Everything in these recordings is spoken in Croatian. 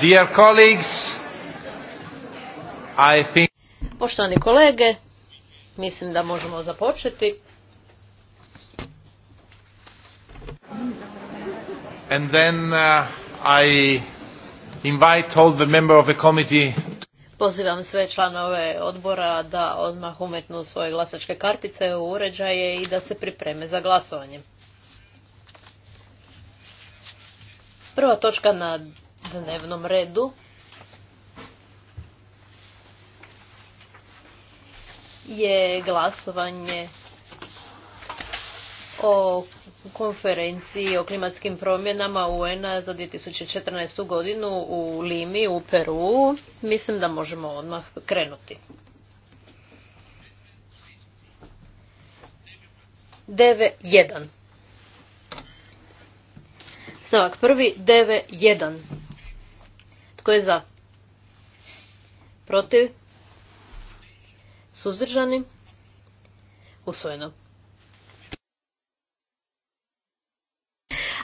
Dear colleagues, I think... Poštovani kolege, mislim da možemo započeti. And then uh, I invite all the of the committee Pozivam sve članove odbora da odmah umetnu svoje glasačke kartice u uređaje i da se pripreme za glasovanje. Prva točka na dnevnom redu. je glasovanje o konferenciji o klimatskim promjenama UN-a za 2014. godinu u Limi u Peru. Mislim da možemo odmah krenuti. DV1 Stavak prvi, DV1. Tko je za? Protiv? Suzdržani? Usvojeno.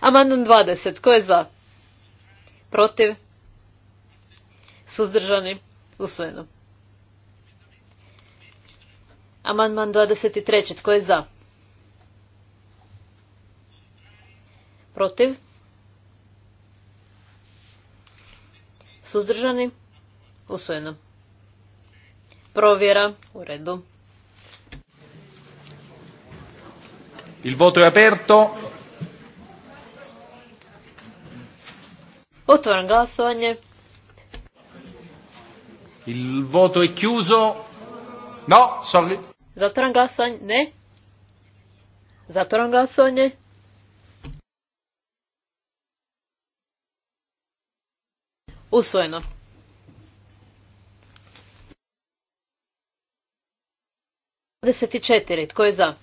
Amandman 20. Tko je za? Protiv? Suzdržani? Usvojeno. Amandman 23. Tko je za? Protiv? Suzdržani? Usvojeno. Provjera. U redu. Il voto je aperto. Otvoran glasovanje. Il voto je chiuso. No, sorry. Zatvoran glasovanje. Ne. Zatvoran glasovanje. Usvojeno. Dvadeset četiri. Tko je za?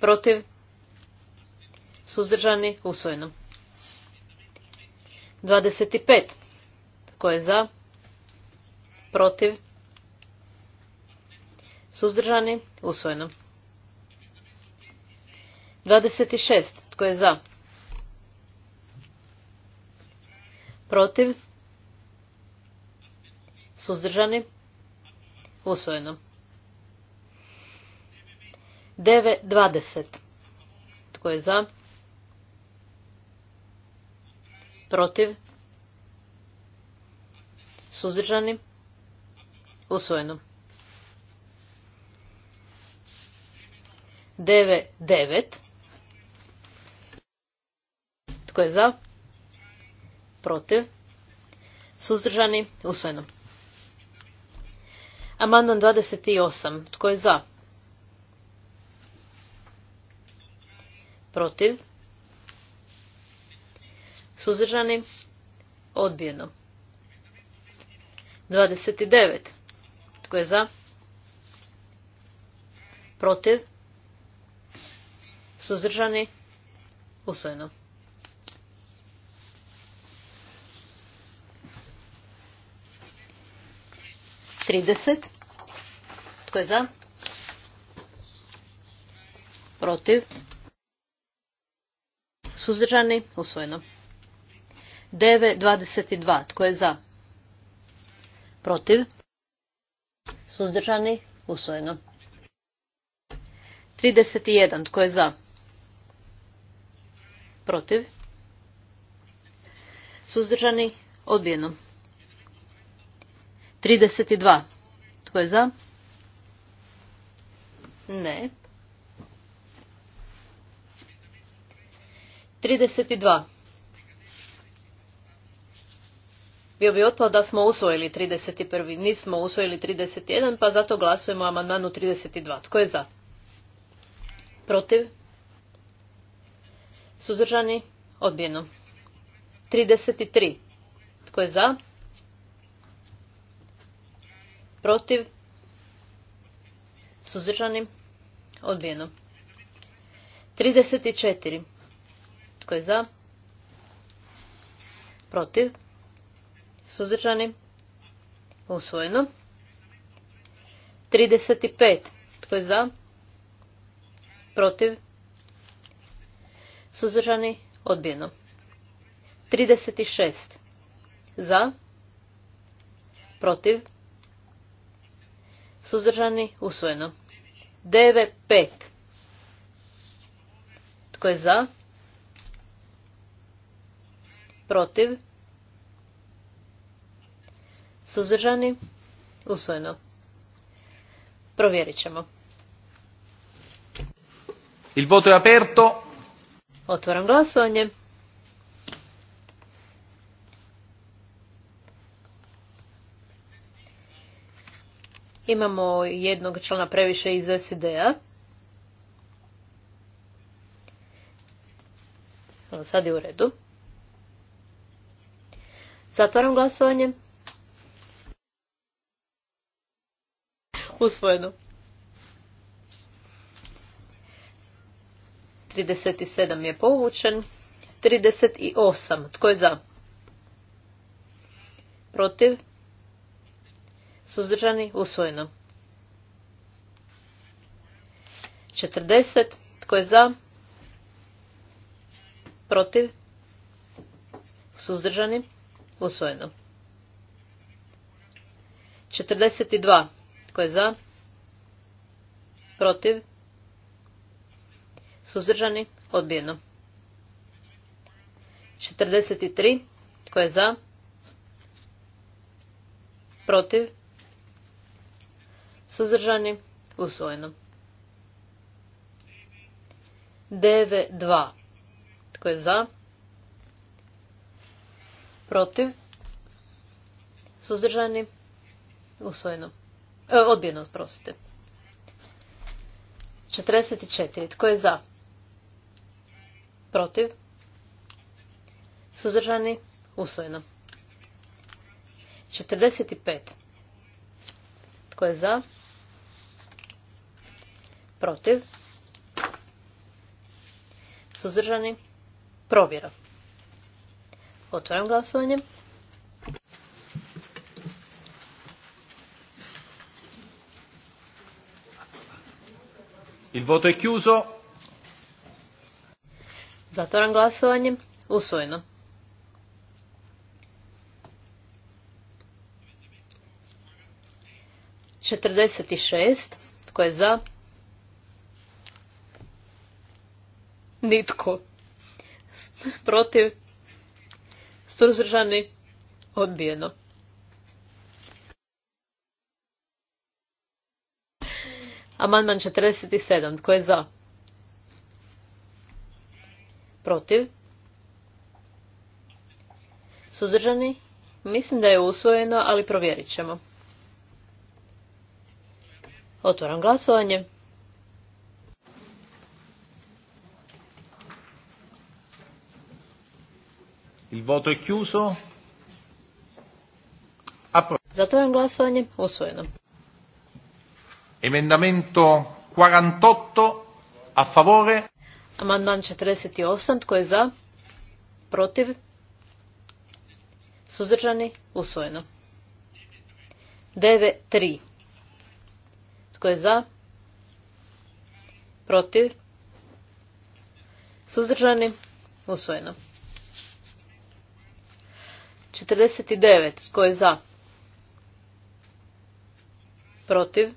Protiv? Suzdržani? Usvojeno. 25. pet. Tko je za? Protiv? Suzdržani? Usvojeno. 26. šest. Tko je za? Protiv? Suzdržani? Usvojeno. 9.20. Tko je za? Protiv? Suzdržani? Usvojeno. 9.9. Tko je za? protiv, suzdržani, usvojeno. Amandman 28. Tko je za? Protiv? Suzdržani? Odbijeno. 29. Tko je za? Protiv? Suzdržani? Usvojeno. 30. Tko je za? Protiv? Suzdržani? Usvojeno. 22. Tko je za? Protiv? Suzdržani? Usvojeno. 31. Tko je za? Protiv? Suzdržani? Odbijeno. 32. Tko je za? Ne. 32. Bio bi otpao da smo usvojili 31. Nismo usvojili 31, pa zato glasujemo amandmanu 32. Tko je za? Protiv? Suzržani? Odbijeno. 33. Tko je za? protiv, suzdržani, odbijeno. 34. Tko je za? Protiv, suzdržani, usvojeno. 35. Tko je za? Protiv, suzdržani, odbijeno. 36. Za, protiv, Suzdržani? Usvojeno. 9.5. Tko je za? Protiv? Suzdržani? Usvojeno. Provjerit ćemo. Il voto je aperto. Otvoram glasovanje. Imamo jednog člana previše iz SID-a. Sad je u redu. Zatvaram glasovanje. Usvojeno. 37 je povučen. 38. Tko je za? Protiv? Suzdržani? Usvojeno. 40. Tko je za? Protiv? Suzdržani? Usvojeno. 42. Tko je za? Protiv? Suzdržani? Odbijeno. 43. Tko je za? Protiv? suzdržani, usvojeno. DV2. Tko je za? Protiv? Suzdržani? Usvojeno. E, odbijeno, prosite. 44. Tko je za? Protiv? Suzdržani? Usvojeno. 45. Tko je za? protiv, suzdržani, provjera. Otvaram glasovanje. Il voto è chiuso. Zatvaram glasovanje. Usvojeno. Četrdeset šest. Tko je za? Nitko. Protiv. Suzdržani. Odbijeno. Amandman 47. Tko je za? Protiv? Suzdržani? Mislim da je usvojeno, ali provjerit ćemo. Otvaram glasovanje. Il voto è chiuso. Appro... glasovanje. Usvojeno. Emendamento 48 a favore. Amandman 48. Tko je za? Protiv? Suzdržani? Usvojeno. 9.3. Tko je za? Protiv? Suzdržani? Usvojeno. 49. Tko je za? Protiv?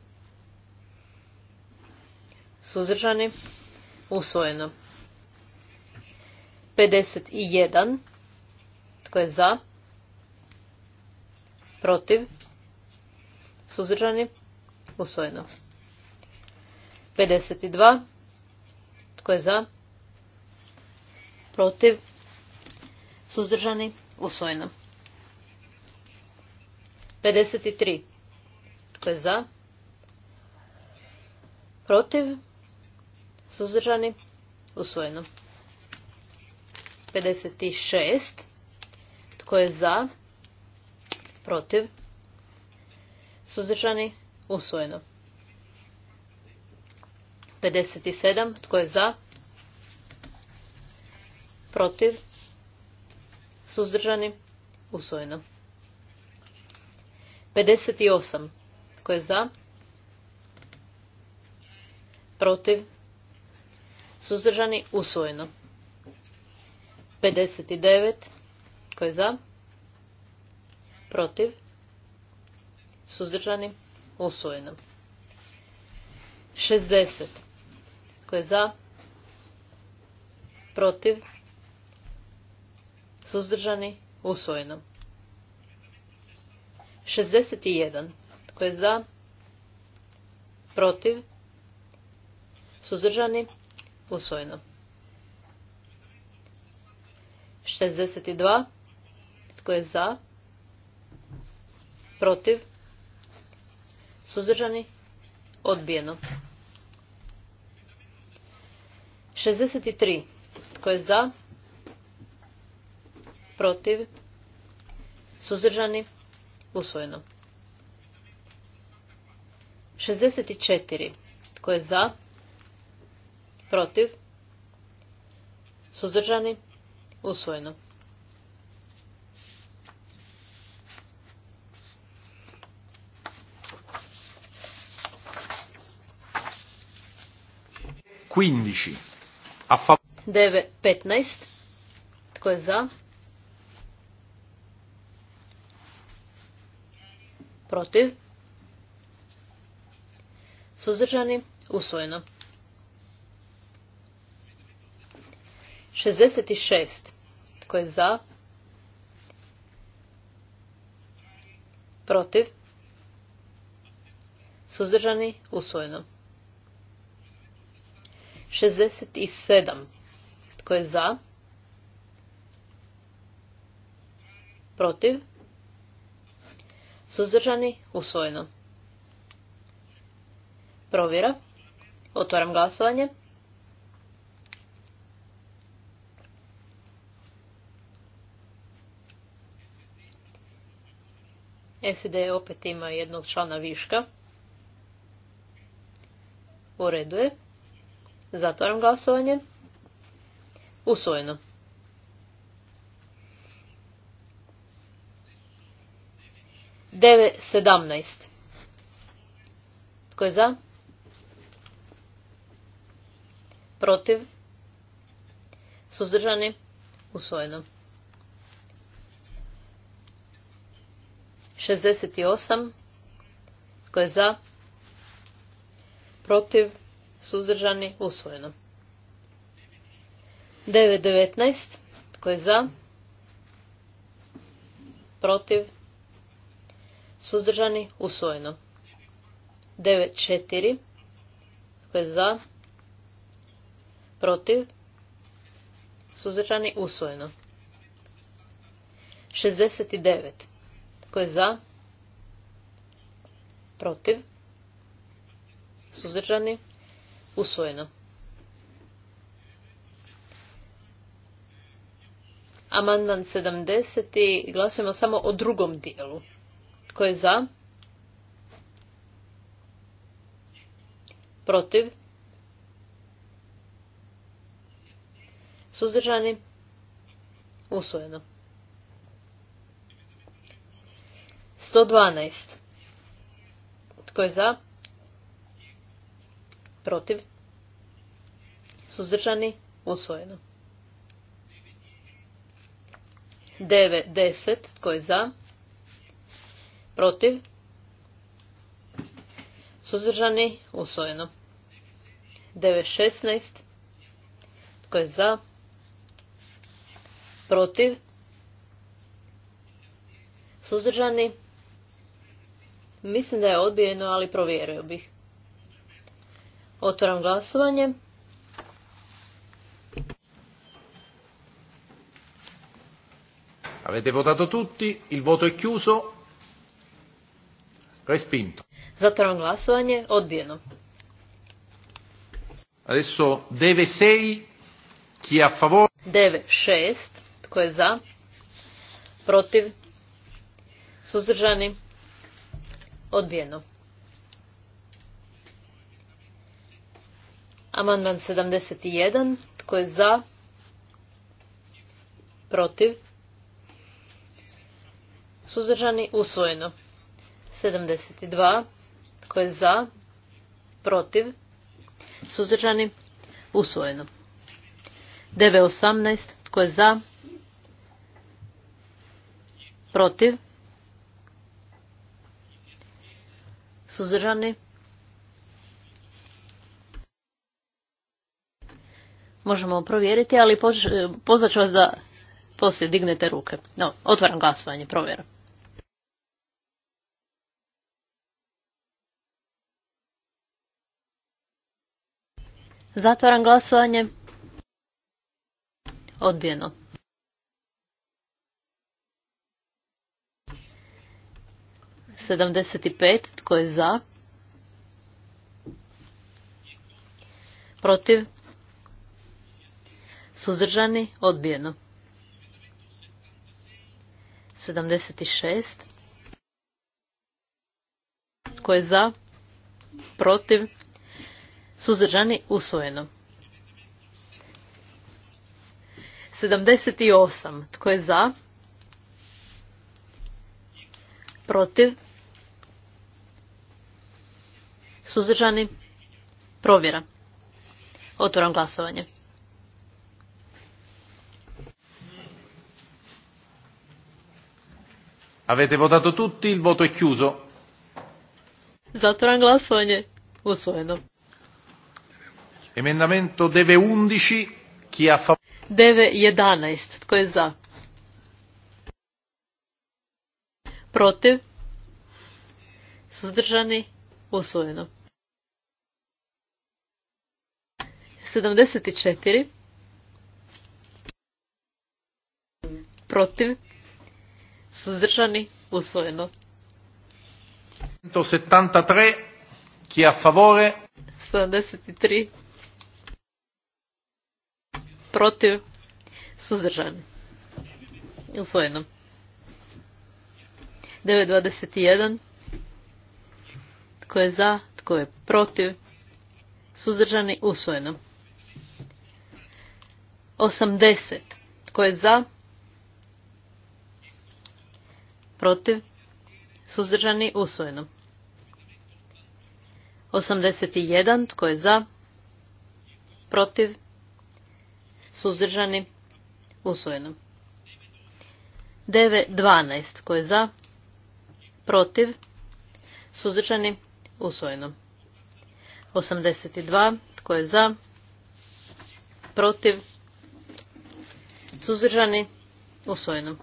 Suzdržani? Usvojeno. 51. Tko je za? Protiv? Suzdržani? Usvojeno. 52. Tko je za? Protiv? Suzdržani? Usvojeno. 53. Tko je za? Protiv? Suzdržani? Usvojeno. 56. Tko je za? Protiv? Suzdržani? Usvojeno. 57. Tko je za? Protiv? Suzdržani? Usvojeno. 58. Tko je za? Protiv? Suzdržani? Usvojeno. 59. Tko je za? Protiv? Suzdržani? Usvojeno. 60. Tko je za? Protiv? Suzdržani? Usvojeno. 61. Tko je za? Protiv? Suzdržani? Usvojeno. 62. Tko je za? Protiv? Suzdržani? Odbijeno. 63. Tko je za? Protiv? Suzdržani? Usvojeno. 64. Tko je za? Protiv? Suzdržani? Usvojeno. Quindici. 15. Tko je za? protiv, suzdržani, usvojeno. 66. Tko je za? Protiv? Suzdržani? Usvojeno. 67. Tko je za? Protiv? Suzdržani? Usvojeno. Provjera. Otvaram glasovanje. SED opet ima jednog člana viška. U redu je. Zatvaram glasovanje. Usvojeno. 9.17. Tko je za? Protiv? Suzdržani? Usvojeno. 68. Tko je za? Protiv? Suzdržani? Usvojeno. 9.19. Tko je za? Protiv? suzdržani, usvojeno. 9.4. Tko je za? Protiv? Suzdržani, usvojeno. 69. Tko je za? Protiv? Suzdržani, usvojeno. Amandman 70. Glasujemo samo o drugom dijelu. Tko je za? Protiv? Suzdržani? Usvojeno. 112. Tko je za? Protiv? Suzdržani? Usvojeno. 9, 10. Tko je za? protiv, suzdržani, usvojeno. 9.16, tko je za, protiv, suzdržani, mislim da je odbijeno, ali provjerio bih. Otvoram glasovanje. Avete votato tutti, il voto è chiuso. Respinto. Zatvaram glasovanje. Odbijeno. Adesso šest, chi a favore? tko je za? Protiv? Suzdržani? Odbijeno. Amandman 71. Tko je za? Protiv? Suzdržani? Usvojeno. 72. Tko je za? Protiv? Suzdržani? Usvojeno. 918. Tko je za? Protiv? Suzdržani? Možemo provjeriti, ali pozvaću vas da poslije dignete ruke. No, otvaram glasovanje, provjeram. Zatvaram glasovanje. Odbijeno. Sedamdeset pet. Tko je za? Protiv? Suzdržani? Odbijeno. šest. Tko je za? Protiv? Suzdržani usvojeno. 78. Tko je za? Protiv? Suzdržani? Provjera. Otvoram glasovanje. Avete votato tutti, il voto è chiuso. Zatvoram glasovanje. Usvojeno. Emendamento deve 11, chi a favore? Deve 11, tko je za? Protiv? Suzdržani? Usvojeno. 74. Protiv? Suzdržani? Usvojeno. 173. Chi a favore? 73 protiv, suzdržan. Usvojeno. 9.21. Tko je za, tko je protiv, suzdržani, usvojeno. 80. Tko je za, protiv, suzdržani, usvojeno. 81. Tko je za, protiv, suzdržani, usvojeno. 9.12. Tko je za? Protiv? Suzdržani? Usvojeno. 82. Tko je za? Protiv? Suzdržani? Usvojeno.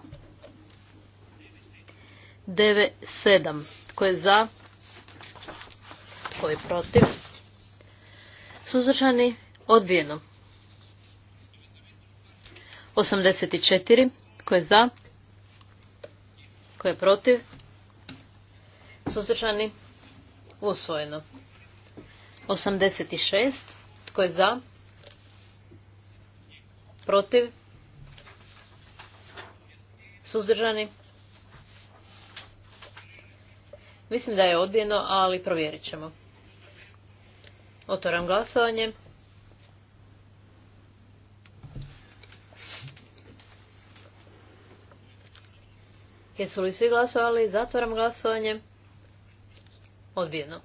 9.7. Tko je za? Tko je protiv? Suzdržani? Odbijeno. 84. Tko je za? Tko je protiv? Suzdržani? Usvojeno. 86. Tko je za? Protiv? Suzdržani? Mislim da je odbijeno, ali provjerit ćemo. Otvaram glasovanje. Jesu li svi glasovali? Zatvaram glasovanje. Odbijeno.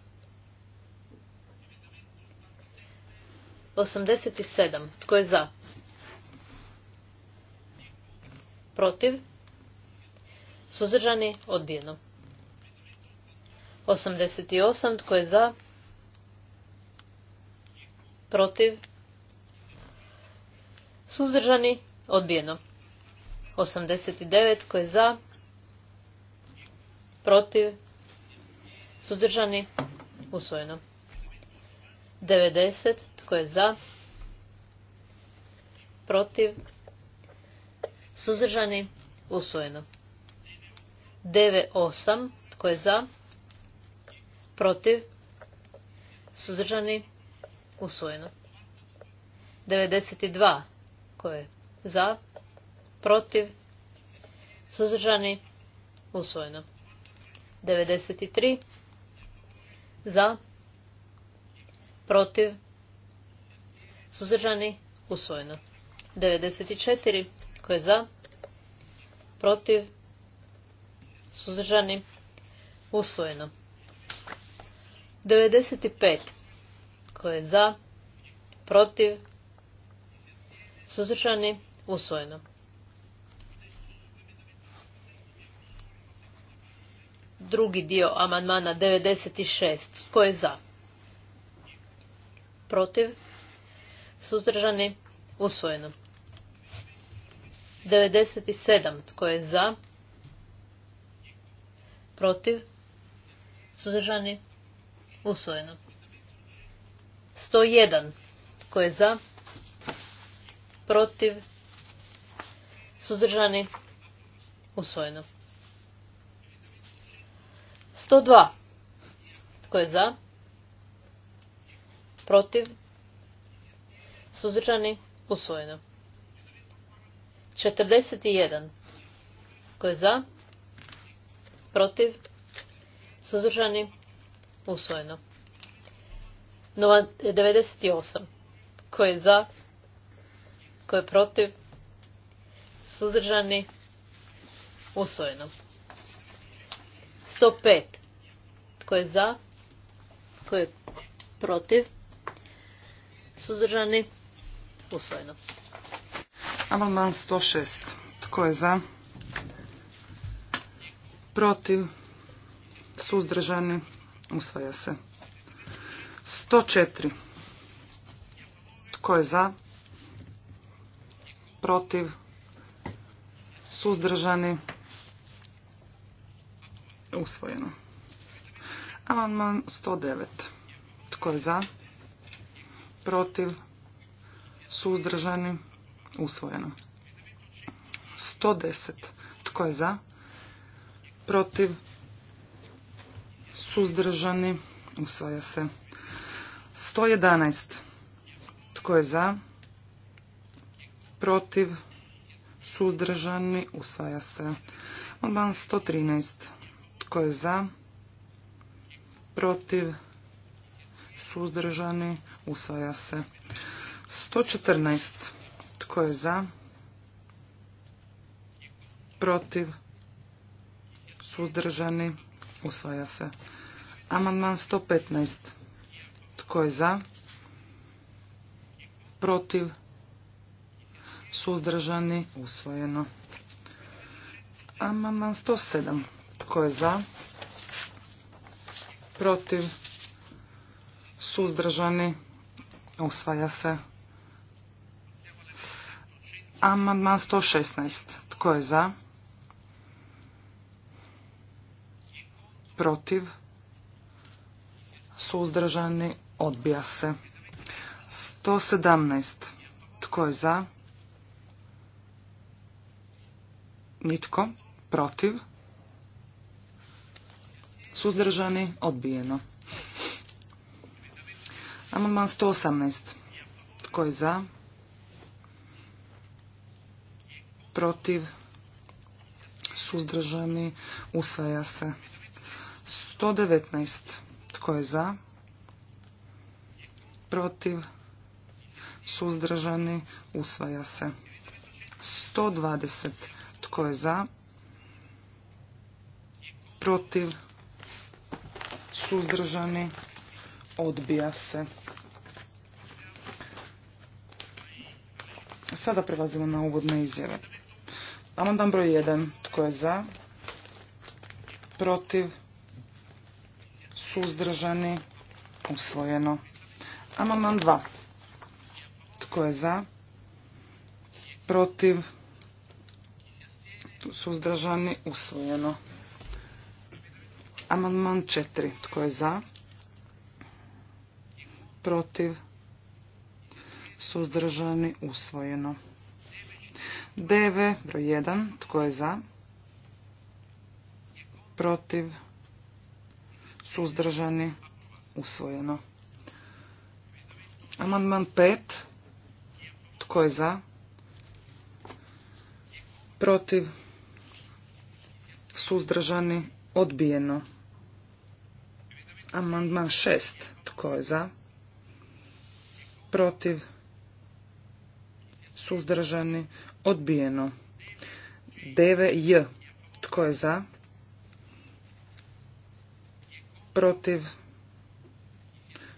87. Tko je za? Protiv? Suzdržani? Odbijeno. 88. Tko je za? Protiv? Suzdržani? Odbijeno. 89. Tko je za? protiv, suzdržani, usvojeno. 90, tko je za, protiv, suzdržani, usvojeno. 98, tko je za, protiv, suzdržani, usvojeno. 92, tko je za, protiv, suzdržani, usvojeno. 93 za, protiv, suzdržani, usvojeno. 94 koje za, protiv, suzdržani, usvojeno. 95 koje za, protiv, suzdržani, usvojeno. drugi dio amandmana 96. Tko je za? Protiv? Suzdržani? Usvojeno. 97. Tko je za? Protiv? Suzdržani? Usvojeno. 101. Tko je za? Protiv? Suzdržani? Usvojeno. 102. Tko je za? Protiv? Suzdržani? Usvojeno. 41. Tko je za? Protiv? Suzdržani? Usvojeno. 98. Tko je za? Tko je protiv? Suzdržani? Usvojeno. 105. Tko je za? Tko je protiv? Suzdržani? Usvojeno. Amandman 106. Tko je za? Protiv? Suzdržani? Usvaja se. 104. Tko je za? Protiv? Suzdržani? Usvojeno. Amandman 109. Tko je za? Protiv? Suzdržani? Usvojeno. 110. Tko je za? Protiv? Suzdržani? usvoja se. 111. Tko je za? Protiv? Suzdržani? Usvaja se. Amandman 113. Tko je za? protiv, suzdržani, usvaja se. 114. Tko je za? Protiv, suzdržani, usvaja se. Amandman 115. Tko je za? Protiv, suzdržani, usvojeno. Amandman 107. Tko je za? protiv, suzdržani, usvaja se. Amandman 116. Tko je za? Protiv, suzdržani, odbija se. 117. Tko je za? Nitko. Protiv suzdržani, odbijeno. Amandman 118. Tko je za? Protiv? Suzdržani? Usvaja se. 119. Tko je za? Protiv? Suzdržani? Usvaja se. 120. Tko je za? Protiv? suzdržani, odbija se. Sada prelazimo na uvodne izjave. Amandan broj 1. Tko je za? Protiv? Suzdržani? Usvojeno. Amandan 2. Tko je za? Protiv? Suzdržani? Usvojeno. Amandman 4. Tko je za? Protiv? Suzdržani? Usvojeno. DV Broj 1. Tko je za? Protiv? Suzdržani? Usvojeno. Amandman 5. Tko je za? Protiv? Suzdržani? Odbijeno. Amandman 6. Tko je za? Protiv? Suzdržani? Odbijeno. Deve j Tko je za? Protiv?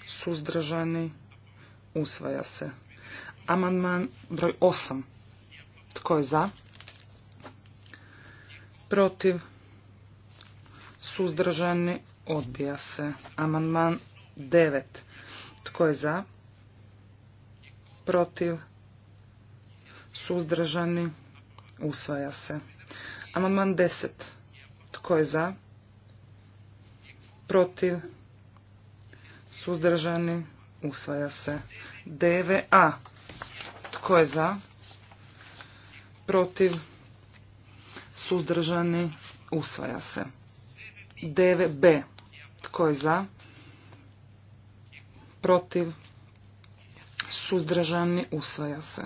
Suzdržani? Usvaja se. Amandman broj 8. Tko je za? Protiv? Suzdržani? Odbija se. Amandman 9. Tko je za? Protiv? Suzdržani? Usvaja se. Amandman 10. Tko je za? Protiv? Suzdržani? Usvaja se. 9a. Tko je za? Protiv? Suzdržani? Usvaja se. 9b. Tko je za? Protiv? Suzdržani? Usvaja se.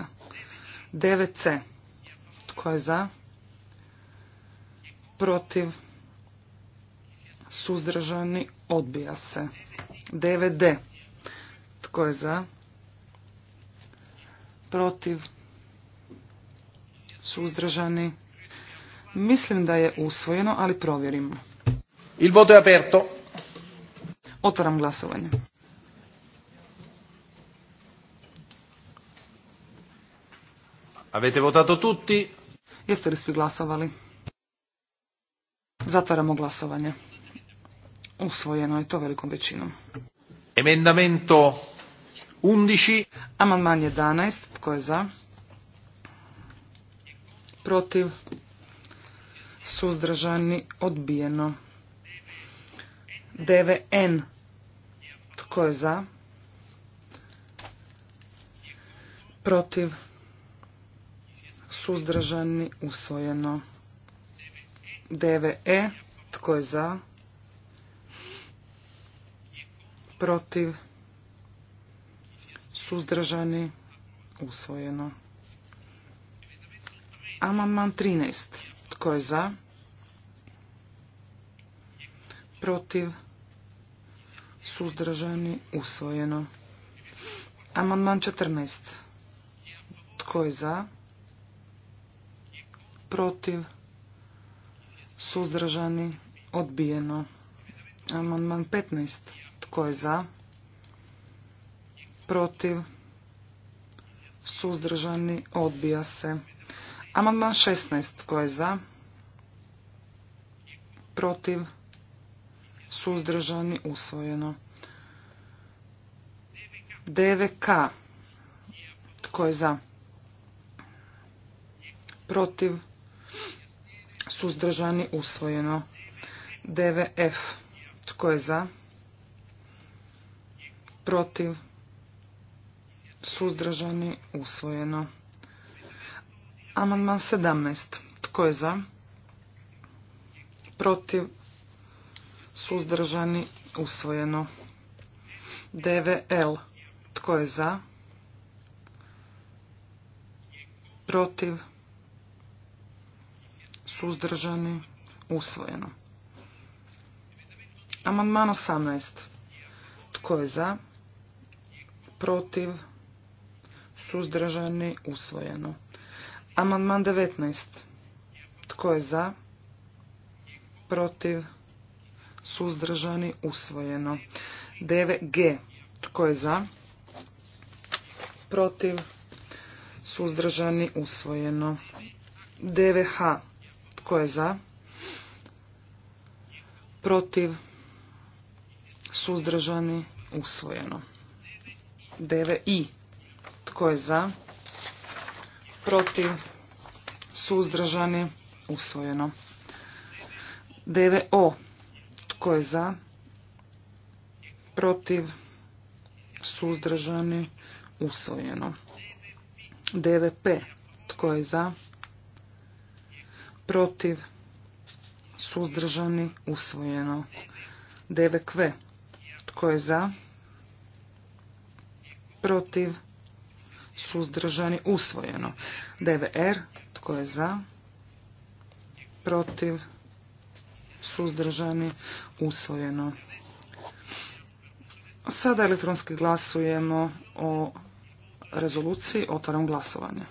9C. Tko je za? Protiv? Suzdržani? Odbija se. 9D. Tko je za? Protiv? Suzdržani? Mislim da je usvojeno, ali provjerimo. Il voto je aperto. Otvaram glasovanje. Avete votato tutti? Jeste li svi glasovali? Zatvaramo glasovanje. Usvojeno je to velikom većinom. Emendamento 11. Amandman 11. Tko je za? Protiv? Suzdržani? Odbijeno. DVN. Tko je za? Protiv? Suzdržani? Usvojeno. DVE. Tko je za? Protiv? Suzdržani? Usvojeno. Amandman 13. Tko je za? Protiv? suzdržani, usvojeno. Amandman 14. Tko je za? Protiv? Suzdržani? Odbijeno. Amandman 15. Tko je za? Protiv? Suzdržani? Odbija se. Amandman 16. Tko je za? Protiv? Suzdržani? Usvojeno. DVK. Tko je za? Protiv? Suzdržani usvojeno. DVF. Tko je za? Protiv? Suzdržani usvojeno. Amandman 17. Tko je za? Protiv? Suzdržani usvojeno. DVL. Tko je za? Protiv? Suzdržani? Usvojeno. Amandman 18. Tko je za? Protiv? Suzdržani? Usvojeno. Amandman 19. Tko je za? Protiv? Suzdržani? Usvojeno. 9G. Tko je za? protiv, suzdržani, usvojeno. DVH, tko je za, protiv, suzdržani, usvojeno. DVI, tko je za, protiv, suzdržani, usvojeno. DVO, tko je za, protiv, suzdržani, usvojeno. DVP, tko je za, protiv, suzdržani, usvojeno. DVQ, tko je za, protiv, suzdržani, usvojeno. DVR, tko je za, protiv, suzdržani, usvojeno. Sada elektronski glasujemo o rezoluciji. Otvaram glasovanje.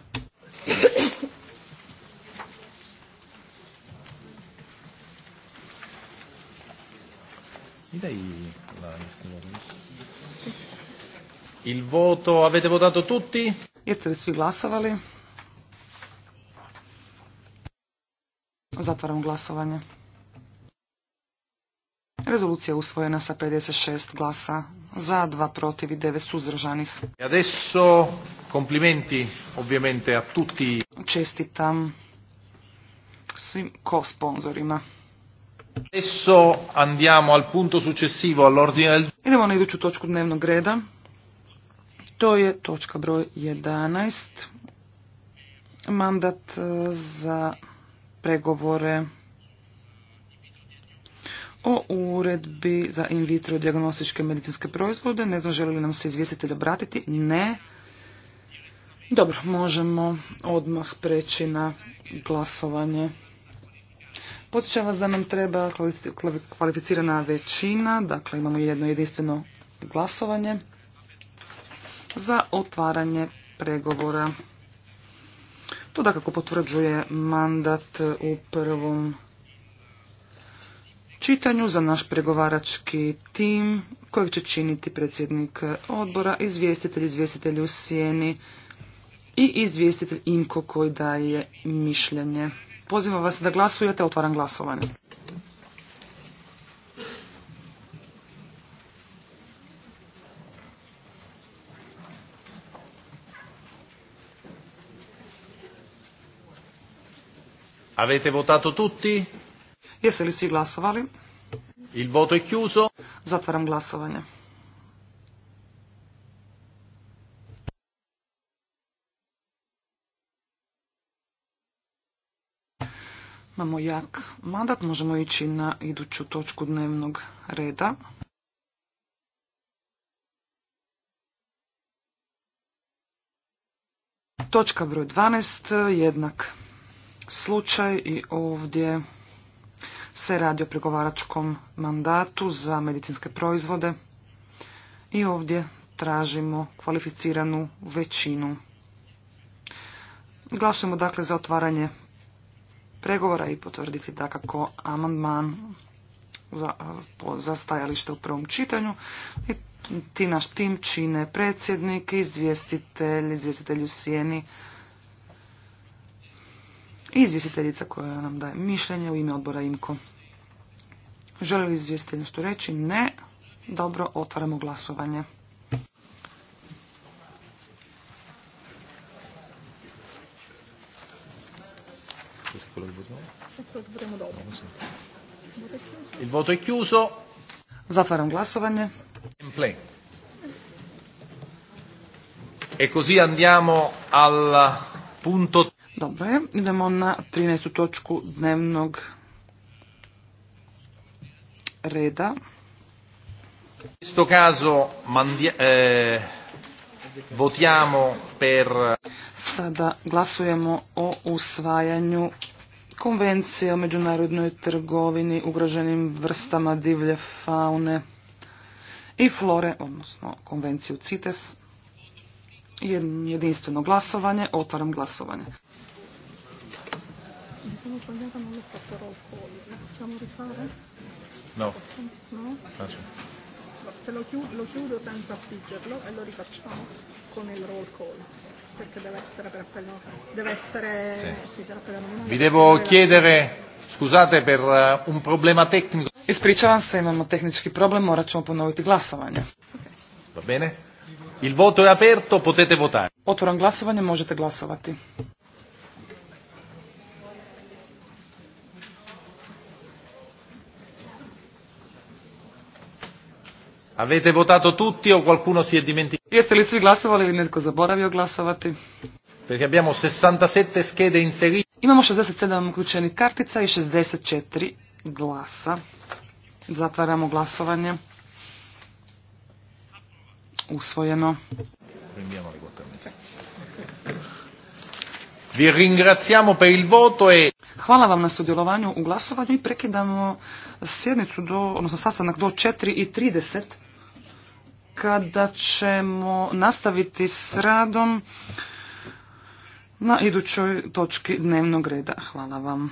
Il voto avete votato tutti? Jeste li svi glasovali? Zatvaram glasovanje. Rezolucija je usvojena sa 56 glasa za, dva protiv i devet suzdržanih. E adesso complimenti ovviamente a tutti. Čestitam svim ko-sponzorima. Adesso andiamo al punto successivo all'ordine del... Idemo na iduću točku dnevnog reda. To je točka broj 11. Mandat e, za pregovore o uredbi za in vitro diagnostičke medicinske proizvode. Ne znam, želi li nam se izvjestitelj obratiti? Ne. Dobro, možemo odmah preći na glasovanje. Podsjećam vas da nam treba kvalificirana većina, dakle imamo jedno jedinstveno glasovanje za otvaranje pregovora. To dakako potvrđuje mandat u prvom čitanju za naš pregovarački tim kojeg će činiti predsjednik odbora, izvjestitelj, izvjestitelj u sjeni i izvjestitelj Inko koji daje mišljenje. Pozivam vas da glasujete, otvaram glasovanje. Avete votato tutti? Jeste li svi glasovali? Il voto è chiuso. Zatvaram glasovanje. Imamo jak mandat, možemo ići na iduću točku dnevnog reda. Točka broj 12, jednak slučaj i ovdje se radi o pregovaračkom mandatu za medicinske proizvode i ovdje tražimo kvalificiranu većinu. Glasujemo dakle za otvaranje pregovora i potvrditi dakako amandman za stajalište u prvom čitanju. I ti naš tim čine predsjednik, izvjestitelj, izvjestitelj u sjeni, izvjestiteljica koja nam daje mišljenje u ime odbora IMKO. Žele li izvjestitelj nešto reći? Ne. Dobro, otvaramo glasovanje. Il voto è chiuso. Zatvaram glasovanje. E così andiamo al punto dobro je, idemo na 13. točku dnevnog reda. In questo caso eh, votiamo per... Sada glasujemo o usvajanju konvencije o međunarodnoj trgovini ugroženim vrstama divlje faune i flore, odnosno konvenciju CITES. Jedinstveno glasovanje, otvaram glasovanje. Siamo sbagliata, non ho fatto roll La possiamo rifare? No. No? Znači. Se lo chiudo, lo chiudo senza appiggerlo e lo rifacciamo con il roll call perché deve essere per appello deve essere sì. Sì, per appello Vi devo chiedere scusate per uh, un problema tecnico. Ispričavam se, imamo ora problem, un ćemo ponoviti glasovanje. Okay. Va bene? Il voto è aperto, potete votare. Otvoram glasovanje, možete glasovati. Avete votato tutti o qualcuno si è dimenticato? Jeste li svi glasovali ili netko zaboravio glasovati? Perché abbiamo 67 schede inserite. Imamo 67 uključenih kartica i 64 glasa. Zatvaramo glasovanje. Usvojeno. Prendiamo le Vi ringraziamo per il voto e... Hvala vam na sudjelovanju u glasovanju i prekidamo sjednicu do, odnosno sastanak do 4.30 kada ćemo nastaviti s radom na idućoj točki dnevnog reda. Hvala vam.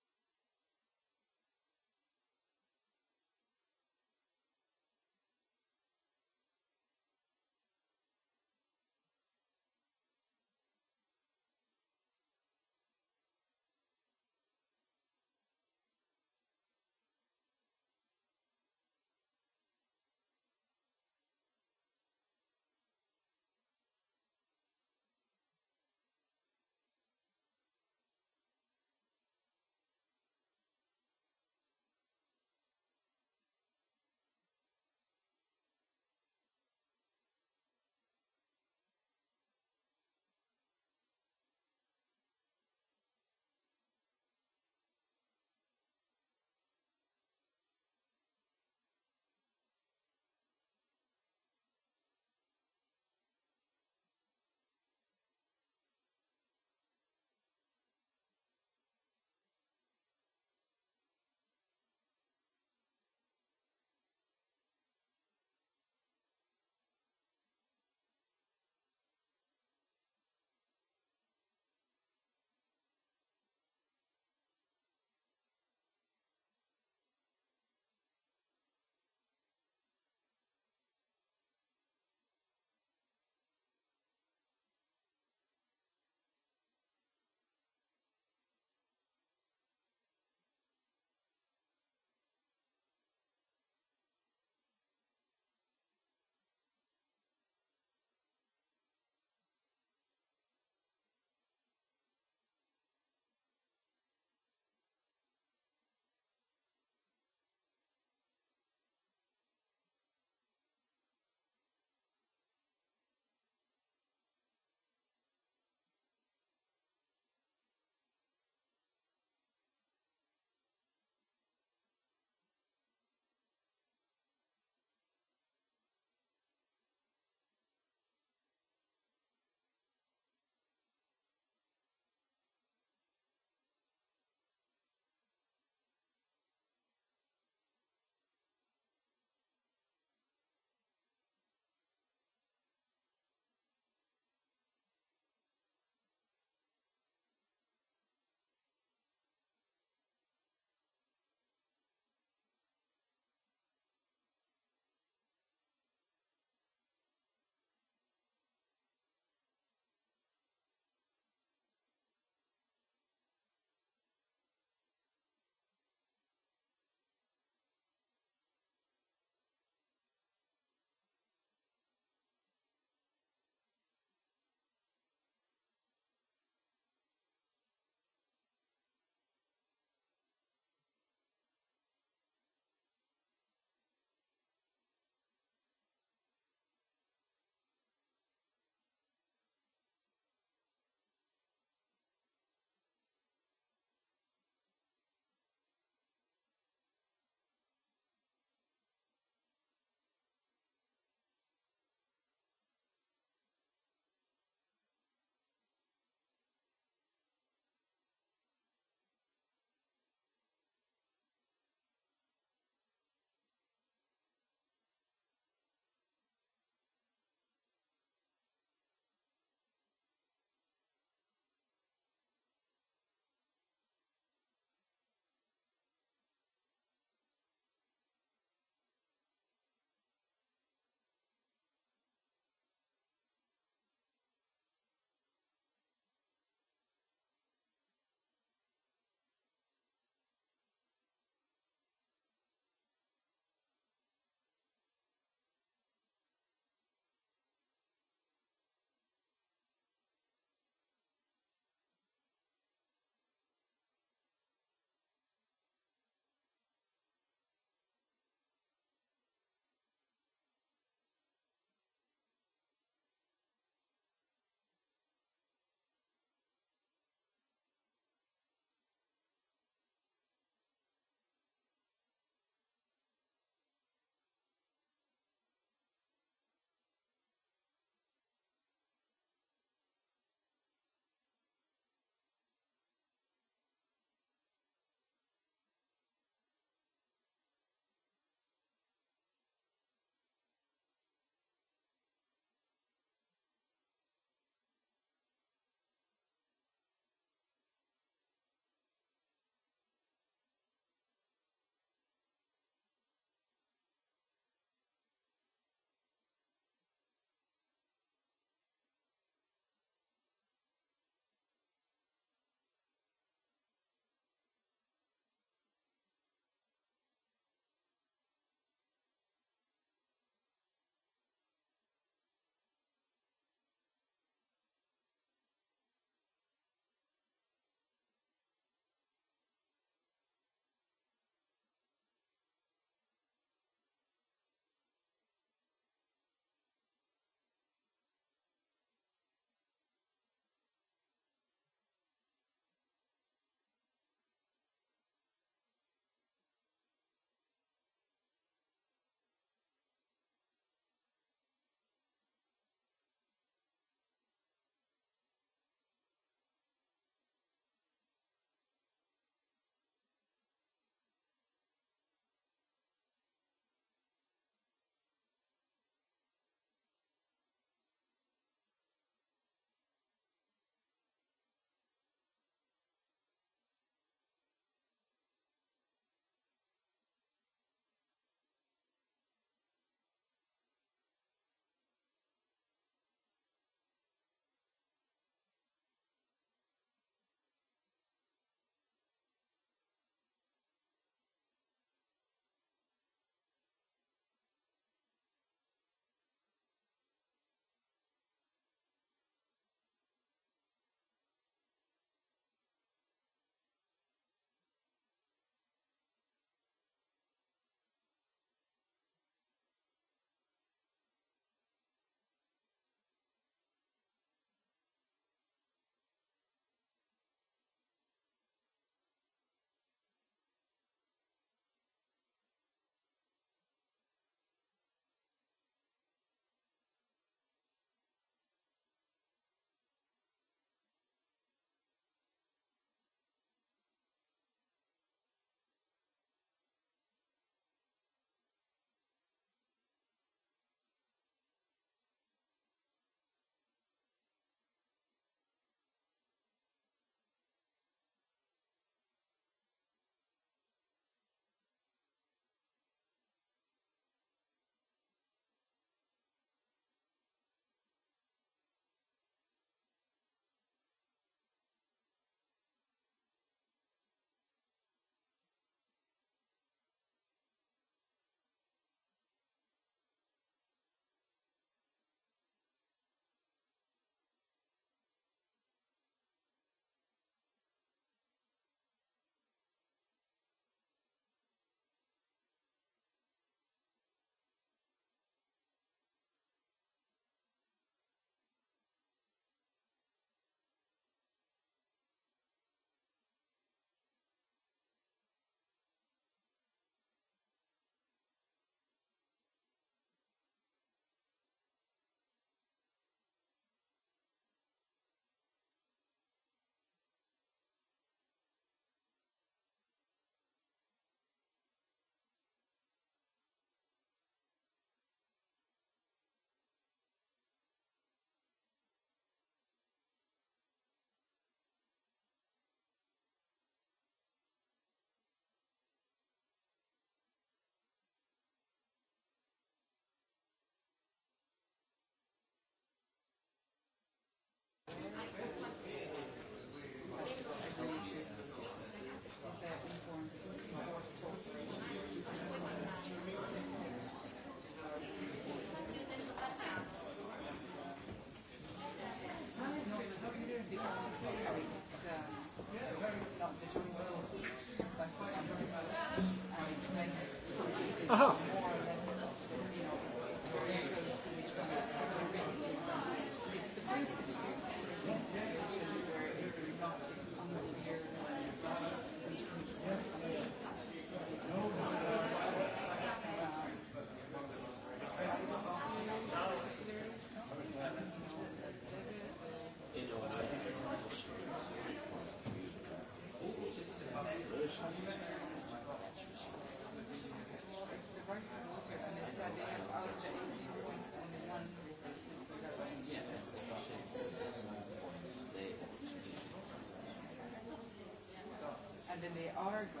and then they are going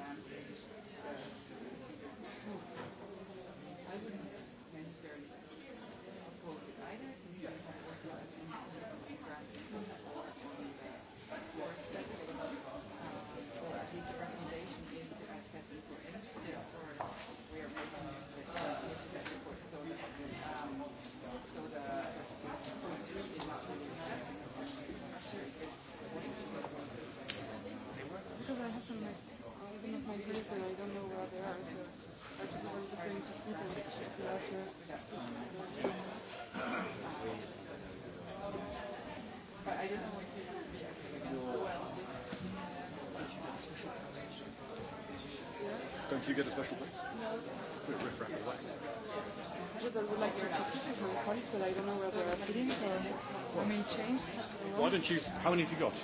I don't know where they are, I don't know what you get a special place? No. I don't know where they are sitting, Why don't you? How many have you got? Uh,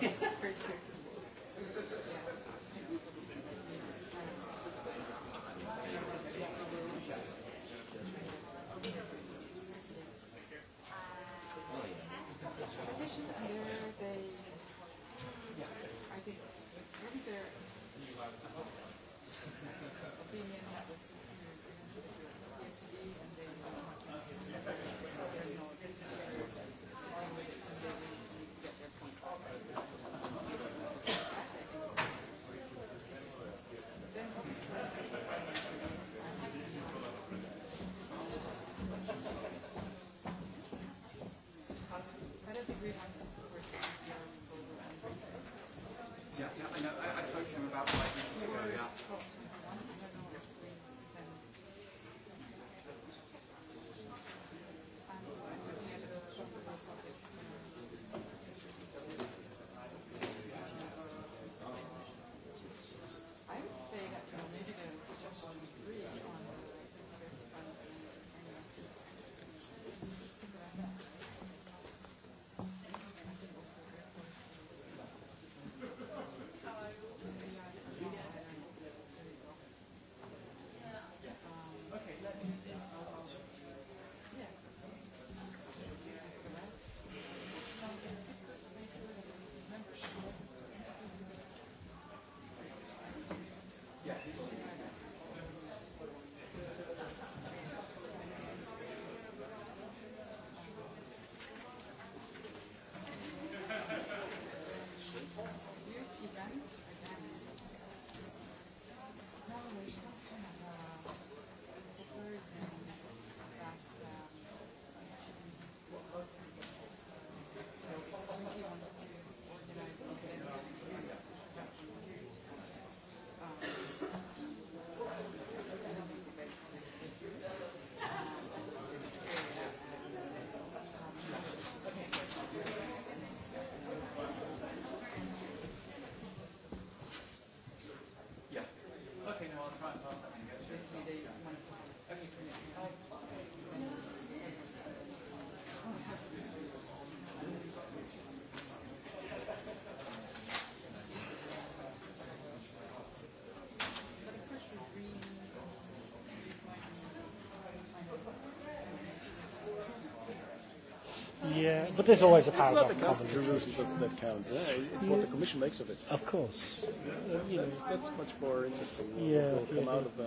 Yes, Yeah, but there's always a paragraph. It's not the council that, that Yeah, it's yeah. what the commission makes of it. Of course. Yeah, that's, that's, that's much more interesting. Yeah, will yeah, come yeah. out of uh,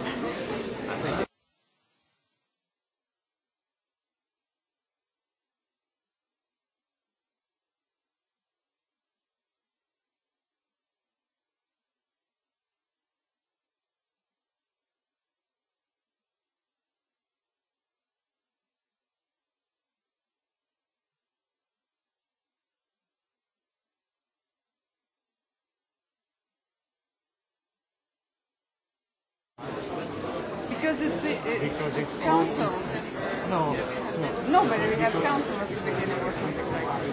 because it's, it, because it's, it's council. Always, no, no. No, but we have council at the beginning or something like that.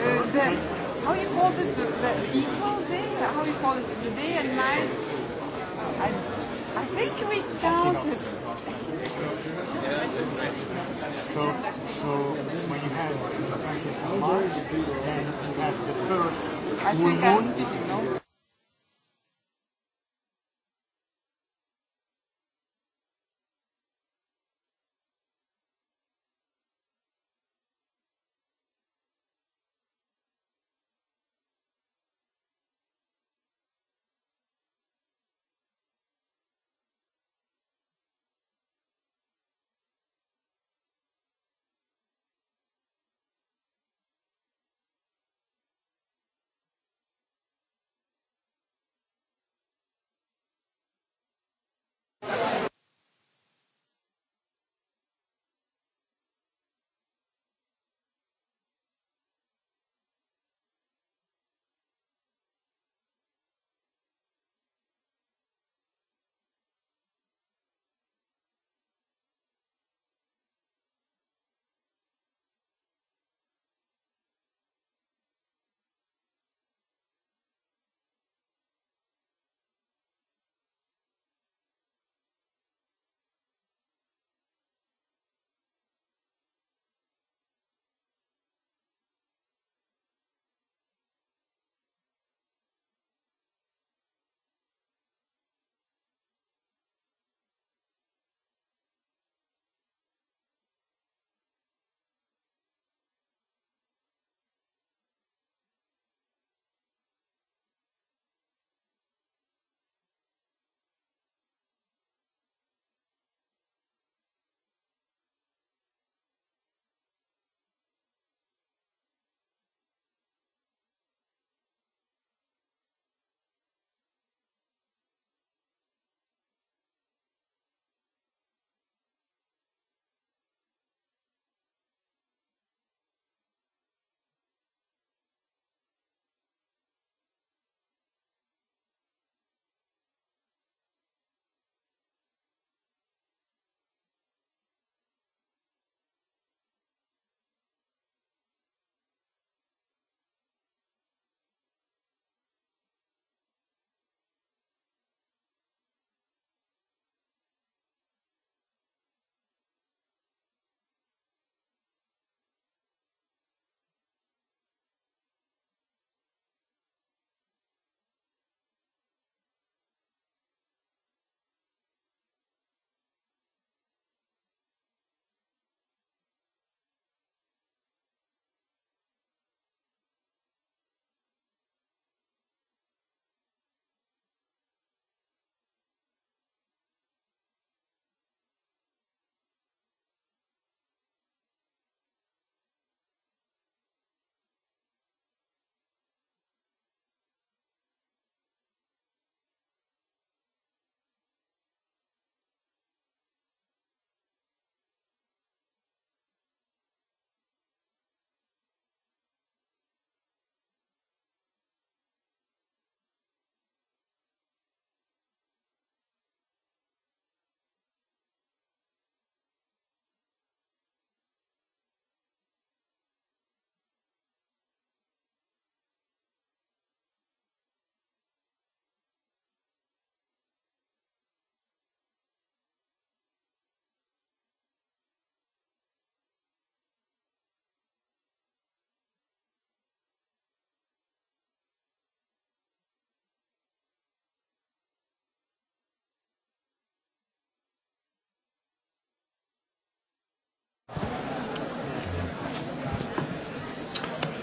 Uh, the, how you call this? The, the equal day? How you call it? The day and night? I, I think we counted. So, so when you have the practice of then you have the first I full moon. no?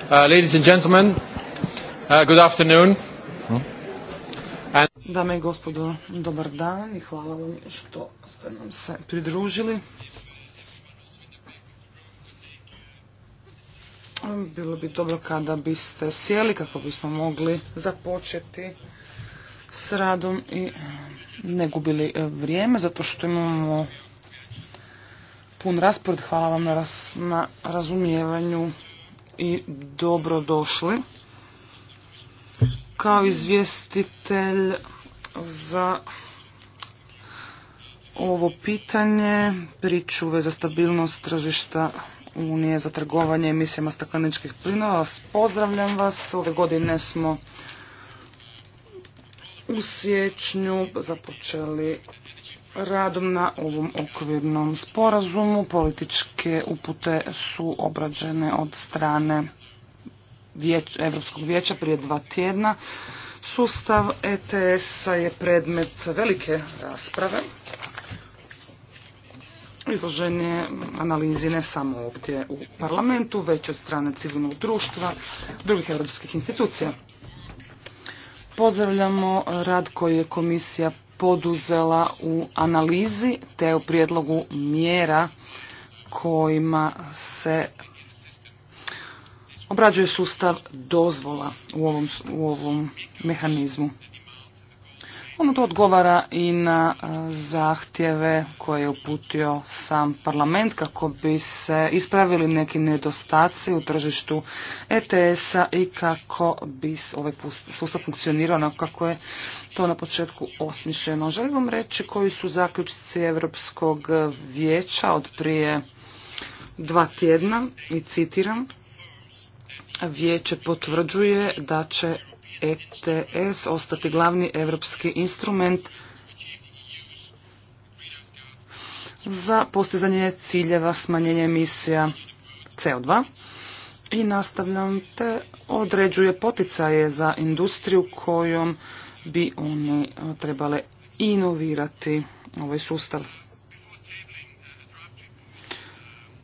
Uh, ladies and gentlemen, uh, good afternoon. Dame i gospodo, dobar dan i hvala vam što ste nam se pridružili. Bilo bi dobro kada biste sjeli kako bismo mogli započeti s radom i ne gubili e, vrijeme zato što imamo pun raspored. Hvala vam na razumijevanju i dobro došli. Kao izvjestitelj za ovo pitanje pričuve za stabilnost tržišta Unije za trgovanje emisijama stakleničkih plinova. Pozdravljam vas. Ove godine smo u siječnju započeli radom na ovom okvirnom sporazumu. Političke upute su obrađene od strane Europskog Evropskog vijeća prije dva tjedna. Sustav ETS-a je predmet velike rasprave. Izložen je analizi ne samo ovdje u parlamentu, već od strane civilnog društva, drugih europskih institucija. Pozdravljamo rad koji je komisija poduzela u analizi te u prijedlogu mjera kojima se obrađuje sustav dozvola u ovom, u ovom mehanizmu. Ono to odgovara i na e, zahtjeve koje je uputio sam parlament kako bi se ispravili neki nedostaci u tržištu ETS-a i kako bi ovaj sustav funkcionirao kako je to na početku osmišljeno. Želim vam reći koji su zaključci Europskog vijeća od prije dva tjedna i citiram. Vijeće potvrđuje da će ETS ostati glavni europski instrument za postizanje ciljeva smanjenja emisija CO2 i nastavljam te određuje poticaje za industriju kojom bi oni e, trebale inovirati ovaj sustav.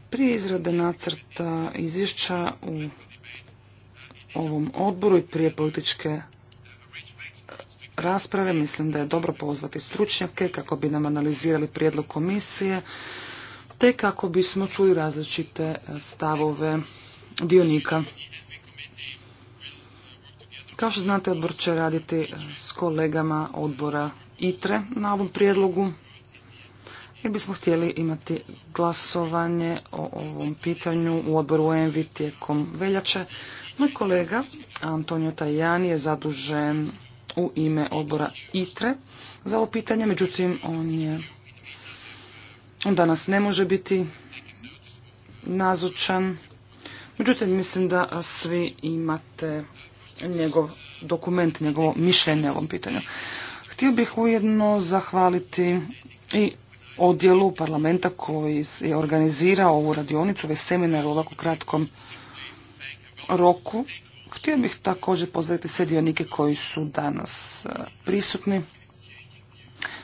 Prije izrade nacrta izvješća u ovom odboru i prije političke e, rasprave. Mislim da je dobro pozvati stručnjake kako bi nam analizirali prijedlog komisije te kako bismo čuli različite e, stavove dionika. Kao što znate, odbor će raditi e, s kolegama odbora ITRE na ovom prijedlogu i bismo htjeli imati glasovanje o ovom pitanju u odboru ENVI tijekom veljače. Moj kolega Antonio Tajani je zadužen u ime odbora ITRE za ovo pitanje, međutim on je on danas ne može biti nazočan. Međutim, mislim da svi imate njegov dokument, njegovo mišljenje o ovom pitanju. Htio bih ujedno zahvaliti i odjelu parlamenta koji je organizirao ovu radionicu, ovaj seminar u ovako kratkom roku. Htio bih također pozdraviti sve dionike koji su danas e, prisutni.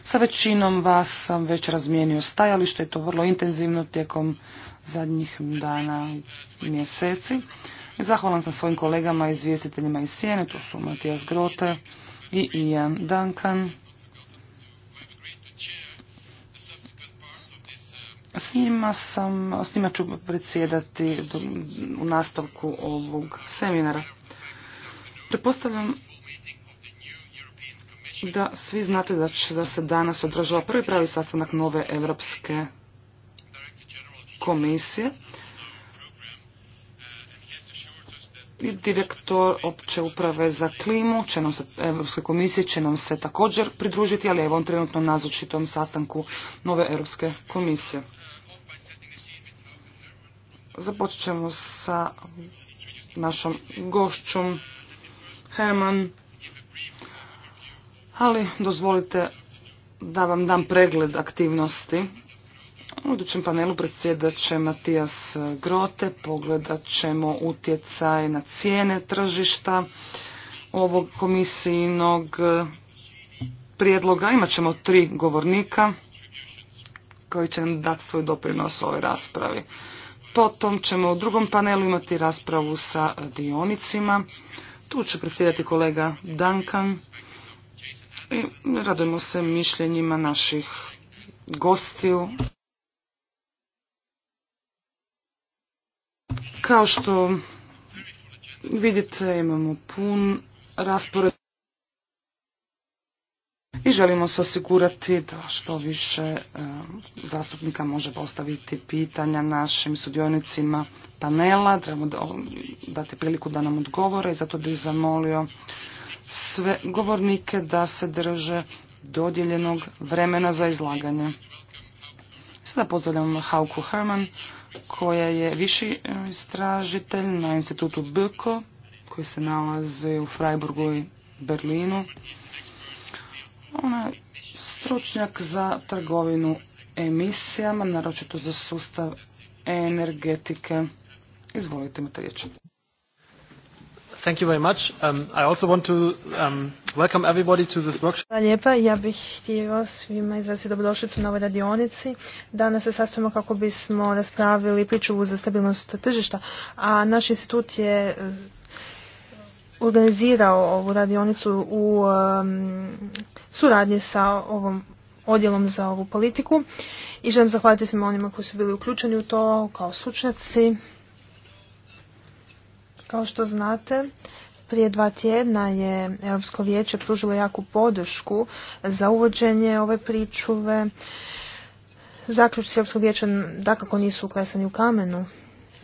Sa većinom vas sam već razmijenio stajalište i to vrlo intenzivno tijekom zadnjih dana i mjeseci. Zahvalan sam svojim kolegama, izvjestiteljima iz Sijene, to su Matijas Grote i Ian Duncan. S njima sam, s njima ću predsjedati u nastavku ovog seminara. Prepostavljam da svi znate da će da se danas održava prvi pravi sastanak nove Europske komisije. I direktor opće uprave za klimu će nam Europske komisije će nam se također pridružiti, ali evo on trenutno nazoči tom sastanku nove Europske komisije. Započet ćemo sa našom gošćom Herman. Ali dozvolite da vam dam pregled aktivnosti. U idućem panelu predsjedat će Matijas Grote, pogledat ćemo utjecaj na cijene tržišta ovog komisijinog prijedloga. Imat ćemo tri govornika koji će nam dati svoj doprinos ovoj raspravi. Potom ćemo u drugom panelu imati raspravu sa dionicima. Tu će predsjedati kolega Duncan. I radujemo se mišljenjima naših gostiju. Kao što vidite imamo pun raspored i želimo se osigurati da što više e, zastupnika može postaviti pitanja našim sudionicima panela. Trebamo dati priliku da nam odgovore i zato bih zamolio sve govornike da se drže dodjeljenog vremena za izlaganje. Sada pozdravljam Hauku Herman koja je viši e, istražitelj na institutu BÖKO koji se nalazi u Freiburgu i Berlinu. Ona je stručnjak za trgovinu emisijama, naročito za sustav energetike. Izvolite mu riječ. Thank you very much. Um, I also want to um, welcome everybody to this workshop. Hvala lijepa. Ja bih htio svima izraziti dobrodošlicu na ovoj radionici. Danas se sastavimo kako bismo raspravili pričuvu za stabilnost tržišta, a naš institut je organizirao ovu radionicu u suradnje um, suradnji sa ovom odjelom za ovu politiku i želim zahvaliti svima onima koji su bili uključeni u to kao stručnjaci. Kao što znate, prije dva tjedna je Europsko vijeće pružilo jaku podršku za uvođenje ove pričuve. Zaključci Europskog vijeća dakako nisu uklesani u kamenu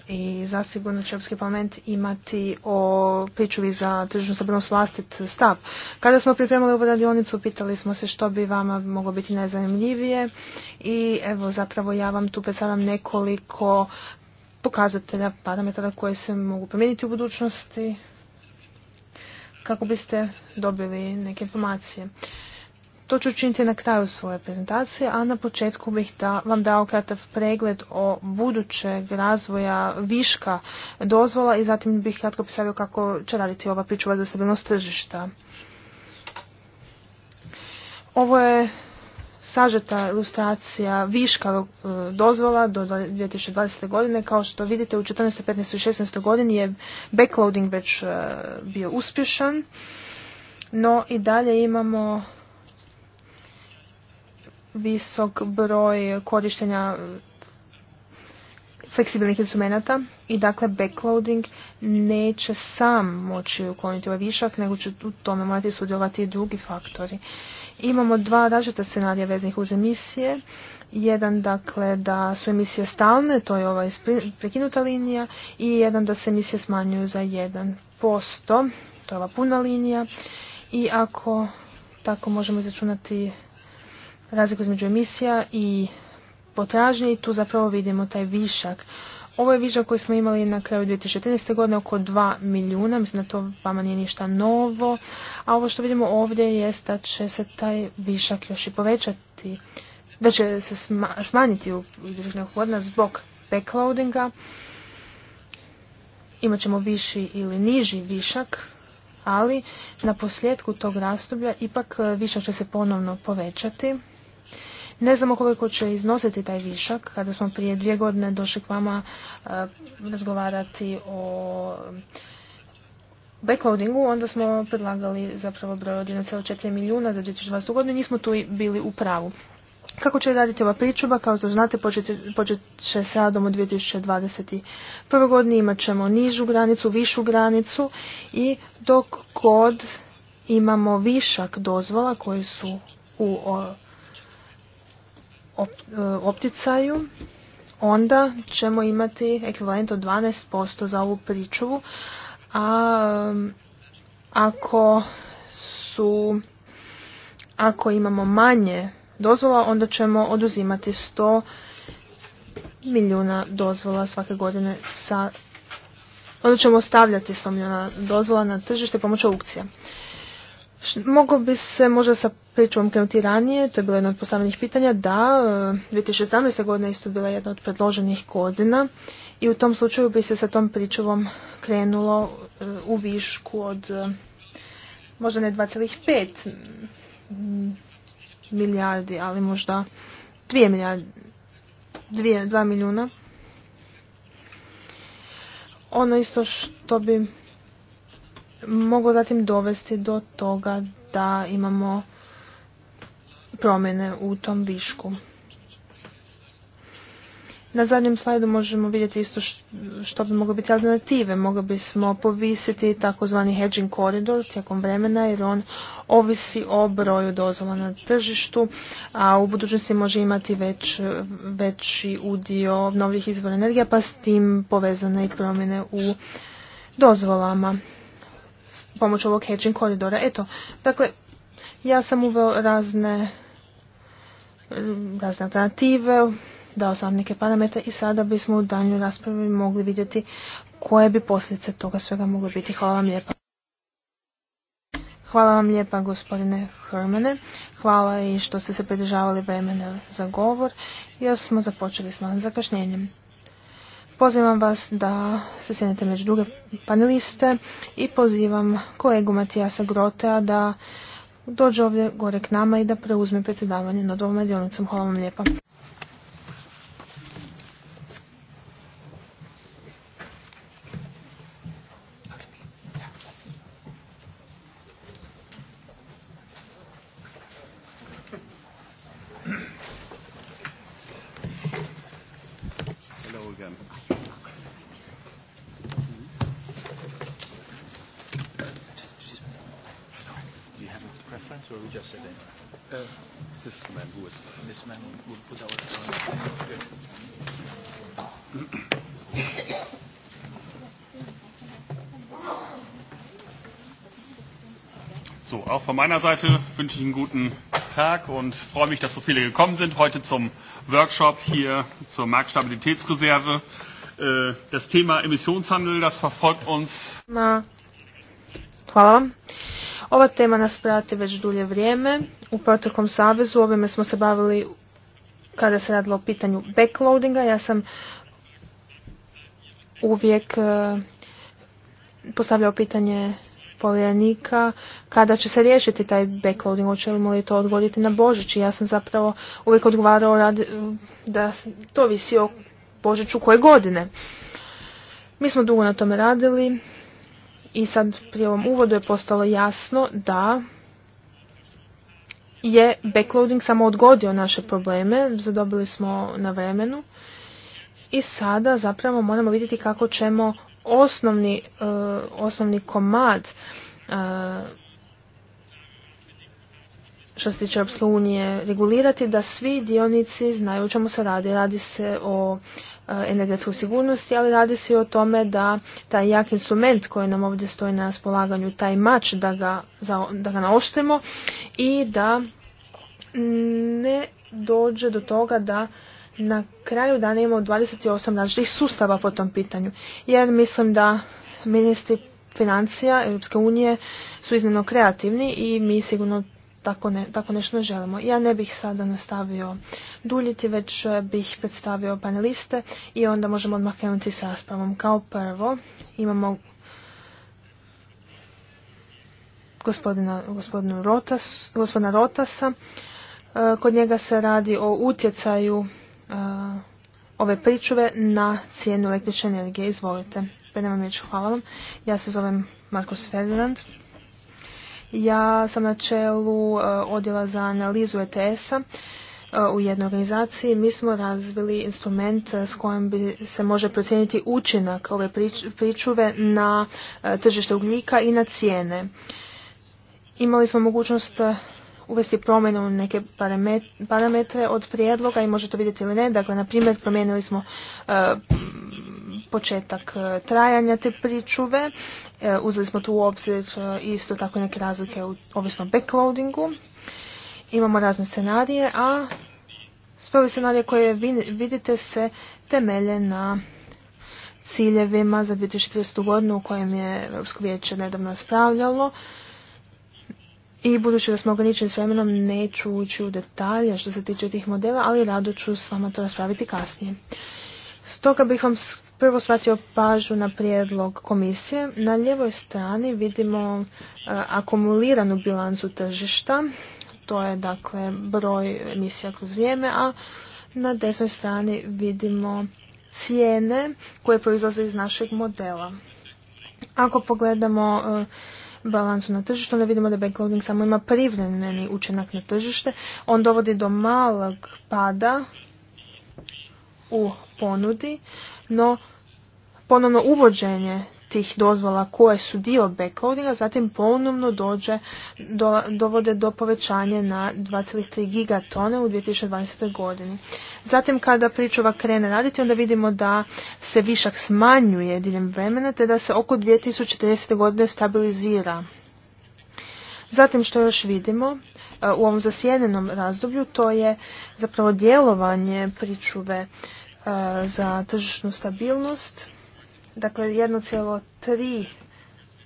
i zasigurno će Europski parlament imati o pričuvi za tržišnu stabilnost vlastit stav. Kada smo pripremali ovu radionicu, pitali smo se što bi vama moglo biti najzanimljivije i evo zapravo ja vam tu predstavljam nekoliko pokazatelja, parametara koje se mogu promijeniti u budućnosti kako biste dobili neke informacije. To ću učiniti na kraju svoje prezentacije, a na početku bih da, vam dao kratav pregled o budućeg razvoja viška dozvola i zatim bih kratko pisavio kako će raditi ova pričuva za stabilnost tržišta. Ovo je sažeta ilustracija viška e, dozvola do 2020. godine. Kao što vidite u 14. 15. i 16. godini je backloading već e, bio uspješan, no i dalje imamo visok broj korištenja fleksibilnih instrumenta i dakle backloading neće sam moći ukloniti ovaj višak, nego će u tome morati sudjelovati i drugi faktori. Imamo dva različita scenarija veznih uz emisije. Jedan dakle da su emisije stalne, to je ova prekinuta linija, i jedan da se emisije smanjuju za 1%, to je ova puna linija. I ako tako možemo izračunati razliku između emisija i potražnje i tu zapravo vidimo taj višak. Ovo je višak koji smo imali na kraju 2014. godine oko 2 milijuna, mislim da to vama nije ništa novo, a ovo što vidimo ovdje je da će se taj višak još i povećati, da će se smanjiti u idućih godina zbog backloadinga. Imat ćemo viši ili niži višak, ali na posljedku tog rastoblja ipak e, višak će se ponovno povećati ne znamo koliko će iznositi taj višak. Kada smo prije dvije godine došli k vama e, razgovarati o backloadingu, onda smo predlagali zapravo broj od 1,4 milijuna za 2020. godinu i nismo tu bili u pravu. Kako će raditi ova pričuba? Kao što znate, počet će s radom u 2021. godini. Imat ćemo nižu granicu, višu granicu i dok kod imamo višak dozvola koji su u E, opticaju, onda ćemo imati ekvivalent od 12% za ovu pričuvu, a ako su ako imamo manje dozvola, onda ćemo oduzimati 100 milijuna dozvola svake godine sa onda ćemo stavljati 100 milijuna dozvola na tržište pomoću aukcija. Mogu bi se možda sa pričom krenuti ranije, to je bilo jedno od postavljenih pitanja, da, 2016. E, godina isto bila jedna od predloženih godina i u tom slučaju bi se sa tom pričuvom krenulo e, u višku od e, možda ne 2,5 milijardi, ali možda 2 milijarde, 2 milijuna. Ono isto što bi mogu zatim dovesti do toga da imamo promjene u tom višku. Na zadnjem slajdu možemo vidjeti isto što bi moglo biti alternative. Mogli bismo povisiti takozvani hedging koridor tijekom vremena jer on ovisi o broju dozvola na tržištu, a u budućnosti može imati već, veći udio novih izvora energija pa s tim povezane i promjene u dozvolama pomoću ovog hedging koridora. Eto, dakle, ja sam uveo razne, mm, razne alternative, dao sam neke parametre i sada bismo u daljnjoj raspravi mogli vidjeti koje bi posljedice toga svega mogle biti. Hvala vam lijepa. Hvala vam lijepa gospodine Hermene. Hvala i što ste se pridržavali vremena za govor jer smo započeli s malim zakašnjenjem. Pozivam vas da se sjednete među druge paneliste i pozivam kolegu Matijasa Grotea da dođe ovdje gore k nama i da preuzme predsjedavanje nad ovom radionicom. Hvala vam lijepa. So, auch von meiner Seite wünsche ich einen guten Tag und freue mich, dass so viele gekommen sind heute zum Workshop hier zur Marktstabilitätsreserve. Äh, das Thema Emissionshandel, das verfolgt uns. Ova tema nas prati već dulje vrijeme. U protokom savezu ovime smo se bavili kada se radilo o pitanju backloadinga. Ja sam uvijek e, postavljao pitanje povjerenika kada će se riješiti taj backloading, hoćemo li to odgoditi na Božić. ja sam zapravo uvijek odgovarao da to visi o Božiću koje godine. Mi smo dugo na tome radili, i sad prije ovom uvodu je postalo jasno da je backloading samo odgodio naše probleme, zadobili smo na vremenu i sada zapravo moramo vidjeti kako ćemo osnovni, e, osnovni komad e, što se tiče Europske regulirati da svi dionici znaju o čemu se radi. Radi se o Eh, energetsku sigurnosti, ali radi se i o tome da taj jak instrument koji nam ovdje stoji na raspolaganju, taj mač da ga, naoštemo i da ne dođe do toga da na kraju dana imamo 28 različitih sustava po tom pitanju. Jer mislim da ministri financija Europske unije su iznimno kreativni i mi sigurno tako, ne, tako nešto ne želimo. Ja ne bih sada nastavio duljiti, već eh, bih predstavio paneliste i onda možemo odmah krenuti s raspravom. Kao prvo imamo gospodina, Rotas, gospodina Rotasa. Eh, kod njega se radi o utjecaju eh, ove pričuve na cijenu električne energije. Izvolite. Hvala vam. Ja se zovem Markus Ferdinand. Ja sam na čelu e, odjela za analizu ETS-a e, u jednoj organizaciji. Mi smo razvili instrument e, s kojim bi se može procijeniti učinak ove pričuve na tržište ugljika i na cijene. Imali smo mogućnost uvesti promjenu neke parametre od prijedloga i možete vidjeti ili ne. Dakle, na primjer, promijenili smo početak trajanja te pričuve E, uzeli smo tu u obzir e, isto tako neke razlike u ovisnom backloadingu. Imamo razne scenarije, a sve scenarije koje vidite se temelje na ciljevima za 2030. godinu u kojem je Europsko vijeće nedavno raspravljalo. I budući da smo ograničeni s vremenom, neću ući u detalje što se tiče tih modela, ali rado ću s vama to raspraviti kasnije. Stoga bih vam prvo shvatio pažu na prijedlog komisije. Na lijevoj strani vidimo e, akumuliranu bilancu tržišta, to je dakle broj emisija kroz vrijeme, a na desnoj strani vidimo cijene koje proizlaze iz našeg modela. Ako pogledamo e, balansu na tržištu, onda vidimo da backloading samo ima privremeni učinak na tržište. On dovodi do malog pada u ponudi, no ponovno uvođenje tih dozvola koje su dio backloadinga, zatim ponovno dođe, do, dovode do povećanja na 2,3 gigatone u 2020. godini. Zatim kada pričuva krene raditi, onda vidimo da se višak smanjuje diljem vremena, te da se oko 2040. godine stabilizira. Zatim što još vidimo e, u ovom zasjedenom razdoblju, to je zapravo djelovanje pričuve E, za tržišnu stabilnost. Dakle, 1,3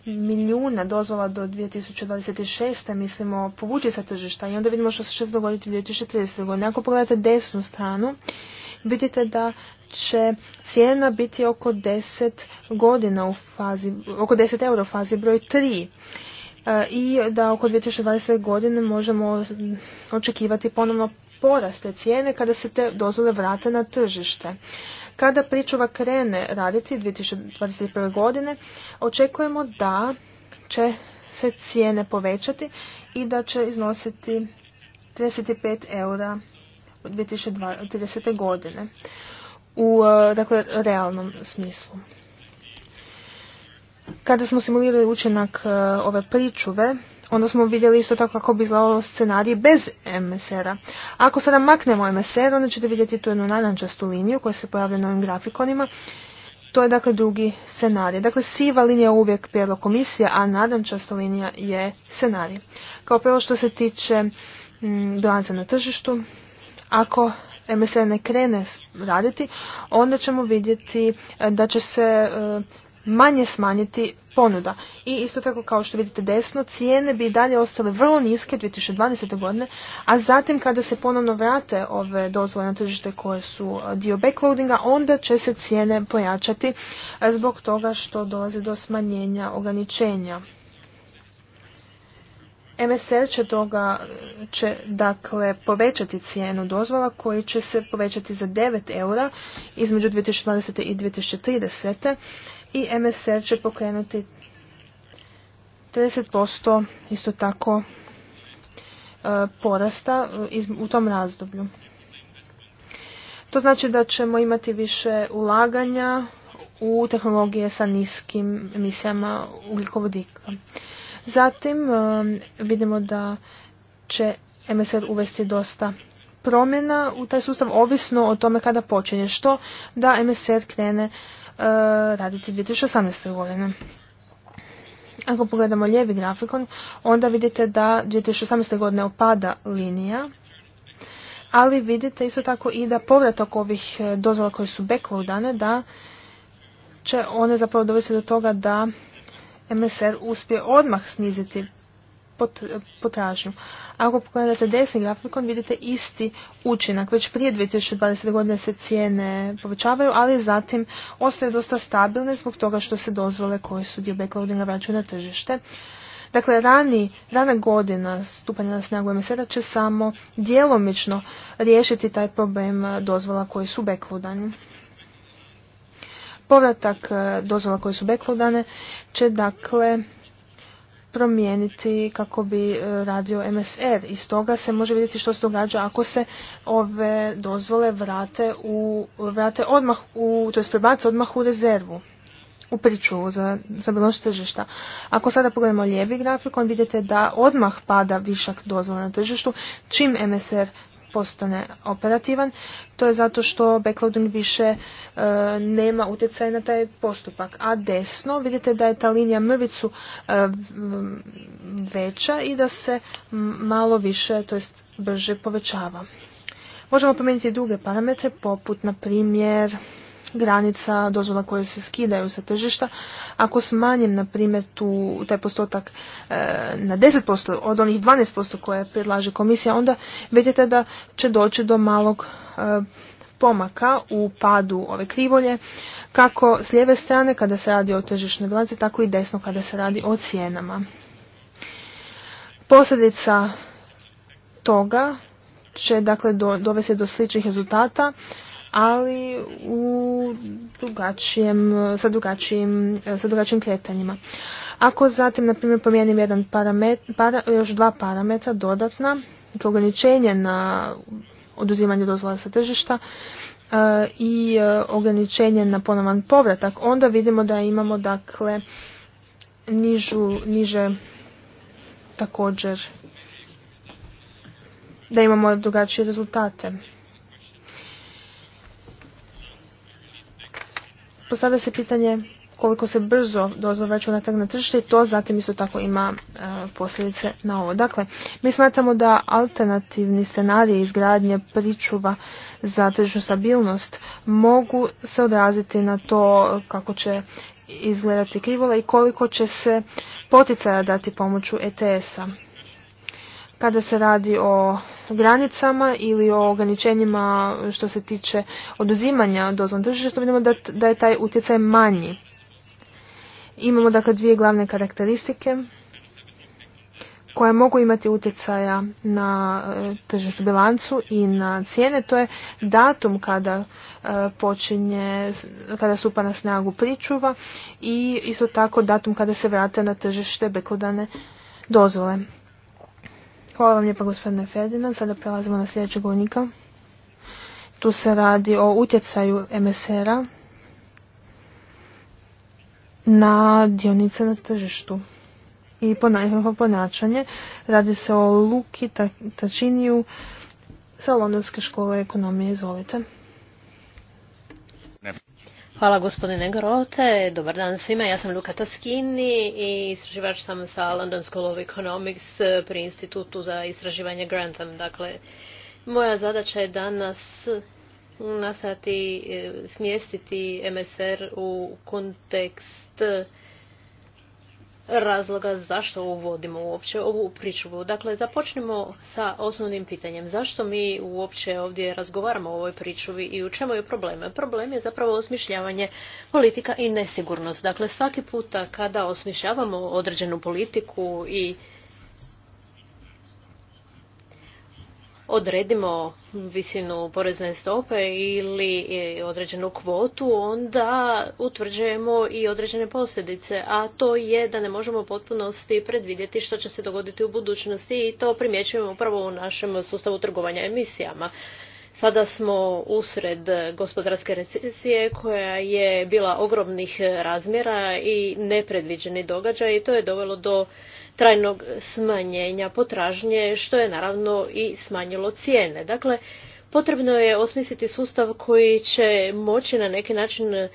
milijuna dozvola do 2026. mislimo povući sa tržišta i onda vidimo što se će dogoditi u 2030. godine. Ako pogledate desnu stranu, vidite da će cijena biti oko 10 godina u fazi, oko 10 euro u fazi broj 3 e, i da oko 2020. godine možemo očekivati ponovno poraste cijene kada se te dozvole vrate na tržište. Kada pričuva krene raditi 2021. godine, očekujemo da će se cijene povećati i da će iznositi 35 eura od 2030. godine u e, dakle, realnom smislu. Kada smo simulirali učinak e, ove pričuve, onda smo vidjeli isto tako kako bi izgledalo scenarij bez MSR-a. Ako sada maknemo MSR, onda ćete vidjeti tu jednu narančastu liniju koja se pojavlja na ovim grafikonima. To je dakle drugi scenarij. Dakle, siva linija je uvijek prijedlog komisije, a narančasta linija je scenarij. Kao prvo što se tiče mm, bilanca na tržištu, ako MSR ne krene raditi, onda ćemo vidjeti e, da će se e, manje smanjiti ponuda. I isto tako kao što vidite desno, cijene bi dalje ostale vrlo niske 2020. godine, a zatim kada se ponovno vrate ove dozvole na tržište koje su e, dio backloadinga, onda će se cijene pojačati e, zbog toga što dolazi do smanjenja ograničenja. MSR će toga e, će dakle povećati cijenu dozvola koji će se povećati za 9 eura između 2020. i 2030 i MSR će pokrenuti 30% isto tako e, porasta e, u tom razdoblju. To znači da ćemo imati više ulaganja u tehnologije sa niskim emisijama ugljikovodika. Zatim e, vidimo da će MSR uvesti dosta promjena u taj sustav ovisno o tome kada počinje. Što da MSR krene E, raditi 2018. godine. Ako pogledamo lijevi grafikon, onda vidite da 2018. godine opada linija, ali vidite isto tako i da povratak ovih e, dozvola koje su backloadane, da će one zapravo dovesti do toga da MSR uspije odmah sniziti potražnju. Ako pogledate desni grafikon vidite isti učinak. Već prije 2020. godine se cijene povećavaju, ali zatim ostaju dosta stabilne zbog toga što se dozvole koje su dio backloadinga vraćaju na tržište. Dakle, rani, rana godina stupanja na snagu MSR-a će samo djelomično riješiti taj problem dozvola koji su backloadani. Povratak e, dozvola koje su backloadane će dakle promijeniti kako bi e, radio MSR. Iz toga se može vidjeti što se događa ako se ove dozvole vrate, u, vrate odmah, u, to je prebace odmah u rezervu u priču za, za tržišta. Ako sada pogledamo lijevi grafikon, vidite da odmah pada višak dozvola na tržištu, čim MSR postane operativan. To je zato što backloading više e, nema utjecaj na taj postupak. A desno vidite da je ta linija mrvicu e, veća i da se malo više, to jest brže povećava. Možemo promijeniti druge parametre poput na primjer granica dozvola koje se skidaju sa tržišta, ako smanjim na primjer tu taj postotak e, na 10% od onih 12% koje predlaže komisija, onda vidite da će doći do malog e, pomaka u padu ove krivolje, kako s lijeve strane kada se radi o tržišnoj bilanci, tako i desno kada se radi o cijenama. Posljedica toga će dakle dovesti do sličnih rezultata ali u drugačijem, sa, drugačijim, sa drugačijim kretanjima. Ako zatim, na primjer, promijenim jedan para, još dva parametra dodatna, to ograničenje na oduzimanje dozvola sa tržišta e, i e, ograničenje na ponovan povratak, onda vidimo da imamo dakle nižu, niže također da imamo drugačije rezultate. postavlja se pitanje koliko se brzo dozva vraća natrag na tržište i to zatim isto tako ima e, posljedice na ovo. Dakle, mi smatramo da alternativni scenariji izgradnje pričuva za tržišnu stabilnost mogu se odraziti na to kako će izgledati krivola i koliko će se poticaja dati pomoću ETS-a. Kada se radi o granicama ili o ograničenjima što se tiče oduzimanja dozvom tržišta, što vidimo da, je taj utjecaj manji. Imamo dakle dvije glavne karakteristike koje mogu imati utjecaja na e, tržištu bilancu i na cijene, to je datum kada e, počinje, kada stupa na snagu pričuva i isto tako datum kada se vrate na tržište bekodane dozvole. Hvala vam lijepa gospodine Ferdinand. Sada prelazimo na sljedećeg govornika. Tu se radi o utjecaju MSR-a na dionice na tržištu i ponačanje. ponašanje. Radi se o Luki Tačiniju sa Londonske škole ekonomije. Izvolite. Hvala gospodine Grote, dobar dan svima, ja sam Luka Taskini i istraživač sam sa London School of Economics pri Institutu za istraživanje Grantham. Dakle, moja zadaća je danas nasati eh, smjestiti MSR u kontekst razloga zašto uvodimo uopće ovu pričuvu. Dakle, započnimo sa osnovnim pitanjem. Zašto mi uopće ovdje razgovaramo o ovoj pričuvi i u čemu je problem? Problem je zapravo osmišljavanje politika i nesigurnost. Dakle, svaki puta kada osmišljavamo određenu politiku i odredimo visinu porezne stope ili određenu kvotu, onda utvrđujemo i određene posljedice, a to je da ne možemo u potpunosti predvidjeti što će se dogoditi u budućnosti i to primjećujemo upravo u našem sustavu trgovanja emisijama. Sada smo usred gospodarske recesije koja je bila ogromnih razmjera i nepredviđeni događaj i to je dovelo do trajnog smanjenja potražnje, što je naravno i smanjilo cijene. Dakle, potrebno je osmisliti sustav koji će moći na neki način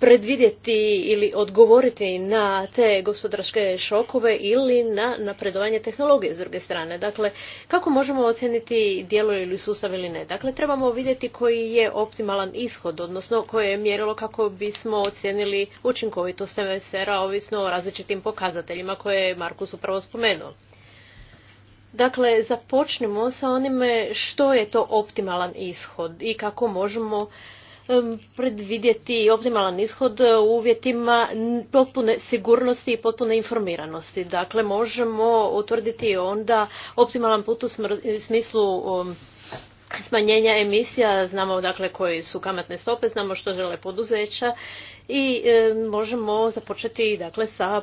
predvidjeti ili odgovoriti na te gospodarske šokove ili na napredovanje tehnologije s druge strane. Dakle, kako možemo ocijeniti dijelo ili sustav ili ne? Dakle, trebamo vidjeti koji je optimalan ishod, odnosno koje je mjerilo kako bismo ocijenili učinkovitost MSR-a ovisno o različitim pokazateljima koje je Markus upravo spomenuo. Dakle, započnimo sa onime što je to optimalan ishod i kako možemo predvidjeti optimalan ishod e, u uvjetima potpune sigurnosti i potpune informiranosti. Dakle, možemo utvrditi onda optimalan put u e, smislu smanjenja emisija, znamo dakle koji su kamatne stope, znamo što žele poduzeća i možemo započeti dakle sa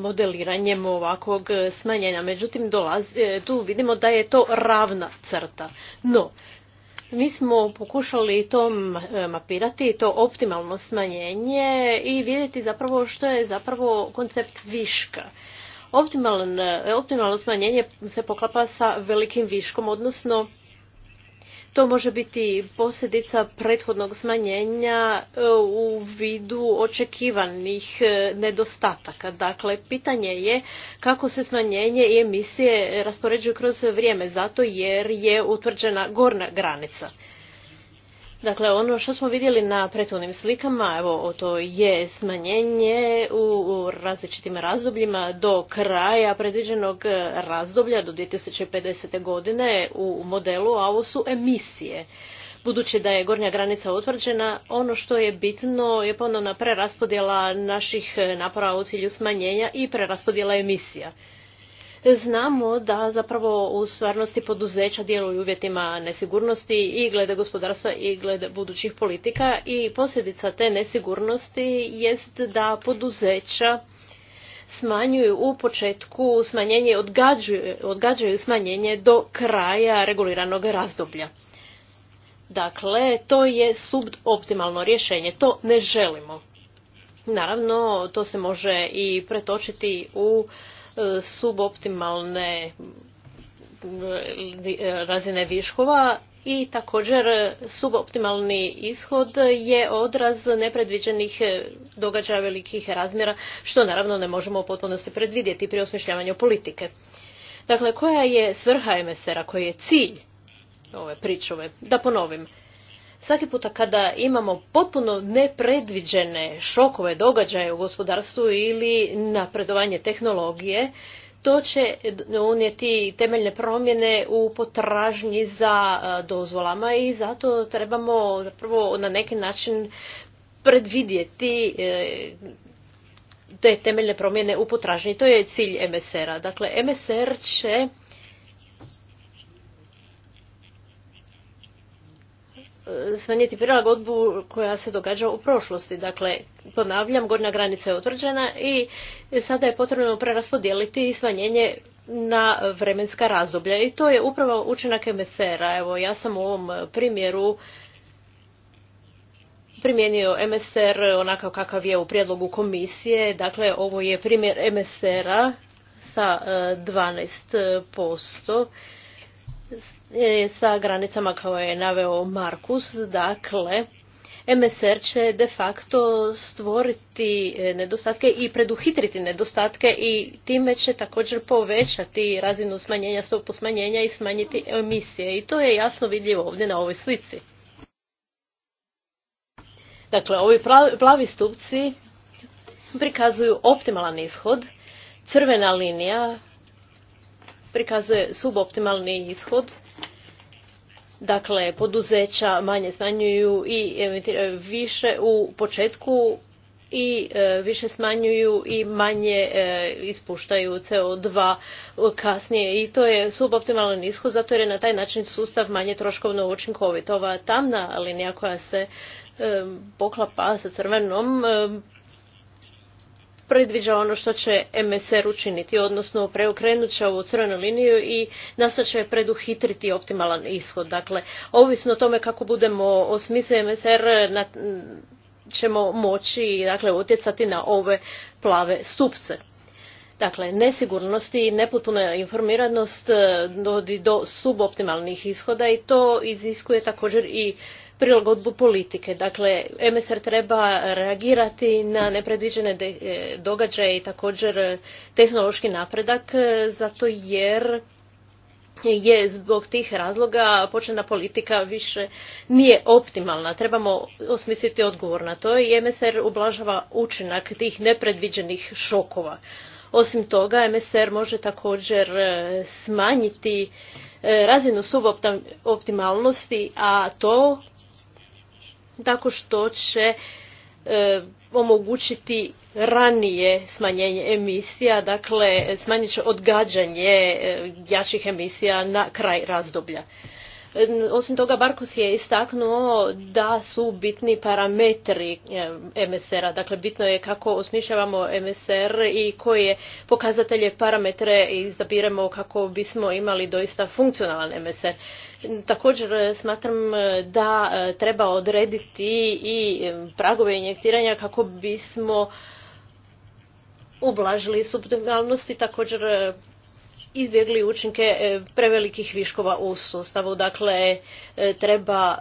modeliranjem ovakvog smanjenja. Međutim, e, tu vidimo da je to ravna crta. No, mi smo pokušali to e, mapirati, to optimalno smanjenje i vidjeti zapravo što je zapravo koncept viška. E, optimalno smanjenje se poklapa sa velikim viškom, odnosno to može biti posljedica prethodnog smanjenja e, u vidu očekivanih e, nedostataka. Dakle, pitanje je kako se smanjenje i emisije raspoređuju kroz vrijeme, zato jer je utvrđena gorna granica. Dakle, ono što smo vidjeli na prethodnim slikama, evo, to je smanjenje u različitim razdobljima do kraja predviđenog e, razdoblja do 2050. godine u modelu, a ovo su emisije. Budući da je gornja granica utvrđena, ono što je bitno je ponovna preraspodjela naših e, napora u cilju smanjenja i preraspodjela emisija. Znamo da zapravo u stvarnosti poduzeća djeluju uvjetima nesigurnosti i glede gospodarstva i glede budućih politika i posljedica te nesigurnosti jest da poduzeća smanjuju u početku smanjenje, odgađuju, odgađaju smanjenje do kraja reguliranog razdoblja. Dakle, to je suboptimalno rješenje, to ne želimo. Naravno, to se može i pretočiti u E, suboptimalne e, e, razine viškova i također suboptimalni ishod je odraz nepredviđenih događaja velikih razmjera, što naravno ne možemo u potpunosti predvidjeti pri osmišljavanju politike. Dakle, koja je svrha MSR-a, koji je cilj ove pričuve? Da ponovim, Svaki puta kada imamo potpuno nepredviđene šokove događaje u gospodarstvu ili napredovanje tehnologije, to će unijeti temeljne promjene u potražnji za e, dozvolama i zato trebamo zapravo na neki način predvidjeti e, te temeljne promjene u potražnji. To je cilj MSR-a. Dakle, MSR će smanjiti prilagodbu koja se događa u prošlosti. Dakle, ponavljam, gornja granica je utvrđena i sada je potrebno preraspodijeliti smanjenje na vremenska razdoblja. I to je upravo učinak MSR-a. Evo, ja sam u ovom primjeru primijenio MSR onakav kakav je u prijedlogu komisije. Dakle, ovo je primjer MSR-a sa 12%. E, sa granicama koje je naveo Markus, dakle, MSR će de facto stvoriti e, nedostatke i preduhitriti nedostatke i time će također povećati razinu smanjenja, stopu smanjenja i smanjiti emisije. I to je jasno vidljivo ovdje na ovoj slici. Dakle, ovi plavi stupci prikazuju optimalan ishod, crvena linija prikazuje suboptimalni ishod. Dakle, poduzeća manje smanjuju i emitiraju više u početku i e, više smanjuju i manje e, ispuštaju CO2 kasnije. I to je suboptimalan ishod zato jer je na taj način sustav manje troškovno učinkovit. Ova tamna linija koja se e, poklapa sa crvenom predviđa ono što će MSR učiniti, odnosno preokrenut će ovu crvenu liniju i nastat će preduhitriti optimalan ishod. Dakle, ovisno o tome kako budemo osmislili MSR, na, ćemo moći dakle, utjecati na ove plave stupce. Dakle, nesigurnost i nepotpuna informiranost e, dovodi do suboptimalnih ishoda i to iziskuje također i prilagodbu politike. Dakle, MSR treba reagirati na nepredviđene e, događaje i također tehnološki napredak, e, zato jer je zbog tih razloga početna politika više nije optimalna. Trebamo osmisliti odgovor na to i MSR ublažava učinak tih nepredviđenih šokova. Osim toga, MSR može također e, smanjiti razinu suboptimalnosti, a to tako što će e, omogućiti ranije smanjenje emisija, dakle smanjit će odgađanje e, jačih emisija na kraj razdoblja. E, osim toga, Barkus je istaknuo da su bitni parametri MSR-a. Dakle, bitno je kako osmišljavamo MSR i koje pokazatelje, parametre izabiremo kako bismo imali doista funkcionalan MSR. Također e, smatram e, da e, treba odrediti i pragove injektiranja kako bismo ublažili subdomalnost i također izbjegli učinke prevelikih viškova u sustavu. Dakle, treba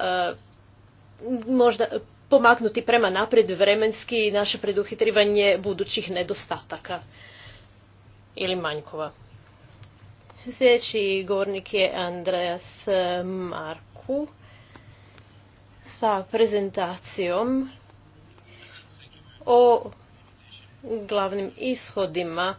možda pomaknuti prema naprijed vremenski naše preduhitrivanje budućih nedostataka ili manjkova. Sljedeći govornik je Andreas e, Marku sa prezentacijom o glavnim ishodima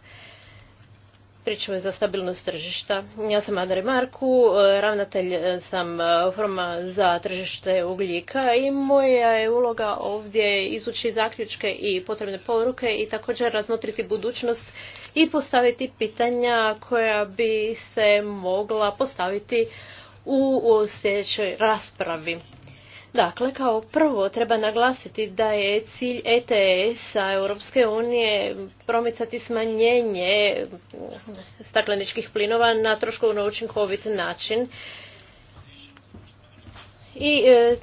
pričuve za stabilnost tržišta. Ja sam andre Marku, e, ravnatelj e, sam e, forma za tržište ugljika i moja je uloga ovdje izući zaključke i potrebne poruke i također razmotriti budućnost i postaviti pitanja koja bi se mogla postaviti u sljedećoj raspravi. Dakle, kao prvo treba naglasiti da je cilj ETS-a Europske unije promicati smanjenje stakleničkih plinova na troškovno učinkovit način. I e,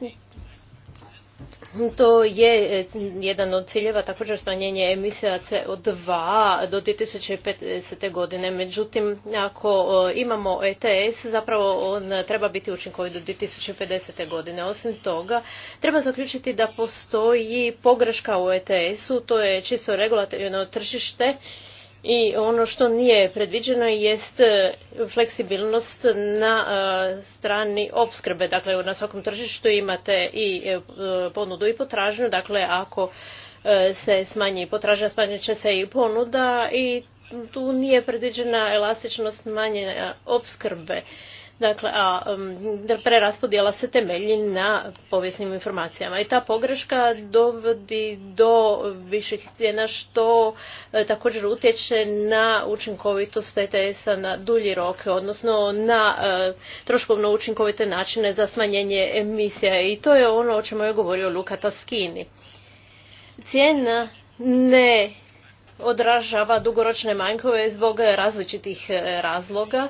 to je e, jedan od ciljeva također smanjenje emisija CO2 do 2050. godine. Međutim, ako imamo ETS, zapravo on treba biti učinkovit do 2050. godine. Osim toga, treba zaključiti da postoji pogreška u ETS-u, to je čisto regulativno tržište i ono što nije predviđeno jest e, fleksibilnost na e, strani opskrbe. Dakle, na svakom tržištu imate i e, ponudu i potražnju. Dakle, ako se smanji potražnja, smanjit će se i ponuda i tu nije predviđena elastičnost manje opskrbe. Dakle, a preraspodjela se temelji na povijesnim informacijama. I ta pogreška dovodi do viših cijena što e, također utječe na učinkovitost ETS-a na dulji rok, odnosno na e, troškovno učinkovite načine za smanjenje emisija. I to je ono o čemu je govorio Luka Taskini. Cijena ne odražava dugoročne manjkove zbog različitih e, razloga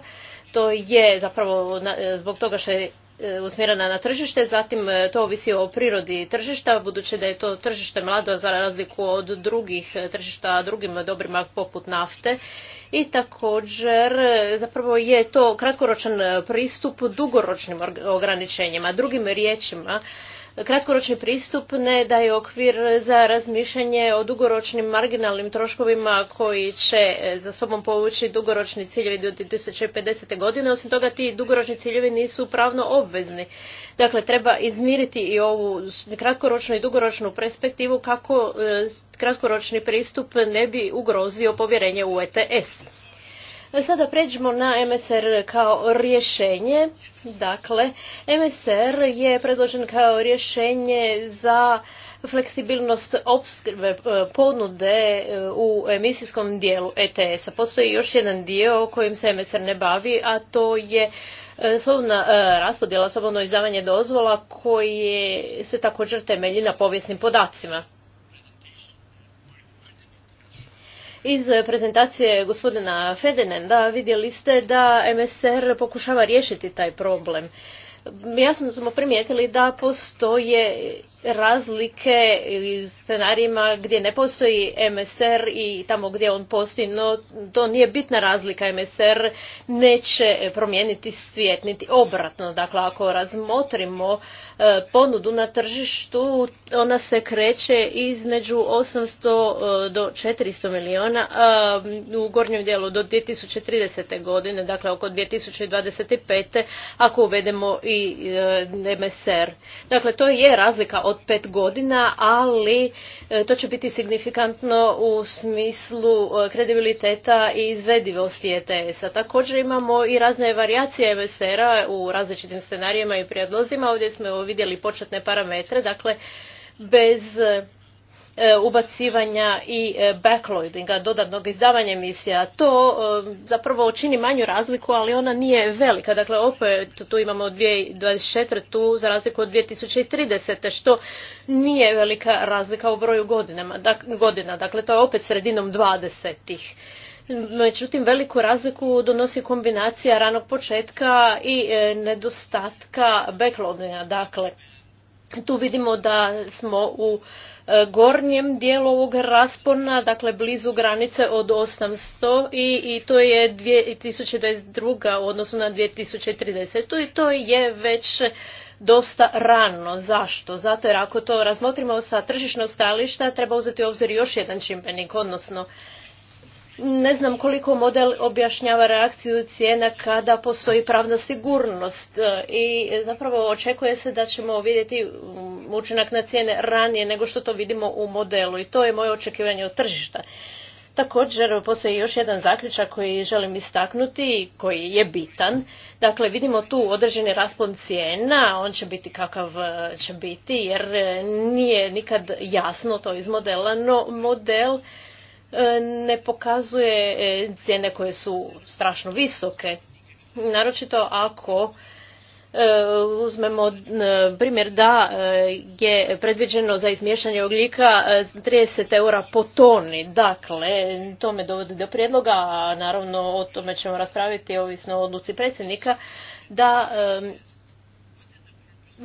to je zapravo e, zbog toga što je e, usmjerena na tržište, zatim e, to ovisi o prirodi tržišta, budući da je to tržište mlado za razliku od drugih tržišta, drugim dobrima poput nafte. I također zapravo je to kratkoročan pristup dugoročnim ograničenjima. Drugim riječima, kratkoročni pristup ne daje okvir za razmišljanje o dugoročnim marginalnim troškovima koji će e, za sobom povući dugoročni ciljevi do 2050. godine. Osim toga, ti dugoročni ciljevi nisu pravno obvezni. Dakle, treba izmiriti i ovu kratkoročnu i dugoročnu perspektivu kako e, kratkoročni pristup ne bi ugrozio povjerenje u ETS. Sada pređemo na MSR kao rješenje. Dakle, MSR je predložen kao rješenje za fleksibilnost opskrbe e, ponude e, u emisijskom dijelu ETS-a. Postoji još jedan dio kojim se MSR ne bavi, a to je e, slobodna raspodjela, slobodno izdavanje dozvola koje se također temelji na povijesnim podacima. Iz e, prezentacije gospodina Fedenenda vidjeli ste da MSR pokušava riješiti taj problem. Jasno smo primijetili da postoje razlike u scenarijima gdje ne postoji MSR i tamo gdje on postoji, no to nije bitna razlika. MSR neće promijeniti svijet, niti obratno. Dakle, ako razmotrimo E, ponudu na tržištu, ona se kreće između 800 e, do 400 milijuna e, u gornjem dijelu do 2030. godine, dakle oko 2025. ako uvedemo i MSR. Dakle, to je razlika od pet godina, ali to će biti signifikantno u smislu kredibiliteta i izvedivosti ETS-a. Također imamo i razne varijacije MSR-a u različitim scenarijima i prijedlozima. Ovdje smo vidjeli početne parametre, dakle bez e, e, ubacivanja i e, backloadinga, dodatnog izdavanja emisija. To zapravo čini manju razliku, ali ona nije velika. Dakle, opet tu imamo 2024. Tu za razliku od 2030. što nije velika razlika u broju godina. Dakle, to je opet sredinom 20. Međutim, veliku razliku donosi kombinacija ranog početka i e, nedostatka backloadinga. Dakle, tu vidimo da smo u e, gornjem dijelu ovog raspona, dakle blizu granice od 800 i, i to je 2022. u odnosu na 2030. I to je već dosta rano. Zašto? Zato jer ako to razmotrimo sa tržišnog stajališta treba uzeti u obzir još jedan čimbenik, odnosno ne znam koliko model objašnjava reakciju cijena kada postoji pravna sigurnost e, i zapravo očekuje se da ćemo vidjeti mm, učinak na cijene ranije nego što to vidimo u modelu i to je moje očekivanje od tržišta. Također postoji još jedan zaključak koji želim istaknuti i koji je bitan. Dakle, vidimo tu određeni raspon cijena, on će biti kakav e, će biti jer e, nije nikad jasno to iz modela, no model E, ne pokazuje e, cijene koje su strašno visoke. Naročito ako e, uzmemo primjer da je predviđeno za izmješanje ugljika 30 eura po toni. Dakle, to me dovodi do prijedloga, a naravno o tome ćemo raspraviti ovisno o odluci predsjednika, da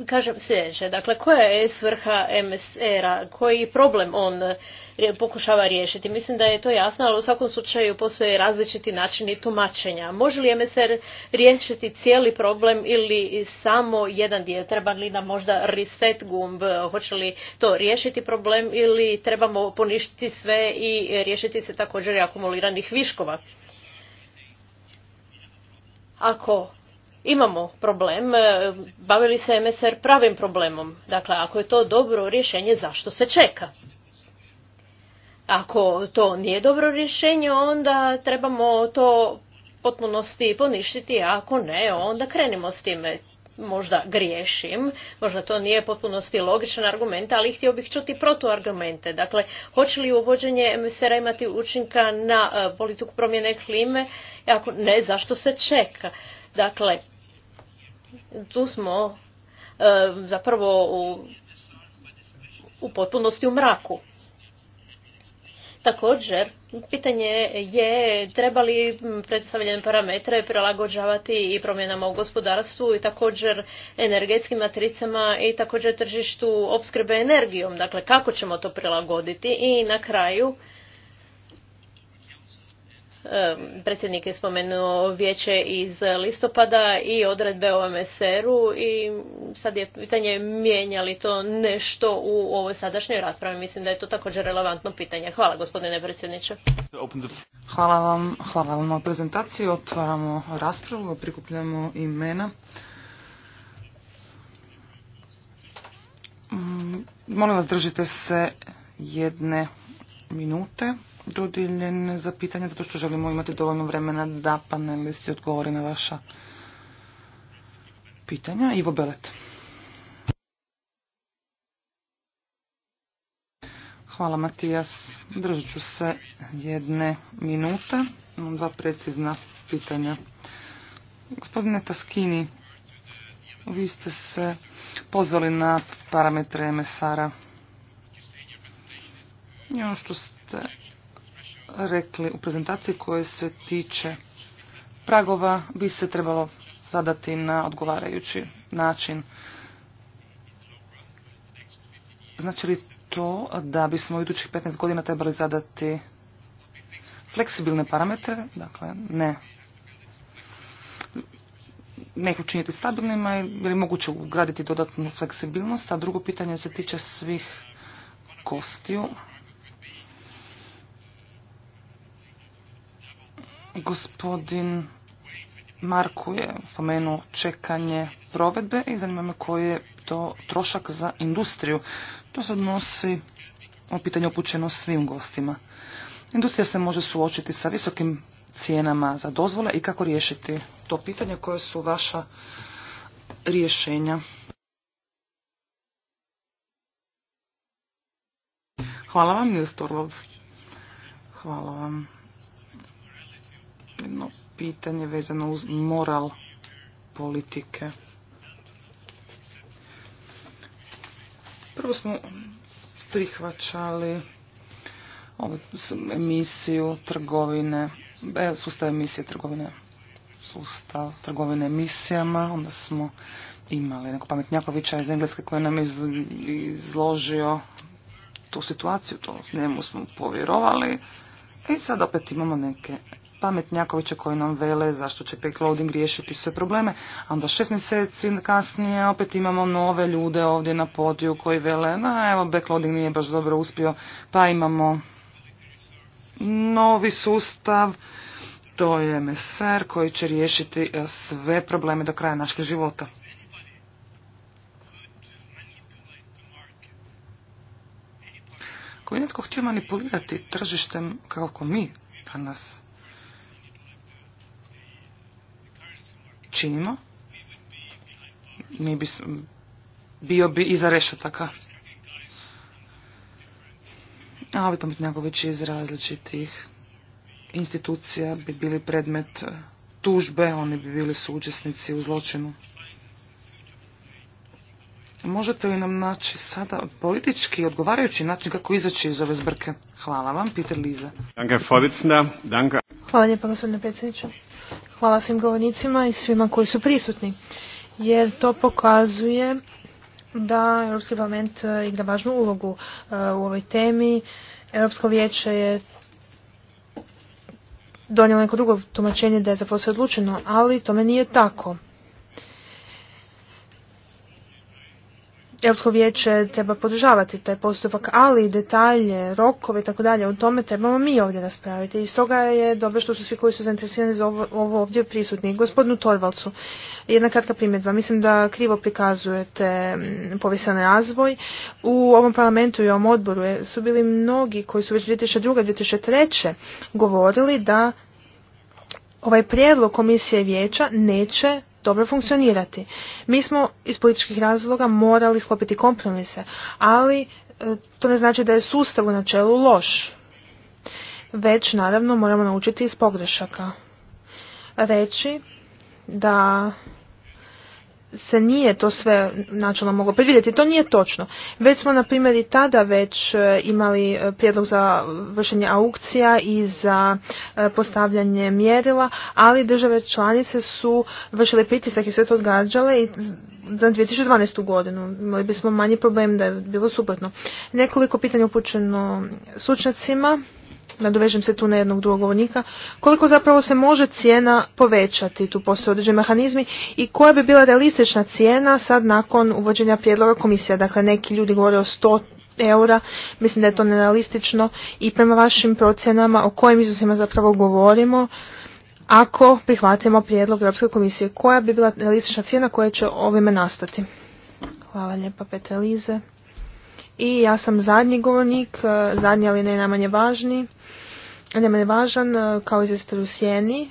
kažem sljedeće. Dakle, koja je svrha MSR-a? Koji problem on pokušava riješiti? Mislim da je to jasno, ali u svakom slučaju postoje različiti načini tumačenja. Može li MSR riješiti cijeli problem ili samo jedan dio? Treba li nam možda reset gumb? Hoće li to riješiti problem ili trebamo poništiti sve i riješiti se također akumuliranih viškova? Ako imamo problem, e, bavili se MSR pravim problemom. Dakle, ako je to dobro rješenje, zašto se čeka? Ako to nije dobro rješenje, onda trebamo to potpunosti poništiti, a ako ne, onda krenimo s time. Možda griješim, možda to nije potpunosti logičan argument, ali htio bih čuti protuargumente. Dakle, hoće li uvođenje MSR-a imati učinka na e, politiku promjene klime? Ako ne, zašto se čeka? Dakle, tu smo e, zapravo u, u potpunosti u mraku. Također, pitanje je treba li predstavljene parametre prilagođavati i promjenama u gospodarstvu i također energetskim matricama i također tržištu opskrbe energijom. Dakle, kako ćemo to prilagoditi i na kraju predsjednik je spomenuo vijeće iz listopada i odredbe o MSR-u i sad je pitanje mijenja li to nešto u ovoj sadašnjoj raspravi. Mislim da je to također relevantno pitanje. Hvala gospodine predsjedniče. Hvala vam, hvala vam na prezentaciji. Otvaramo raspravu, prikupljamo imena. Mm, molim vas držite se jedne minute dodijeljene za pitanje, zato što želimo imati dovoljno vremena da panelisti odgovore na vaša pitanja. Ivo Belet. Hvala Matijas. Držat ću se jedne minute. Imam dva precizna pitanja. Gospodine Taskini, vi ste se pozvali na parametre MSR-a i ono što ste rekli u prezentaciji koje se tiče pragova bi se trebalo zadati na odgovarajući način. Znači li to da bismo u idućih 15 godina trebali zadati fleksibilne parametre, dakle ne neko učiniti stabilnima ili moguće ugraditi dodatnu fleksibilnost, a drugo pitanje se tiče svih kostiju. Gospodin Marku je spomenuo čekanje provedbe i zanima me koji je to trošak za industriju. To se odnosi o pitanje upućeno svim gostima. Industrija se može suočiti sa visokim cijenama za dozvole i kako riješiti to pitanje koje su vaša rješenja. Hvala vam, Nils Hvala vam jedno pitanje vezano uz moral politike. Prvo smo prihvaćali ovu emisiju trgovine, e, sustav emisije trgovine, sustav trgovine emisijama, onda smo imali nekog pametnjakovića iz Engleske koji nam je izložio tu situaciju, to njemu smo povjerovali. I sad opet imamo neke pametnjakoviće koji nam vele zašto će backloading riješiti sve probleme, a onda šest mjeseci kasnije opet imamo nove ljude ovdje na podiju koji vele, na evo backloading nije baš dobro uspio, pa imamo novi sustav, to je MSR koji će riješiti e, sve probleme do kraja našeg života. Koji netko htio manipulirati tržištem kako mi danas, činimo, mi bi, bio bi iza rešetaka. Ali pametnjakovići iz različitih institucija bi bili predmet e, tužbe, oni bi bili suučesnici u zločinu. Možete li nam naći sada politički odgovarajući način kako izaći iz ove zbrke? Hvala vam, Peter Liza. Hvala lijepo gospodine predsjedniče. Hvala svim govornicima i svima koji su prisutni, jer to pokazuje da Europski parlament e, igra važnu ulogu e, u ovoj temi. Europsko vijeće je donijelo neko drugo tumačenje da je zapravo sve odlučeno, ali tome nije tako. Europsko vijeće treba podržavati taj postupak, ali detalje, rokove i tako dalje, o tome trebamo mi ovdje raspraviti. I stoga je dobro što su svi koji su zainteresirani za ovo, ovdje prisutni. Gospodinu Torvalcu, jedna kratka primjedba. Mislim da krivo prikazujete povisan razvoj. U ovom parlamentu i ovom odboru su bili mnogi koji su već 2002. 2003. govorili da ovaj prijedlog komisije vijeća neće dobro funkcionirati. Mi smo iz političkih razloga morali sklopiti kompromise, ali e, to ne znači da je sustav u načelu loš. Već naravno moramo naučiti iz pogrešaka. Reći da se nije to sve načelno moglo predvidjeti. To nije točno. Već smo, na primjer, i tada već e, imali e, prijedlog za vršenje aukcija i za e, postavljanje mjerila, ali države članice su vršile pritisak i sve to odgađale i za 2012. godinu. Imali bismo manji problem da je bilo suprotno. Nekoliko pitanja upućeno sučnjacima nadovežem se tu na jednog drugog govornika, koliko zapravo se može cijena povećati, tu postoje određeni mehanizmi i koja bi bila realistična cijena sad nakon uvođenja prijedloga komisija. Dakle, neki ljudi govore o 100 eura, mislim da je to nerealistično i prema vašim procjenama o kojim iznosima zapravo govorimo ako prihvatimo prijedlog Europske komisije. Koja bi bila realistična cijena koja će ovime nastati? Hvala lijepa Petra Lize. I ja sam zadnji govornik, e, zadnji ali ne najmanje važni, manje važan e, kao izvjestitelj u sjeni.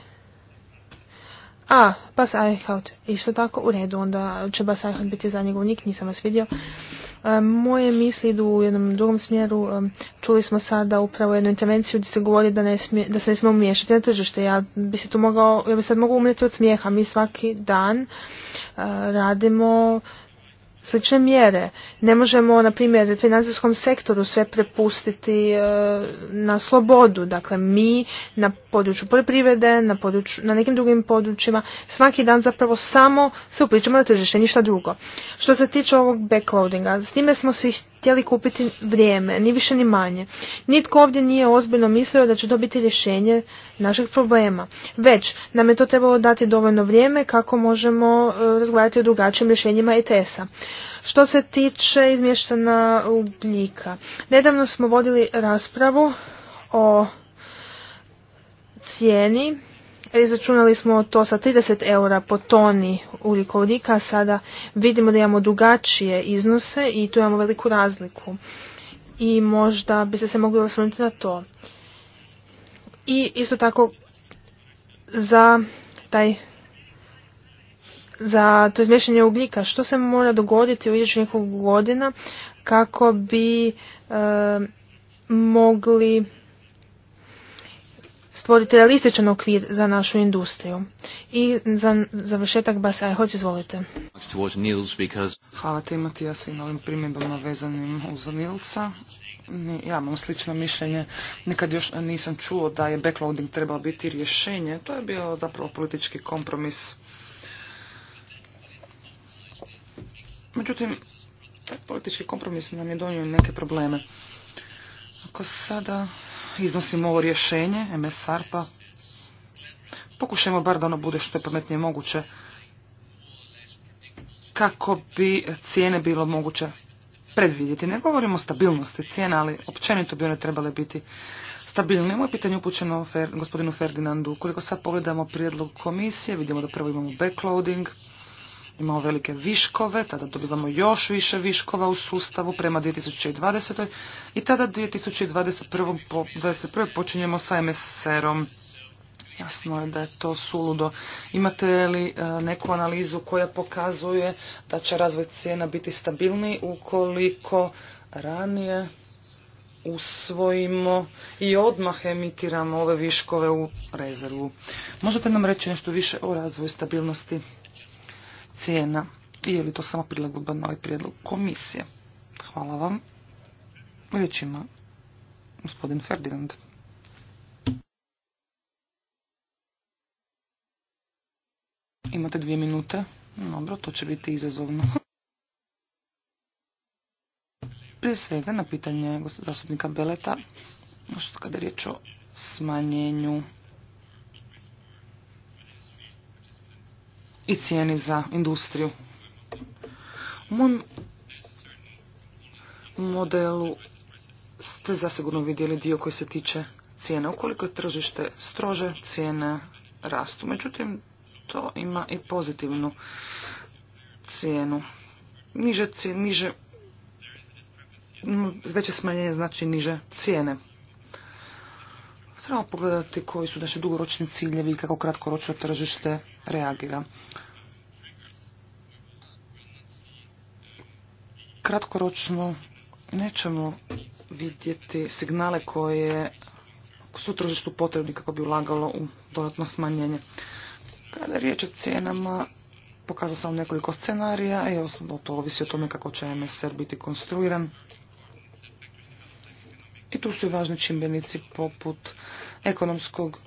A, Bas pa Eichhout, isto tako u redu, onda će Bas Eichhout biti zadnji govornik, nisam vas vidio. E, moje misli idu u jednom drugom smjeru. Čuli smo sada upravo jednu intervenciju gdje se govori da, ne da se ne smije umiješati na tržište. Ja bi se tu mogao, ja bi sad mogao umjeti od smijeha. Mi svaki dan radimo slične mjere. Ne možemo, na primjer, financijskom sektoru sve prepustiti e, na slobodu. Dakle, mi na području poljoprivrede, na, području, na nekim drugim područjima, svaki dan zapravo samo se upličemo na tržište, ništa drugo. Što se tiče ovog backloadinga, s time smo se htjeli kupiti vrijeme, ni više ni manje. Nitko ovdje nije ozbiljno mislio da će dobiti rješenje našeg problema. Već nam je to trebalo dati dovoljno vrijeme kako možemo e, razgovarati o drugačijim rješenjima ETS-a. Što se tiče izmještena ugljika, nedavno smo vodili raspravu o cijeni izračunali smo to sa 30 eura po toni ugljikovodika, a sada vidimo da imamo drugačije iznose i tu imamo veliku razliku. I možda bi se se mogli osvrnuti na to. I isto tako za taj za to izmješanje ugljika, što se mora dogoditi u idućih nekog godina kako bi e, mogli stvoriti realističan okvir za našu industriju. I za završetak Basaj, hoć izvolite. Hvala ti ja i ovim primjedbama vezanim uz Nilsa. Ja imam slično mišljenje. Nikad još nisam čuo da je backloading trebao biti rješenje. To je bio zapravo politički kompromis Međutim, taj politički kompromis nam je donio neke probleme. Ako sada iznosimo ovo rješenje MSR-pa, pokušajmo bar da ono bude što je pametnije moguće, kako bi cijene bilo moguće predvidjeti. Ne govorimo o stabilnosti cijena, ali općenito bi one trebale biti stabilne. Moje pitanje je upućeno gospodinu Ferdinandu. Koliko sad pogledamo prijedlog komisije, vidimo da prvo imamo backloading, imamo velike viškove, tada dobivamo još više viškova u sustavu prema 2020. i tada 2021. Po, 2021. počinjemo sa MSR-om. Jasno je da je to suludo. Imate li e, neku analizu koja pokazuje da će razvoj cijena biti stabilniji ukoliko ranije usvojimo i odmah emitiramo ove viškove u rezervu. Možete nam reći nešto više o razvoju stabilnosti cijena i je li to samo prilagodba na ovaj prijedlog komisije. Hvala vam. Riječ ima gospodin Ferdinand. Imate dvije minute. Dobro, to će biti izazovno. Prije svega na pitanje zastupnika Beleta, što kada je riječ o smanjenju i cijeni za industriju. U mom modelu ste zasigurno vidjeli dio koji se tiče cijene. Ukoliko je tržište strože, cijene rastu. Međutim, to ima i pozitivnu cijenu. Niže, niže veće smanjenje znači niže cijene. Trebamo pogledati koji su naši dugoročni ciljevi i kako kratkoročno tržište reagira. Kratkoročno nećemo vidjeti signale koje su tržištu potrebni kako bi ulagalo u dodatno smanjenje. Kada je riječ o cijenama, pokazao sam nekoliko scenarija i osnovno to ovisi o tome kako će MSR biti konstruiran. I tu su i važni čimbenici poput ekonomskog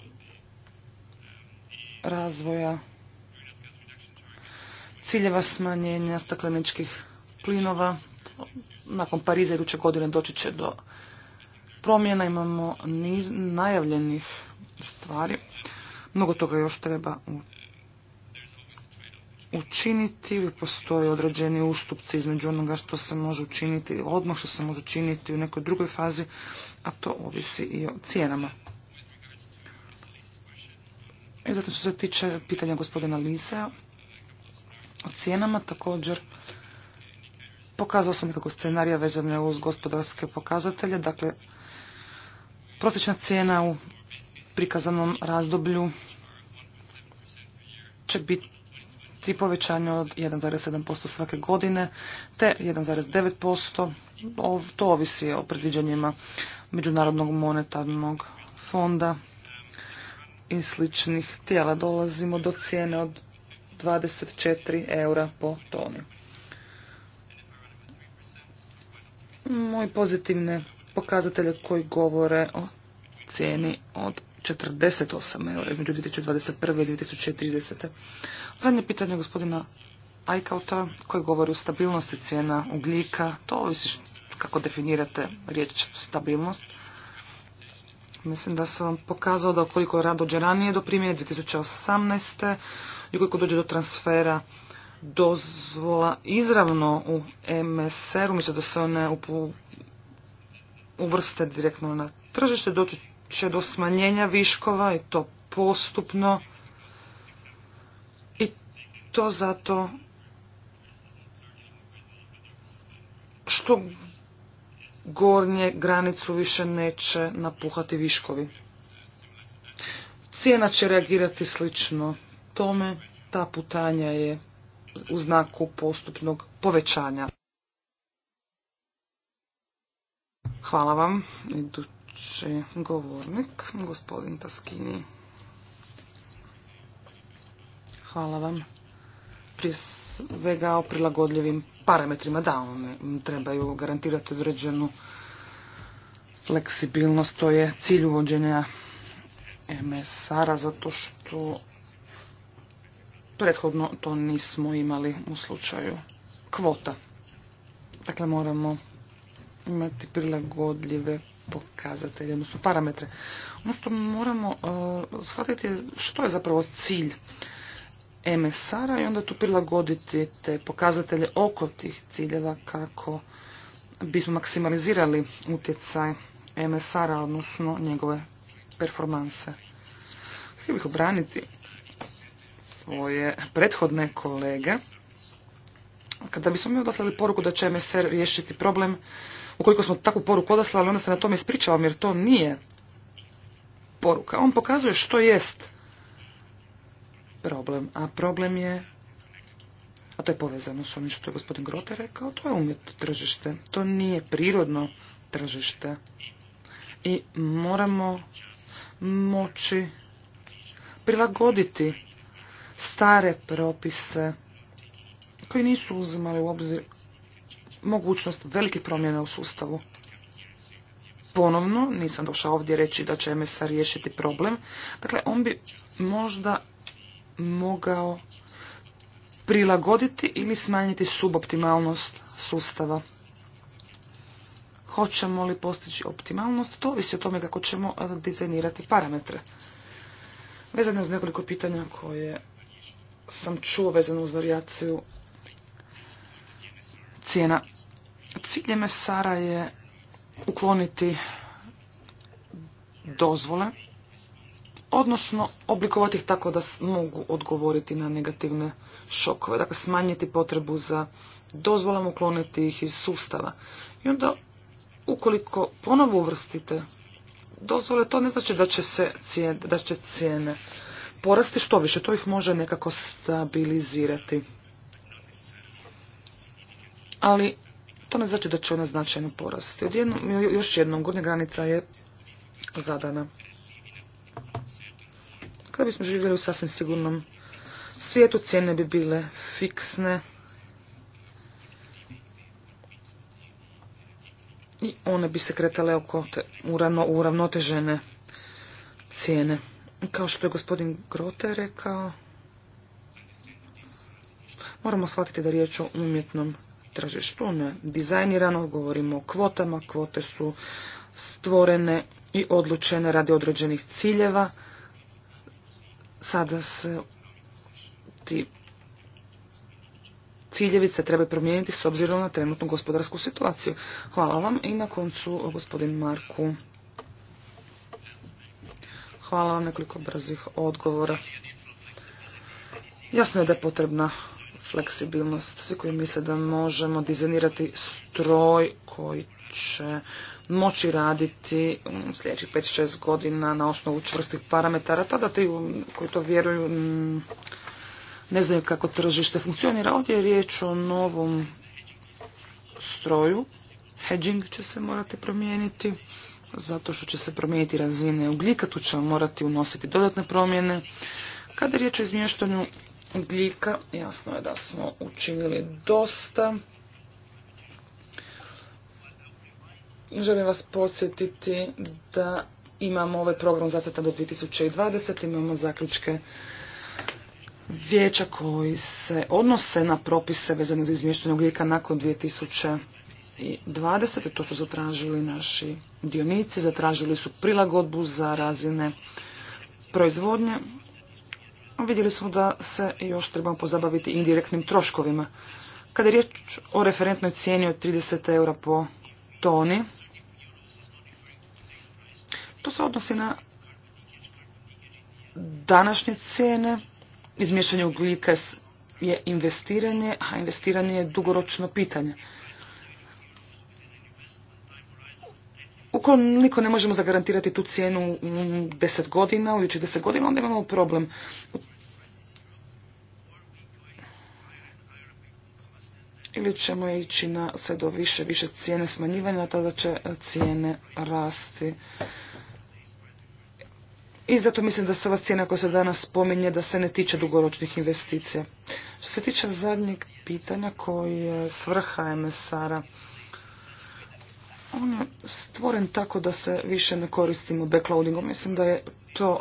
razvoja, ciljeva smanjenja stakleničkih plinova. Nakon Pariza iduće godine doći će do promjena, imamo niz najavljenih stvari. Mnogo toga još treba učiniti ili postoje određeni ustupci između onoga što se može učiniti odmah, što se može učiniti u nekoj drugoj fazi, a to ovisi i o cijenama. I zato što se tiče pitanja gospodina Lisa o cijenama, također pokazao sam nekako scenarija vezane uz gospodarske pokazatelje, dakle prosječna cijena u prikazanom razdoblju će biti i povećanje od 1,7% svake godine te 1,9%. To ovisi o predviđanjima Međunarodnog monetarnog fonda i sličnih tijela. Dolazimo do cijene od 24 eura po toni. Moji pozitivne pokazatelje koji govore o cijeni od 48 eura između 2021. i 2030. Zadnje pitanje gospodina Ajkauta koji govori o stabilnosti cijena ugljika. To ovisi kako definirate riječ stabilnost. Mislim da sam vam pokazao da koliko rad dođe ranije do primjene 2018. i koliko dođe do transfera dozvola izravno u MSR-u, mislim da se one uvrste direktno na tržište, doći će do smanjenja viškova i to postupno i to zato što gornje granicu više neće napuhati viškovi. Cijena će reagirati slično tome, ta putanja je u znaku postupnog povećanja. Hvala vam govornik, gospodin Taskini. Hvala vam. Prije svega o prilagodljivim parametrima. Da, one trebaju garantirati određenu fleksibilnost. To je cilj uvođenja MSR-a zato što prethodno to nismo imali u slučaju kvota. Dakle, moramo imati prilagodljive pokazatelje, odnosno parametre. Ono što moramo e, shvatiti što je zapravo cilj MSR-a i onda tu prilagoditi te pokazatelje oko tih ciljeva kako bismo maksimalizirali utjecaj MSR-a, odnosno njegove performanse. Htio bih obraniti svoje prethodne kolege. Kada bismo mi odaslali poruku da će MSR riješiti problem, Ukoliko smo takvu poruku odaslali, onda se na tome ispričavam jer to nije poruka. On pokazuje što jest problem, a problem je a to je povezano s onim što je gospodin Grote rekao, to je umjetno tržište, to nije prirodno tržište. I moramo moći prilagoditi stare propise koji nisu uzimali u obzir mogućnost velike promjena u sustavu. Ponovno, nisam došao ovdje reći da će MSA riješiti problem, dakle on bi možda mogao prilagoditi ili smanjiti suboptimalnost sustava. Hoćemo li postići optimalnost, to ovisi o tome kako ćemo eh, dizajnirati parametre. Vezano uz nekoliko pitanja koje sam čuo vezano uz varijaciju cijena. Cilj mesara je ukloniti dozvole, odnosno oblikovati ih tako da mogu odgovoriti na negativne šokove. Dakle, smanjiti potrebu za dozvolom, ukloniti ih iz sustava. I onda, ukoliko ponovo uvrstite dozvole, to ne znači da će, se da će cijene porasti što više. To ih može nekako stabilizirati ali to ne znači da će ona značajno porasti. još jednom, gornja granica je zadana. Kada bismo živjeli u sasvim sigurnom svijetu, cijene bi bile fiksne i one bi se kretale oko te uravnotežene cijene. Kao što je gospodin Grote rekao, moramo shvatiti da je riječ o umjetnom tržištu. Ono dizajnirano, govorimo o kvotama, kvote su stvorene i odlučene radi određenih ciljeva. Sada se ti ciljevi se trebaju promijeniti s obzirom na trenutnu gospodarsku situaciju. Hvala vam i na koncu gospodin Marku. Hvala vam nekoliko brzih odgovora. Jasno je da je potrebna fleksibilnost, svi koji misle da možemo dizajnirati stroj koji će moći raditi sljedećih 5-6 godina na osnovu čvrstih parametara, tada ti koji to vjeruju ne znaju kako tržište funkcionira. Ovdje je riječ o novom stroju. Hedging će se morati promijeniti zato što će se promijeniti razine ugljika, tu ćemo morati unositi dodatne promjene. Kada je riječ o izmještanju ugljika. Jasno je da smo učinili dosta. Želim vas podsjetiti da imamo ovaj program zacrtan do 2020. Imamo zaključke vijeća koji se odnose na propise vezane za izmještanje ugljika nakon 2020. To su zatražili naši dionici, zatražili su prilagodbu za razine proizvodnje vidjeli smo da se još trebamo pozabaviti indirektnim troškovima. Kada je riječ o referentnoj cijeni od 30 eura po toni, to se odnosi na današnje cijene, izmješanje ugljika je investiranje, a investiranje je dugoročno pitanje. Ako niko ne možemo zagarantirati tu cijenu deset godina, u idućih deset godina, onda imamo problem. Ili ćemo ići na sve do više, više cijene smanjivanja, tada će cijene rasti. I zato mislim da se ova cijena koja se danas spominje da se ne tiče dugoročnih investicija. Što se tiče zadnjeg pitanja koji je svrha MSR-a, on je stvoren tako da se više ne koristimo backloadingom. Mislim da je to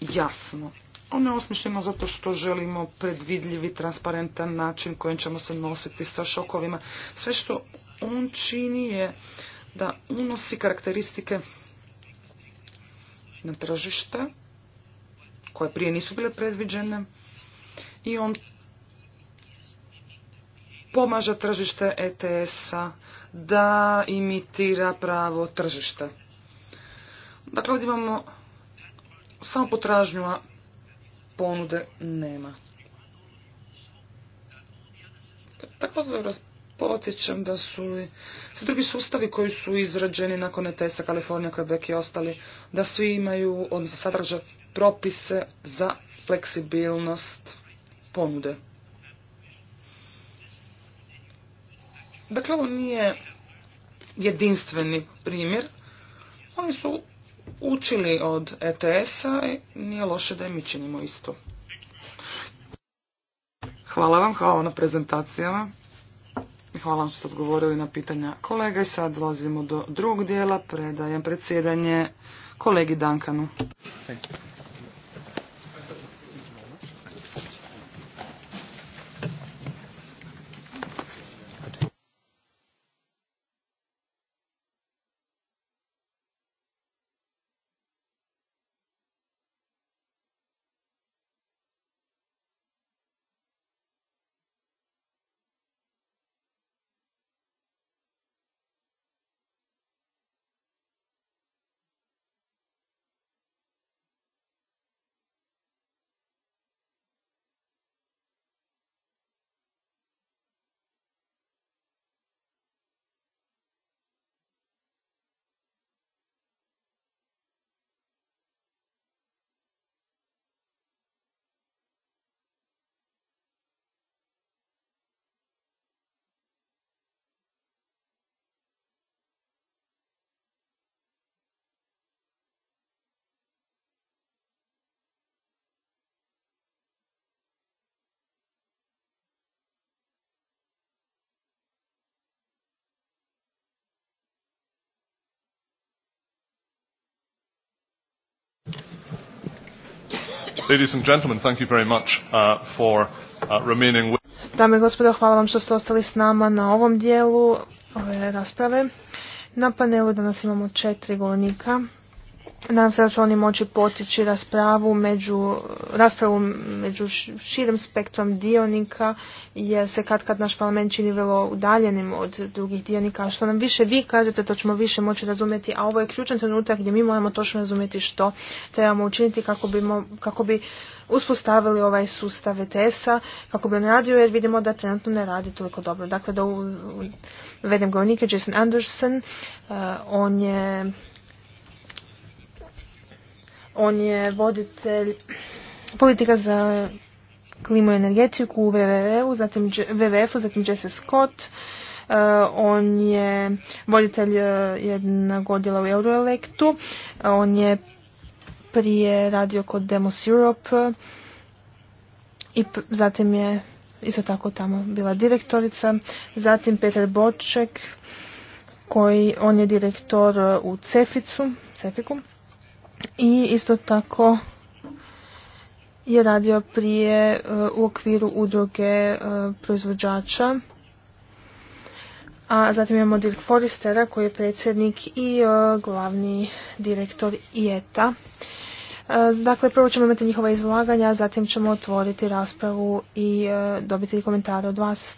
jasno. On je osmišljeno zato što želimo predvidljivi, transparentan način kojim ćemo se nositi sa šokovima. Sve što on čini je da unosi karakteristike na tržište koje prije nisu bile predviđene i on pomaže tržište ETS-a da imitira pravo tržište. Dakle, ovdje imamo samo potražnju, a ponude nema. Također podsjećam da su i svi drugi sustavi koji su izrađeni nakon ETS-a, Kalifornija, Quebec i ostali, da svi imaju, odnosno sadrža propise za fleksibilnost ponude. Dakle, ovo nije jedinstveni primjer. Oni su učili od ETS-a i nije loše da je mi činimo isto. Hvala vam, hvala na prezentacijama. Hvala vam što ste odgovorili na pitanja kolega i sad dolazimo do drugog dijela. Predajem predsjedanje kolegi Dankanu. Ladies and gentlemen, thank you very much uh, for uh, remaining with... Dame i gospodo, hvala vam što ste ostali s nama na ovom dijelu ove rasprave. Na panelu danas imamo četiri govornika. Nadam se da će oni moći potići raspravu među, raspravu među širim spektrom dionika, jer se kad kad naš parlament čini vrlo udaljenim od drugih dionika. Što nam više vi kažete, to ćemo više moći razumjeti, a ovo je ključan trenutak gdje mi moramo točno razumjeti što trebamo učiniti kako bi, kako bi uspostavili ovaj sustav ETS-a, kako bi on radio, jer vidimo da trenutno ne radi toliko dobro. Dakle, da uvedem govornike Jason Anderson, uh, on je on je voditelj politika za klimu i energetiku u WWF-u, zatim, WWF zatim Jesse Scott. E, on je voditelj e, jednog odjela u Euroelectu. On je prije radio kod Demos Europe e, i zatim je isto tako tamo bila direktorica. Zatim Peter Boček, koji on je direktor u Ceficu, Cefiku i isto tako je radio prije e, u okviru udruge e, proizvođača. A zatim imamo Dirk Foristera koji je predsjednik i e, glavni direktor IETA. Dakle, prvo ćemo imati njihova izlaganja, zatim ćemo otvoriti raspravu i dobiti komentare od vas.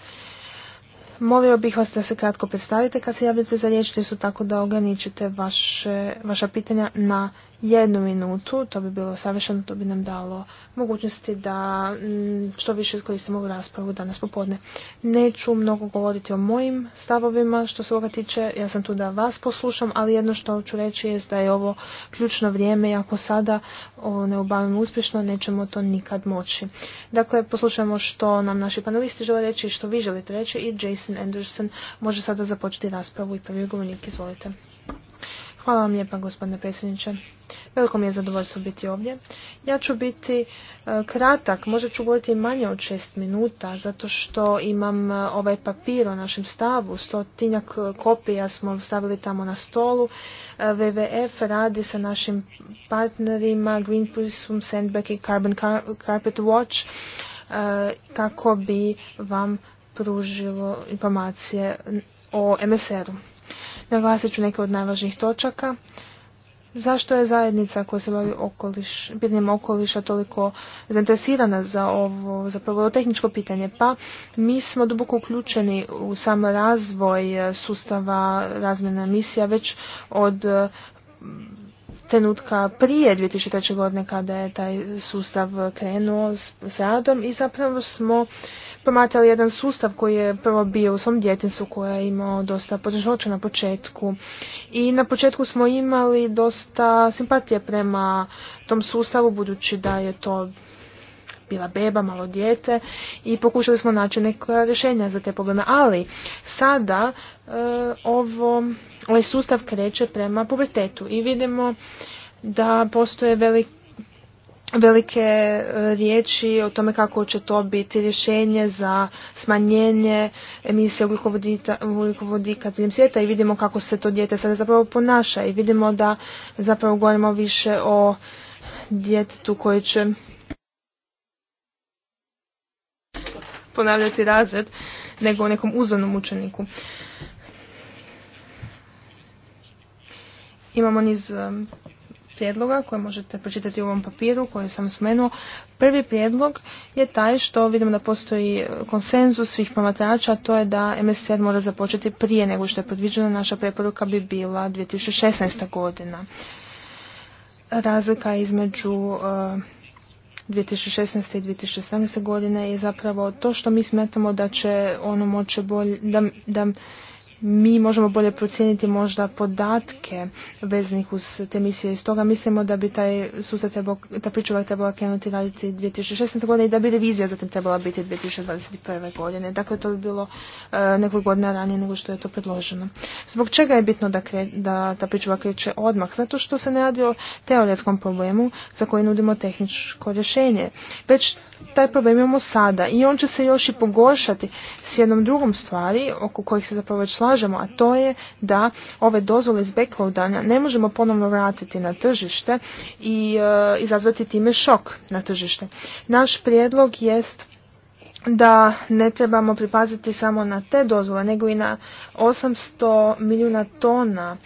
Molio bih vas da se kratko predstavite kad se javljate za riječ, su tako da ograničite vaše, vaša pitanja na jednu minutu, to bi bilo savršeno, to bi nam dalo mogućnosti da mm, što više iskoristimo ovu raspravu danas popodne. Neću mnogo govoriti o mojim stavovima što se ovoga tiče, ja sam tu da vas poslušam, ali jedno što ću reći je da je ovo ključno vrijeme i ako sada ovo ne obavimo uspješno, nećemo to nikad moći. Dakle, poslušajmo što nam naši panelisti žele reći i što vi želite reći i Jason Anderson može sada započeti raspravu i prvi govornik, izvolite. Hvala vam lijepa gospodine predsjedniče. Veliko mi je zadovoljstvo biti ovdje. Ja ću biti e, kratak, možda ću govoriti manje od šest minuta, zato što imam e, ovaj papir o našem stavu, stotinjak e, kopija smo stavili tamo na stolu. WWF radi sa našim partnerima Greenpeace, Sandback i Carbon Carpet Watch kako bi vam pružilo informacije o MSR-u. Naglasit ću neke od najvažnijih točaka. Zašto je zajednica koja se bavi okoliš, okoliša toliko zainteresirana za ovo, zapravo ovo tehničko pitanje? Pa mi smo duboko uključeni u sam razvoj sustava razmjena emisija već od e, trenutka prije 2003. godine kada je taj sustav krenuo s radom i zapravo smo promatrali jedan sustav koji je prvo bio u svom djetinstvu koja je imao dosta poteškoća na početku. I na početku smo imali dosta simpatije prema tom sustavu budući da je to bila beba, malo dijete i pokušali smo naći neka rješenja za te probleme. Ali sada e, ovo, ovaj sustav kreće prema pubertetu i vidimo da postoje velike velike e, riječi o tome kako će to biti rješenje za smanjenje emisije ugljikovodika diljem svijeta i vidimo kako se to dijete sada zapravo ponaša i vidimo da zapravo govorimo više o djetetu koji će ponavljati razred nego o nekom uzornom učeniku. Imamo niz e, prijedloga koje možete pročitati u ovom papiru koje sam spomenuo. Prvi prijedlog je taj što vidimo da postoji konsenzus svih promatrača, a to je da MSR mora započeti prije nego što je podviđena naša preporuka bi bila 2016. godina. Razlika između 2016. Eh, i 2017. godine je zapravo to što mi smetamo da će ono moći bolje, da mi možemo bolje procijeniti možda podatke veznih uz te misije. Iz mislimo da bi taj sustav ta pričuva trebala krenuti raditi 2016. godine i da bi revizija zatim trebala biti 2021. godine. Dakle, to bi bilo e, nekoliko godina ranije nego što je to predloženo. Zbog čega je bitno da, kre, da ta pričuva kreće odmah? Zato što se ne radi o teoretskom problemu za koji nudimo tehničko rješenje. Već taj problem imamo sada i on će se još i pogoršati s jednom drugom stvari oko kojih se zapravo već a to je da ove dozvole iz backloadanja ne možemo ponovno vratiti na tržište i e, izazvati time šok na tržište. Naš prijedlog jest da ne trebamo pripaziti samo na te dozvole, nego i na 800 milijuna tona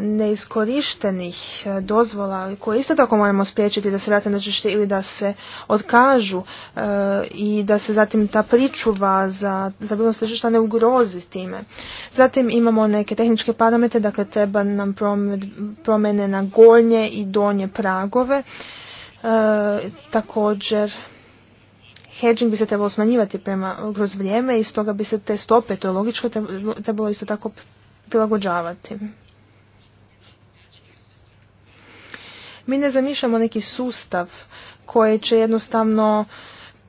neiskorištenih e, dozvola koje isto tako moramo spriječiti da se vrate na tržište ili da se odkažu e, i da se zatim ta pričuva za stabilnost tržišta ne ugrozi s time. Zatim imamo neke tehničke parametre, dakle treba nam promjene na gornje i donje pragove. E, također hedging bi se trebalo smanjivati prema kroz vrijeme i stoga bi se te stope teologičko trebalo isto tako prilagođavati. Mi ne zamišljamo neki sustav koji će jednostavno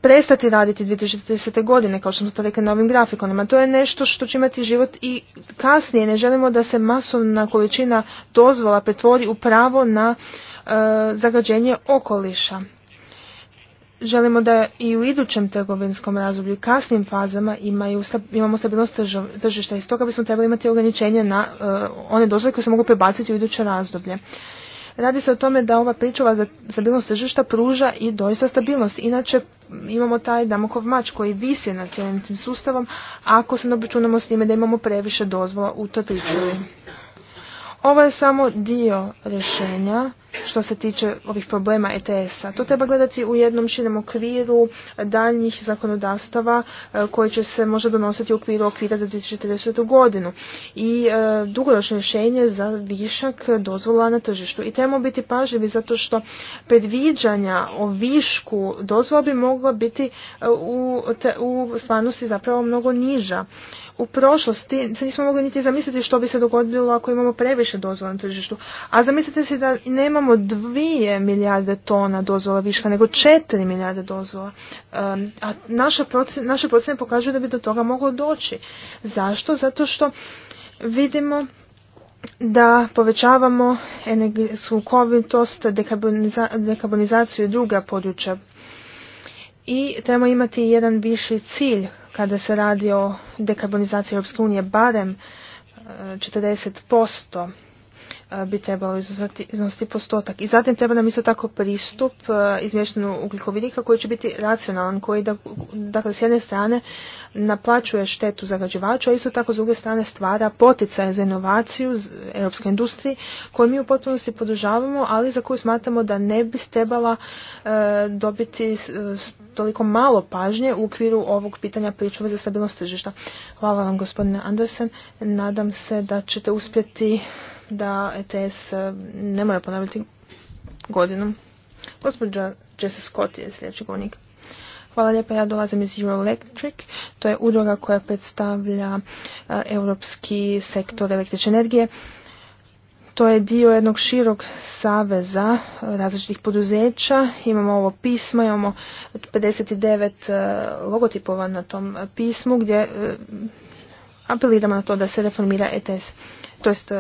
prestati raditi 2030. godine, kao što smo to rekli na ovim grafikonima. To je nešto što će imati život i kasnije. Ne želimo da se masovna količina dozvola pretvori u pravo na e, zagađenje okoliša. Želimo da i u idućem trgovinskom razdoblju i kasnim fazama imamo stabilnost tržišta i stoga bismo trebali imati ograničenje na e, one dozvole koje se mogu prebaciti u iduće razdoblje. Radi se o tome da ova pričuva za stabilnost tržišta pruža i doista stabilnost. Inače imamo taj damokov mač koji visi nad cijelim tim sustavom ako se ne obračunamo s njime da imamo previše dozvola u toj pričuvi. Ovo je samo dio rješenja što se tiče ovih problema ETS-a. To treba gledati u jednom širem okviru daljnjih zakonodavstava e, koji će se možda donositi u okviru okvira za 2030. godinu i dugo e, dugoročno rješenje za višak dozvola na tržištu. I trebamo biti pažljivi zato što predviđanja o višku dozvola bi mogla biti e, u, u stvarnosti zapravo mnogo niža u prošlosti nismo mogli niti zamisliti što bi se dogodilo ako imamo previše dozvola na tržištu. A zamislite si da nemamo dvije milijarde tona dozvola viška, nego četiri milijarde dozvola. a naše procjene, naše pokažu da bi do toga moglo doći. Zašto? Zato što vidimo da povećavamo energetsku kovitost, dekarbonizaciju i druga područja i trebamo imati jedan viši cilj kada se radi o dekarbonizaciji Europske unije barem 40% e, bi trebalo iznositi postotak. I zatim treba nam isto tako pristup e, izmještenu ugljikovidika koji će biti racionalan, koji dakle, s jedne strane naplaćuje štetu zagađivača, a isto tako s druge strane stvara poticaje za inovaciju europske industrije koju mi u potpunosti podržavamo, ali za koju smatramo da ne bi trebala e, dobiti toliko malo pažnje u okviru ovog pitanja pričuve za stabilnost tržišta. Hvala vam gospodine Andersen. Nadam se da ćete uspjeti da ETS e, ne mora ponavljati godinu. Gospođa Jesse Scott je sljedeći govornik. Hvala lijepa, ja dolazim iz electric To je udruga koja predstavlja e, europski sektor električne energije. To je dio jednog širog saveza različitih poduzeća. Imamo ovo pismo, imamo 59 e, logotipova na tom pismu gdje apeliramo na to da se reformira ETS, to jest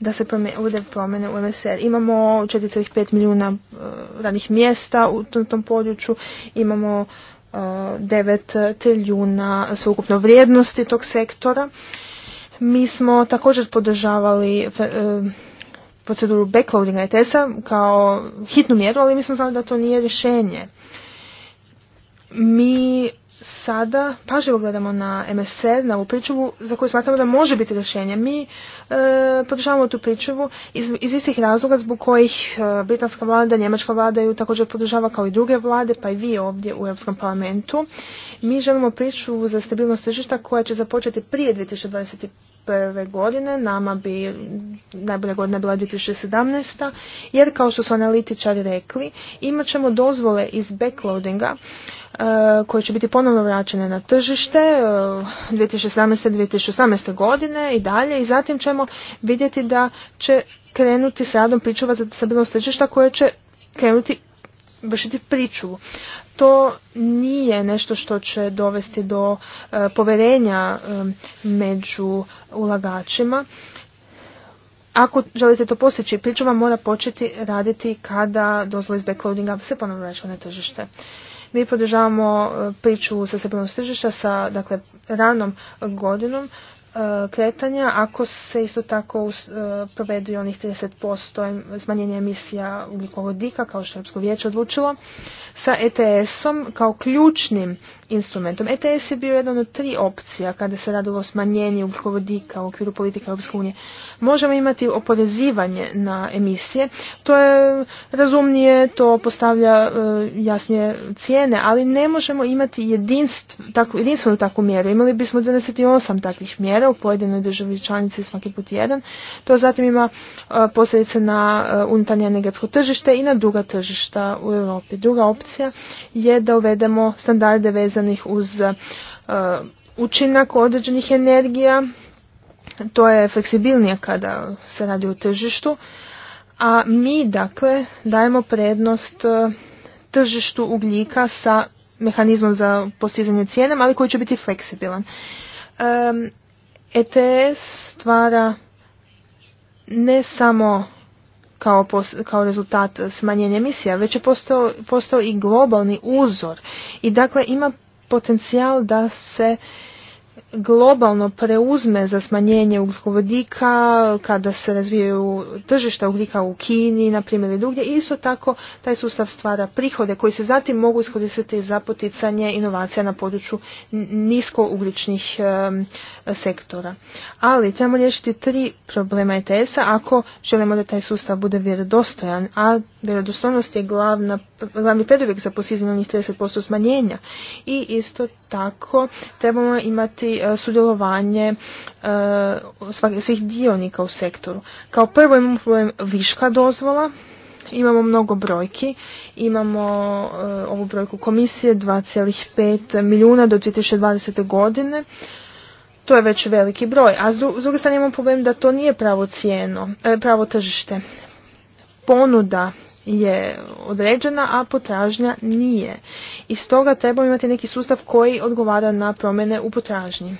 da se uvode promjene u MSR. Imamo 4,5 milijuna e, radnih mjesta u tom, tom području, imamo 9 e, trilijuna sveukupno vrijednosti tog sektora. Mi smo također podržavali e, proceduru backloadinga ETS-a kao hitnu mjeru, ali mi smo znali da to nije rješenje. Mi sada pažljivo gledamo na MSR, na ovu pričuvu za koju smatramo da može biti rješenje. Mi e, podržavamo tu pričuvu iz, iz istih razloga zbog kojih e, britanska vlada, njemačka vlada ju također podržava kao i druge vlade, pa i vi ovdje u Europskom parlamentu. Mi želimo pričuvu za stabilnost tržišta koja će započeti prije 2021. godine, nama bi najbolja godina bila 2017. jer kao što su analitičari rekli, imat ćemo dozvole iz backloadinga E, koje će biti ponovno vraćene na tržište 2017. E, 2018. godine i dalje i zatim ćemo vidjeti da će krenuti s radom pričuva za stabilnost tržišta koje će krenuti vršiti pričuvu. To nije nešto što će dovesti do e, poverenja među ulagačima. Ako želite to postići, pričuva mora početi raditi kada dozvoli iz backloadinga se ponovno vraća na tržište. Mi podržavamo e, priču sa stabilnost tržišta sa dakle, ranom godinom e, kretanja ako se isto tako e, provedu onih onih 30% smanjenja emisija ugljikovodika kao što je Europsko vijeće odlučilo sa ETS-om kao ključnim instrumentom. ETS je bio jedan od tri opcija kada se radilo o smanjenju ugljikovodika u okviru politike Europske unije. Možemo imati oporezivanje na emisije, to je razumnije, to postavlja e, jasnije cijene, ali ne možemo imati jedinstvenu takvu mjeru. Imali bismo 28 takvih mjera u pojedinoj državi članici svaki put jedan. To zatim ima e, posljedice na e, unutarnje energetsko tržište i na druga tržišta u Europi. Druga opcija je da uvedemo standarde veze vezanih uz e, učinak određenih energija. To je fleksibilnije kada se radi o tržištu. A mi dakle dajemo prednost e, tržištu ugljika sa mehanizmom za postizanje cijena, ali koji će biti fleksibilan. ETS e stvara ne samo kao, kao rezultat smanjenja emisija, već je postao i globalni uzor. I dakle ima potencijal da se globalno preuzme za smanjenje ugljikovodika kada se razvijaju tržišta ugljika u Kini, na primjer i drugdje. Isto tako taj sustav stvara prihode koji se zatim mogu iskoristiti za poticanje inovacija na području niskougličnih sektora. Ali trebamo riješiti tri problema ETS-a ako želimo da taj sustav bude vjerodostojan, a Vjerodostojnost je glavna, glavni preduvijek za postizanje onih 30% smanjenja i isto tako trebamo imati e, sudjelovanje e, svih dionika u sektoru. Kao prvo imamo problem viška dozvola, imamo mnogo brojki, imamo e, ovu brojku komisije 2,5 milijuna do 2020. godine, to je već veliki broj, a s druge strane imamo problem da to nije pravo cijeno, pravo tržište ponuda je određena, a potražnja nije. I stoga trebamo imati neki sustav koji odgovara na promjene u potražnji.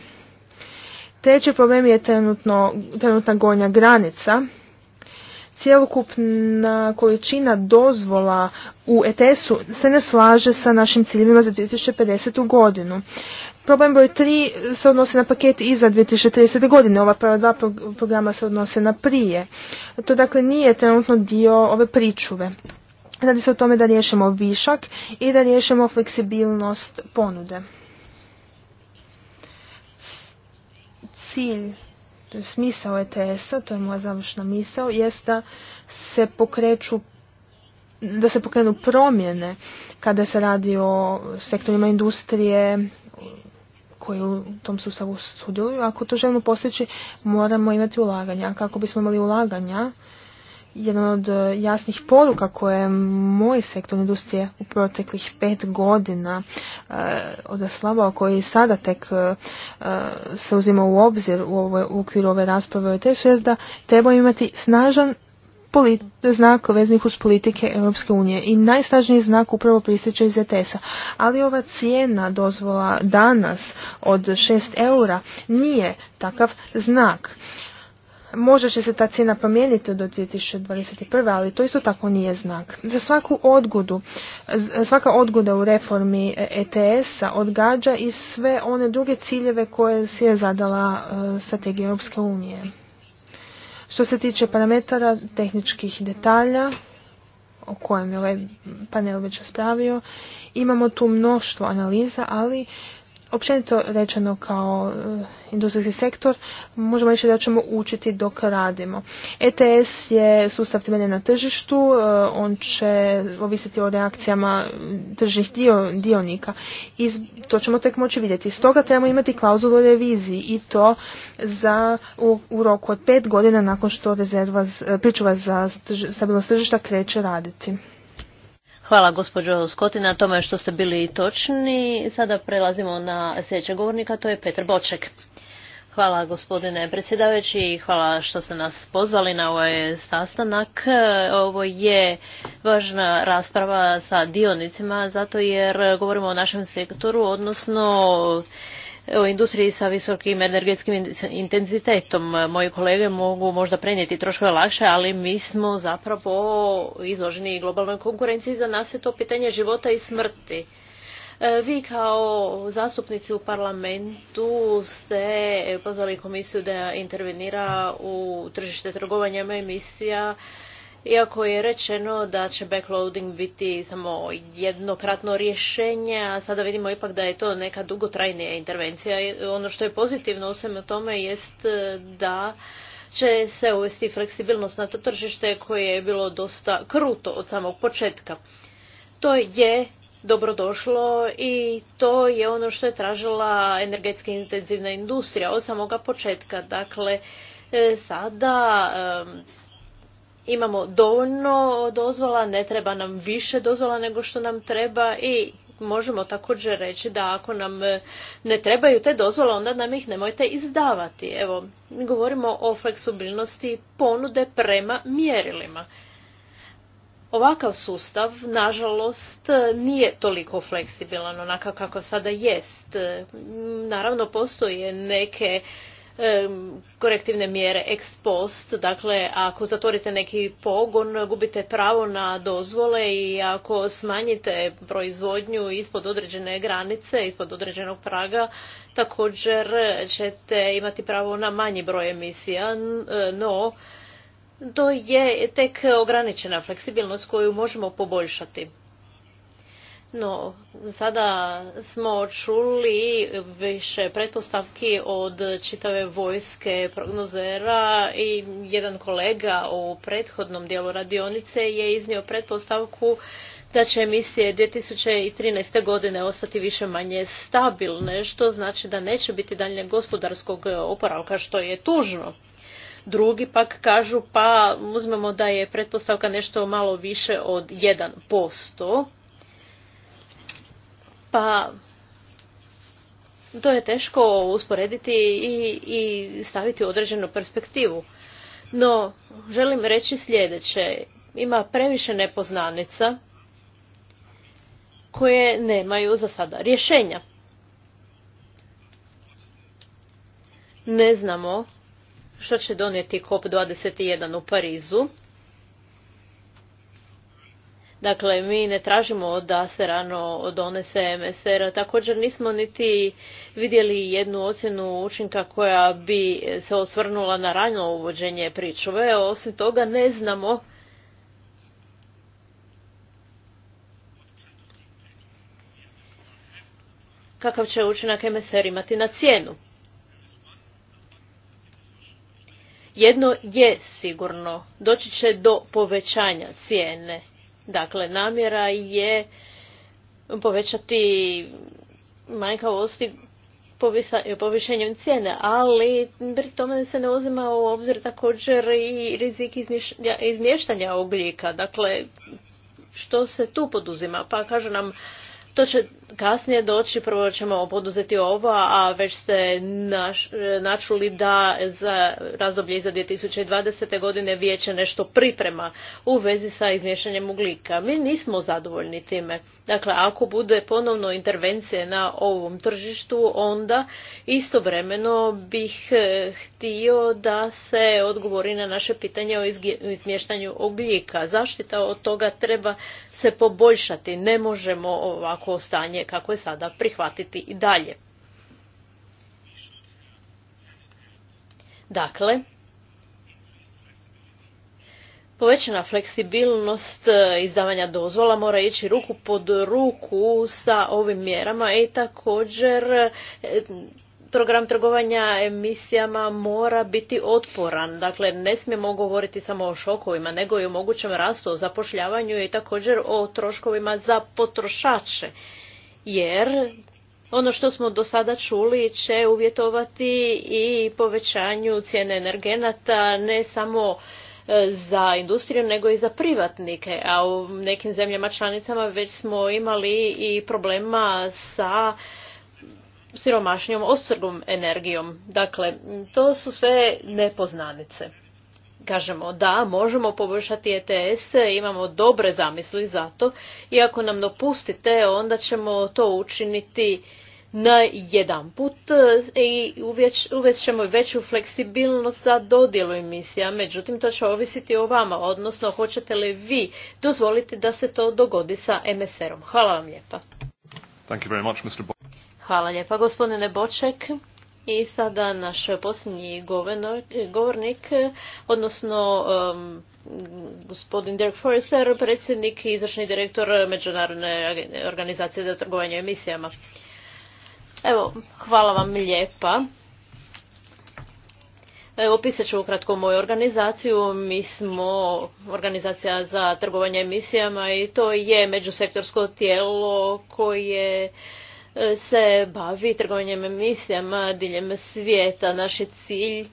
Treći problem je trenutno, trenutna gonja granica. Cijelokupna količina dozvola u ETS-u se ne slaže sa našim ciljevima za 2050. godinu. Problem broj tri se odnosi na paket iza 2030. godine. Ova prva dva programa se odnose na prije. To dakle nije trenutno dio ove pričuve. Radi se o tome da riješimo višak i da riješimo fleksibilnost ponude. Cilj, to je smisao ETS-a, to je moja završna misao, jest da se pokreću da se pokrenu promjene kada se radi o sektorima industrije, koji u tom sustavu sudjeluju. Ako to želimo postići, moramo imati ulaganja. A kako bismo imali ulaganja, jedan od e, jasnih poruka koje je moj sektor industrije u proteklih pet godina e, odaslavao, koji sada tek e, e, se uzima u obzir u, ovoj, u okviru ove rasprave to da treba imati snažan znak veznih uz politike Europske unije i najsnažniji znak upravo pristječe iz ETS-a. Ali ova cijena dozvola danas od 6 eura nije takav znak. Može će se ta cijena promijeniti do 2021. ali to isto tako nije znak. Za svaku odgodu, svaka odgoda u reformi ETS-a odgađa i sve one druge ciljeve koje si je zadala e, strategija Europske unije. Što se tiče parametara, tehničkih detalja, o kojem je ovaj panel već raspravio, imamo tu mnoštvo analiza, ali općenito rečeno kao e, industrijski sektor možemo reći da ćemo učiti dok radimo. ETS je sustav temeljen na tržištu, e, on će ovisiti o reakcijama tržišnih dio, dionika i to ćemo tek moći vidjeti. Stoga trebamo imati klauzulu o reviziji i to za u, u roku od pet godina nakon što rezerva, e, pričuva za stabilnost tržišta kreće raditi. Hvala gospođo Skoti na tome što ste bili točni. Sada prelazimo na sljedećeg govornika, to je Petar Boček. Hvala gospodine predsjedavajući i hvala što ste nas pozvali na ovaj sastanak. Ovo je važna rasprava sa dionicima zato jer govorimo o našem sektoru, odnosno u industriji sa visokim energetskim intenzitetom. Moji kolege mogu možda prenijeti troškove lakše, ali mi smo zapravo izloženi globalnoj konkurenciji. Za nas je to pitanje života i smrti. E, vi kao zastupnici u parlamentu ste pozvali komisiju da intervenira u tržište trgovanja emisija iako je rečeno da će backloading biti samo jednokratno rješenje, a sada vidimo ipak da je to neka dugotrajnija intervencija. Ono što je pozitivno u o tome jest e, da će se uvesti fleksibilnost na to tržište koje je bilo dosta kruto od samog početka. To je dobrodošlo i to je ono što je tražila energetska intenzivna industrija od samoga početka. Dakle, e, sada imamo dovoljno dozvola, ne treba nam više dozvola nego što nam treba i možemo također reći da ako nam e, ne trebaju te dozvole, onda nam ih nemojte izdavati. Evo, govorimo o fleksibilnosti ponude prema mjerilima. Ovakav sustav, nažalost, nije toliko fleksibilan onakav kako sada jest. Naravno, postoje neke korektivne mjere ex post. Dakle, ako zatvorite neki pogon, gubite pravo na dozvole i ako smanjite proizvodnju ispod određene granice, ispod određenog praga, također ćete imati pravo na manji broj emisija, e, no to je tek ograničena fleksibilnost koju možemo poboljšati. No, sada smo čuli više pretpostavki od čitave vojske prognozera i jedan kolega u prethodnom dijelu radionice je iznio pretpostavku da će emisije 2013. godine ostati više manje stabilne, što znači da neće biti daljnje gospodarskog oporavka, što je tužno. Drugi pak kažu pa uzmemo da je pretpostavka nešto malo više od 1%. Pa to je teško usporediti i, i staviti u određenu perspektivu. No, želim reći sljedeće. Ima previše nepoznanica koje nemaju za sada rješenja. Ne znamo što će donijeti COP21 u Parizu. Dakle, mi ne tražimo da se rano donese MSR, također nismo niti vidjeli jednu ocjenu učinka koja bi se osvrnula na rano uvođenje pričuve. Osim toga ne znamo kakav će učinak MSR imati na cijenu. Jedno je sigurno, doći će do povećanja cijene Dakle, namjera je povećati manjkavosti povišenjem cijene, ali pri tome se ne uzima u obzir također i rizik izmještanja ugljika. Dakle, što se tu poduzima? Pa kažu nam, to će kasnije doći, prvo ćemo poduzeti ovo, a već ste naš, načuli da za razdoblje iza 2020. godine vijeće nešto priprema u vezi sa izmješanjem uglika. Mi nismo zadovoljni time. Dakle, ako bude ponovno intervencije na ovom tržištu, onda istovremeno bih e, htio da se odgovori na naše pitanje o izmještanju ugljika. Zaštita od toga treba se poboljšati. Ne možemo ovako stanje pitanje kako je sada prihvatiti i dalje. Dakle, povećana fleksibilnost e, izdavanja dozvola mora ići ruku pod ruku sa ovim mjerama i također e, program trgovanja emisijama mora biti otporan. Dakle, ne smijemo govoriti samo o šokovima, nego i o mogućem rastu, o zapošljavanju i također o troškovima za potrošače jer ono što smo do sada čuli će uvjetovati i povećanju cijene energenata ne samo e, za industriju nego i za privatnike, a u nekim zemljama članicama već smo imali i problema sa siromašnijom opskrbom energijom. Dakle, to su sve nepoznanice kažemo da, možemo poboljšati ETS, imamo dobre zamisli za to i ako nam dopustite onda ćemo to učiniti na jedan put e, i uvest ćemo veću fleksibilnost za dodjelu emisija. Međutim, to će ovisiti o vama, odnosno hoćete li vi dozvoliti da se to dogodi sa MSR-om. Hvala vam lijepa. Hvala lijepa, gospodine Boček. I sada naš posljednji govornik, odnosno gospodin Dirk Forrester, predsjednik i izvršni direktor Međunarodne organizacije za trgovanje emisijama. Evo, hvala vam lijepa. Opisat ću ukratko moju organizaciju. Mi smo organizacija za trgovanje emisijama i to je međusektorsko tijelo koje se bavi trgovanjem emisijama diljem svijeta. Naš je cilj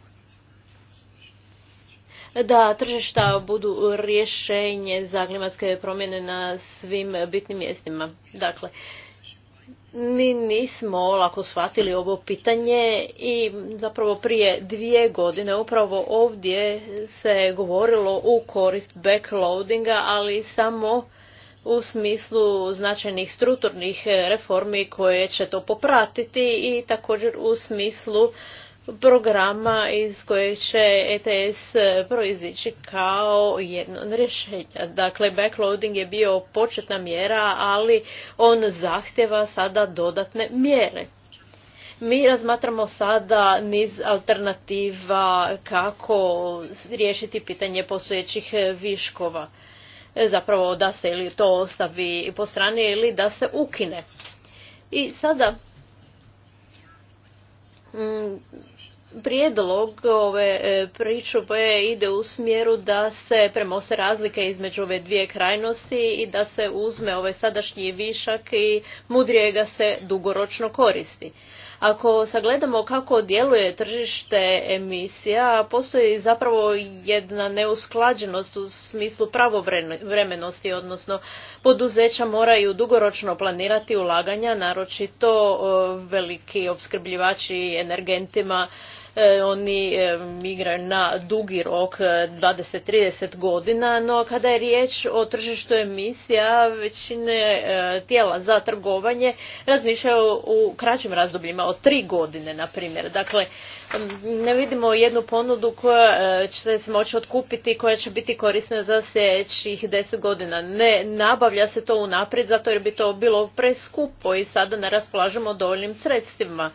da tržišta budu rješenje za klimatske promjene na svim bitnim mjestima. Dakle, mi nismo lako shvatili ovo pitanje i zapravo prije dvije godine upravo ovdje se govorilo u korist backloadinga, ali samo u smislu značajnih strukturnih e, reformi koje će to popratiti i također u smislu programa iz koje će ETS e, proizići kao jedno rješenje. Dakle, backloading je bio početna mjera, ali on zahtjeva sada dodatne mjere. Mi razmatramo sada niz alternativa kako riješiti pitanje postojećih e, viškova. E, zapravo da se ili to ostavi po strani ili da se ukine. I sada mm, prijedlog ove e, pričuve ide u smjeru da se premose razlike između ove dvije krajnosti i da se uzme ovaj sadašnji višak i mudrije ga se dugoročno koristi. Ako sagledamo kako djeluje tržište emisija, postoji zapravo jedna neusklađenost u smislu pravovremenosti, odnosno poduzeća moraju dugoročno planirati ulaganja, naročito veliki opskrbljivači energentima E, oni e, igraju na dugi rok 20-30 e, godina, no kada je riječ o tržištu emisija, većine tijela za trgovanje razmišljaju u kraćim razdobljima od tri godine, na primjer. Dakle, ne vidimo jednu ponudu koja će se moći otkupiti i koja će biti korisna za sljedećih deset godina. Ne nabavlja se to unaprijed zato jer bi to bilo preskupo i sada ne raspolažemo dovoljnim sredstvima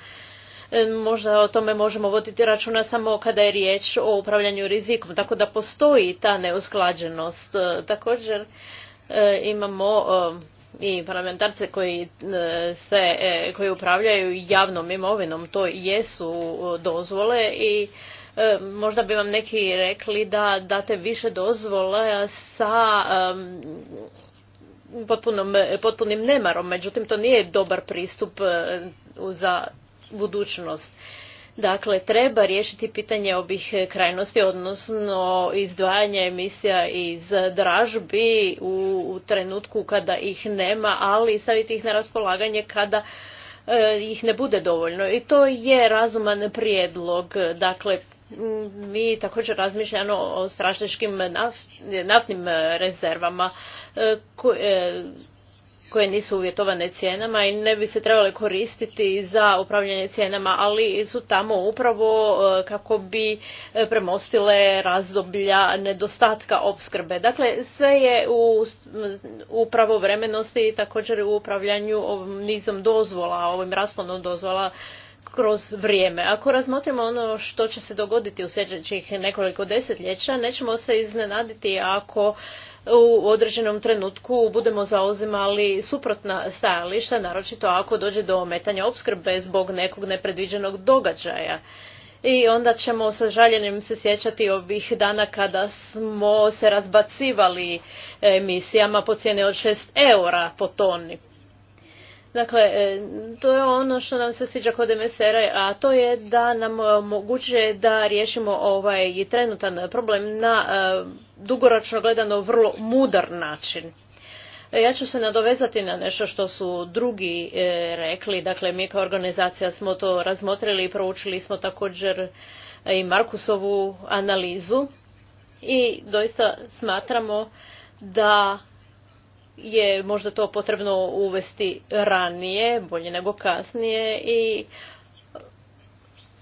možda o tome možemo voditi računa samo kada je riječ o upravljanju rizikom, tako da postoji ta neusklađenost. E, također e, imamo e, i parlamentarce koji se koji upravljaju javnom imovinom, to jesu dozvole i možda bi vam neki rekli da date više dozvola sa potpunim nemarom, međutim to nije dobar pristup za budućnost. Dakle, treba riješiti pitanje ovih krajnosti, odnosno izdvajanje emisija iz dražbi u trenutku kada ih nema, ali staviti ih na raspolaganje kada e, ih ne bude dovoljno. I to je razuman prijedlog. Dakle, mi također razmišljamo o strateškim naftnim rezervama e, koje koje nisu uvjetovane cijenama i ne bi se trebale koristiti za upravljanje cijenama, ali su tamo upravo e, kako bi e, premostile razdoblja nedostatka opskrbe. Dakle, sve je u, u pravovremenosti i također u upravljanju nizom dozvola, ovim rasponom dozvola kroz vrijeme. Ako razmotrimo ono što će se dogoditi u sljedećih nekoliko desetljeća, nećemo se iznenaditi ako u određenom trenutku budemo zauzimali suprotna stajališta, naročito ako dođe do ometanja opskrbe zbog nekog nepredviđenog događaja. I onda ćemo sa žaljenjem se sjećati ovih dana kada smo se razbacivali emisijama po cijene od 6 eura po toni. Dakle, e, to je ono što nam se sviđa kod MSR-a, a to je da nam moguće da riješimo ovaj trenutan problem na e, dugoročno gledano vrlo mudar način. E, ja ću se nadovezati na nešto što su drugi e, rekli, dakle mi kao organizacija smo to razmotrili i proučili smo također e, i Markusovu analizu i doista smatramo da je možda to potrebno uvesti ranije, bolje nego kasnije i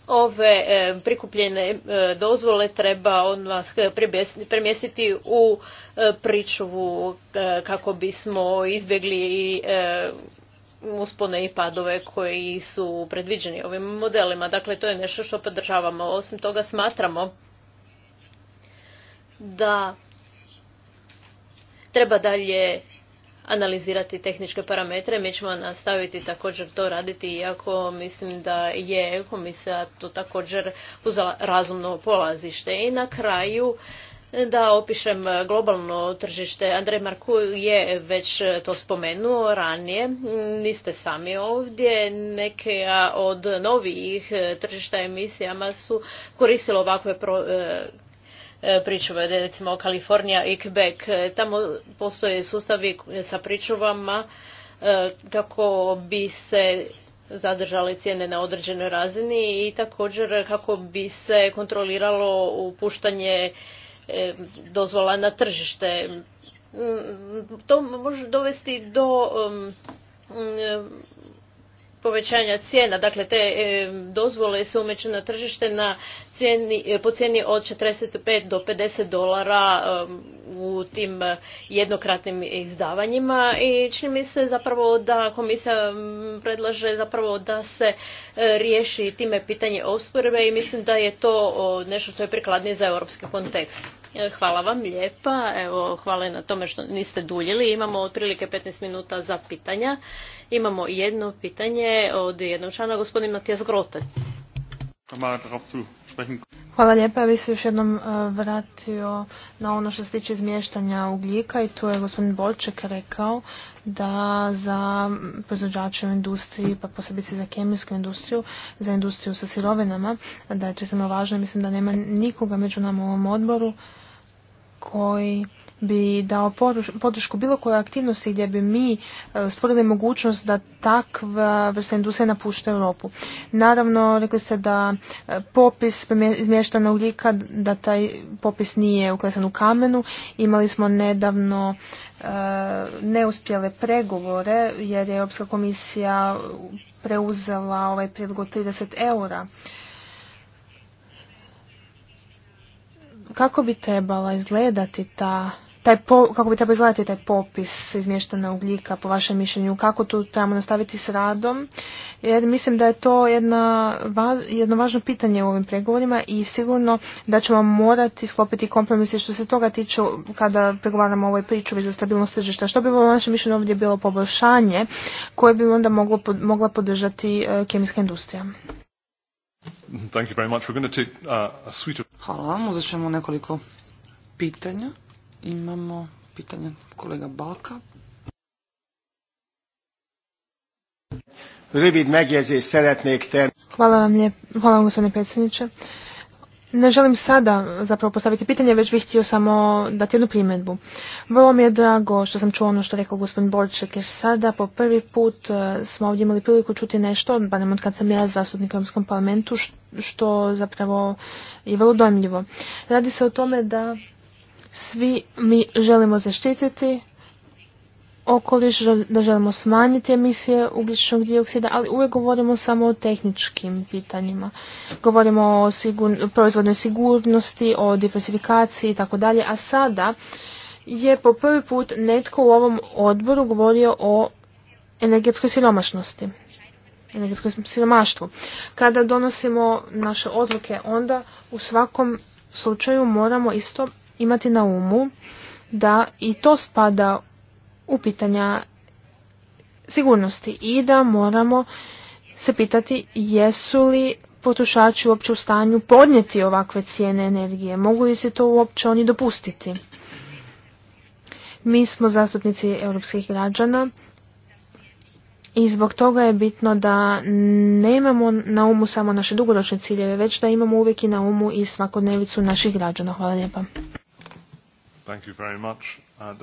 ove e, prikupljene e, dozvole treba odmah premjestiti u e, pričuvu kako bismo izbjegli uspone i padove koji su predviđeni ovim modelima. Dakle, to je nešto što podržavamo. Osim toga smatramo da treba dalje analizirati tehničke parametre. Mi ćemo nastaviti također to raditi, iako mislim da je komisija to također uzela razumno polazište. I na kraju da opišem globalno tržište. Andrej Marku je već to spomenuo ranije. Niste sami ovdje. Neke od novih tržišta emisijama su koristili ovakve pro, e, E, pričuve, recimo Kalifornija i Quebec. E, tamo postoje sustavi sa pričuvama e, kako bi se zadržale cijene na određenoj razini i također kako bi se kontroliralo upuštanje dozvola na tržište. Mm, to može dovesti do povećanja cijena. Dakle, te e, dozvole se umeću na tržište na cijeni, e, po cijeni od 45 do 50 dolara u tim e, jednokratnim izdavanjima i čini mi se zapravo da komisija predlaže zapravo da se riješi time pitanje osporbe i mislim da je to nešto što je prikladnije za europski kontekst. E, hvala vam lijepa. Evo, hvala na tome što niste duljili. Imamo otprilike 15 minuta za pitanja. Imamo jedno pitanje od jednog člana, gospodin Matijas Grote. Hvala lijepa. Ja bih se još jednom e, vratio na ono što se tiče izmještanja ugljika i tu je gospodin Bolček rekao da za proizvođače u industriji, pa posebice za kemijsku industriju, za industriju sa sirovinama, da je to samo važno. Mislim da nema nikoga među nama u ovom odboru koji bi dao podršku bilo kojoj aktivnosti gdje bi mi e, stvorili mogućnost da takva vrsta industrije napušta Europu. Naravno, rekli ste da e, popis izmještana ugljika, da taj popis nije uklesan u kamenu. Imali smo nedavno e, neuspjele pregovore jer je Europska komisija preuzela ovaj prijedlog od 30 eura kako bi trebala izgledati ta taj kako bi trebao izgledati taj popis izmještana ugljika po vašem mišljenju, kako tu trebamo nastaviti s radom, jer mislim da je to jedna, jedno važno pitanje u ovim pregovorima i sigurno da ćemo morati sklopiti kompromise što se toga tiče kada pregovaramo ovoj pričuvi za stabilnost tržišta. Što bi po vašem mišljenju ovdje bilo poboljšanje koje bi onda moglo, mogla podržati e, kemijska industrija? Thank you very much. We're going to take uh, a suite of... Hvala vam, uzet ćemo nekoliko pitanja. Imamo pitanje kolega Balka. Hvala vam, lijep. Hvala vam, gospodine predsjedniče. Ne želim sada zapravo postaviti pitanje, već bih htio samo dati jednu primjedbu. Vrlo mi je drago što sam čuo ono što rekao gospodin Borček, jer sada po prvi put e, smo ovdje imali priliku čuti nešto, barem od kad sam ja zastupnik u Europskom parlamentu, što zapravo je vrlo dojmljivo. Radi se o tome da svi mi želimo zaštititi okoliš, da želimo smanjiti emisije ugljičnog dioksida, ali uvijek govorimo samo o tehničkim pitanjima. Govorimo o proizvodnoj sigurnosti, o diversifikaciji i tako dalje, a sada je po prvi put netko u ovom odboru govorio o energetskoj siromašnosti, Energetskoj siromaštvu. Kada donosimo naše odluke, onda u svakom slučaju moramo isto imati na umu da i to spada u pitanja sigurnosti i da moramo se pitati jesu li potrošači uopće u stanju podnijeti ovakve cijene energije, mogu li se to uopće oni dopustiti. Mi smo zastupnici europskih građana i zbog toga je bitno da nemamo na umu samo naše dugoročne ciljeve, već da imamo uvijek i na umu i svakodnevicu naših građana. Hvala lijepa. Thank you uh,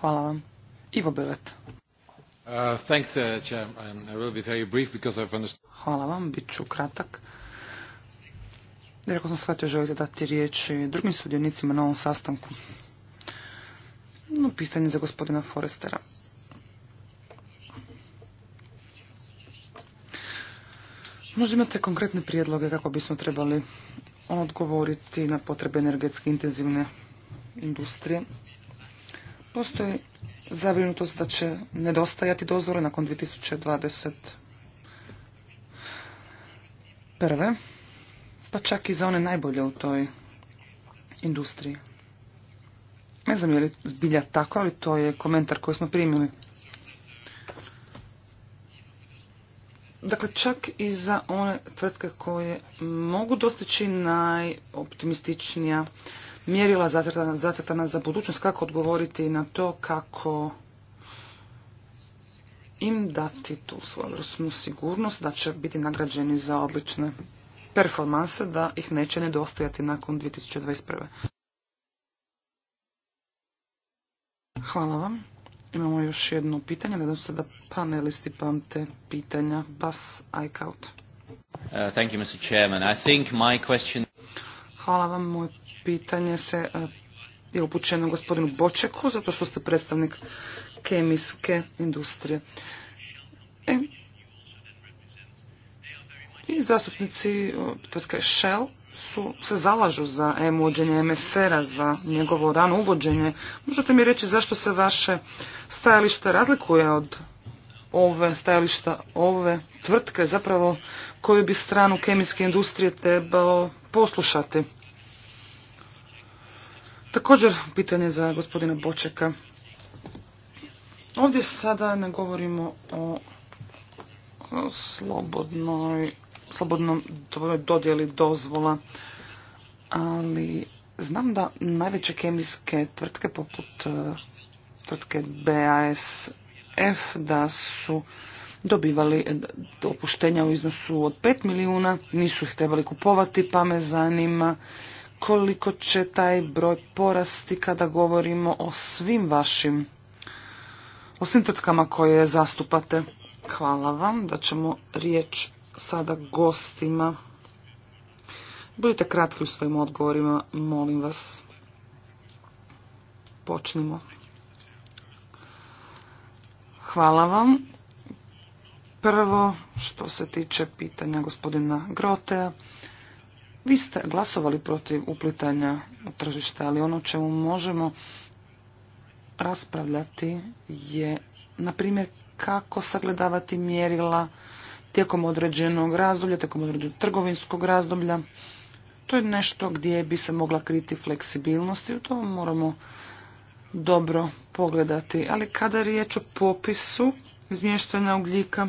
Hvala vam. Ivo Bilet. Uh, uh, um, I will Hvala vam, bit ću kratak. Rekao sam shvatio, želite dati riječ drugim sudionicima na ovom sastanku. No, pitanje za gospodina Forestera. Možda imate konkretne prijedloge kako bismo trebali odgovoriti na potrebe energetski intenzivne industrije, postoji zabrinutost da će nedostajati dozvole nakon 2020 prve, pa čak i za one najbolje u toj industriji. Ne znam je li zbilja tako, ali to je komentar koji smo primili. Dakle, čak i za one tvrtke koje mogu dostići najoptimističnija mjerila zacrtana, zacrtana za budućnost, kako odgovoriti na to, kako im dati tu svoju sigurnost da će biti nagrađeni za odlične performanse, da ih neće nedostajati nakon 2021. Hvala vam. Imamo još jedno pitanje. Nadam se da panelisti pamte pitanja. Bas uh, thank Mr. Chairman. Hvala vam. Moje pitanje se e, je upućeno gospodinu Bočeku, zato što ste predstavnik kemijske industrije. E, I zastupnici e, tvrtke Shell se zalažu za em uvođenje MSR-a, za njegovo rano uvođenje. Možete mi reći zašto se vaše stajalište razlikuje od ove stajališta ove tvrtke zapravo koju bi stranu kemijske industrije trebao poslušati. Također pitanje za gospodina Bočeka. Ovdje sada ne govorimo o slobodnoj, slobodnom dodjeli dozvola, ali znam da najveće kemijske tvrtke poput e, tvrtke BASF da su dobivali opuštenja u iznosu od 5 milijuna, nisu ih trebali kupovati, pa me zanima koliko će taj broj porasti kada govorimo o svim vašim, o svim tvrtkama koje zastupate. Hvala vam, da ćemo riječ sada gostima. Budite kratki u svojim odgovorima, molim vas. Počnimo. Hvala vam. Prvo, što se tiče pitanja gospodina Grotea, vi ste glasovali protiv uplitanja u tržište, ali ono čemu možemo raspravljati je, na primjer, kako sagledavati mjerila tijekom određenog razdoblja, tijekom određenog trgovinskog razdoblja. To je nešto gdje bi se mogla kriti fleksibilnost i u tom moramo dobro pogledati. Ali kada je riječ o popisu izmještanja ugljika,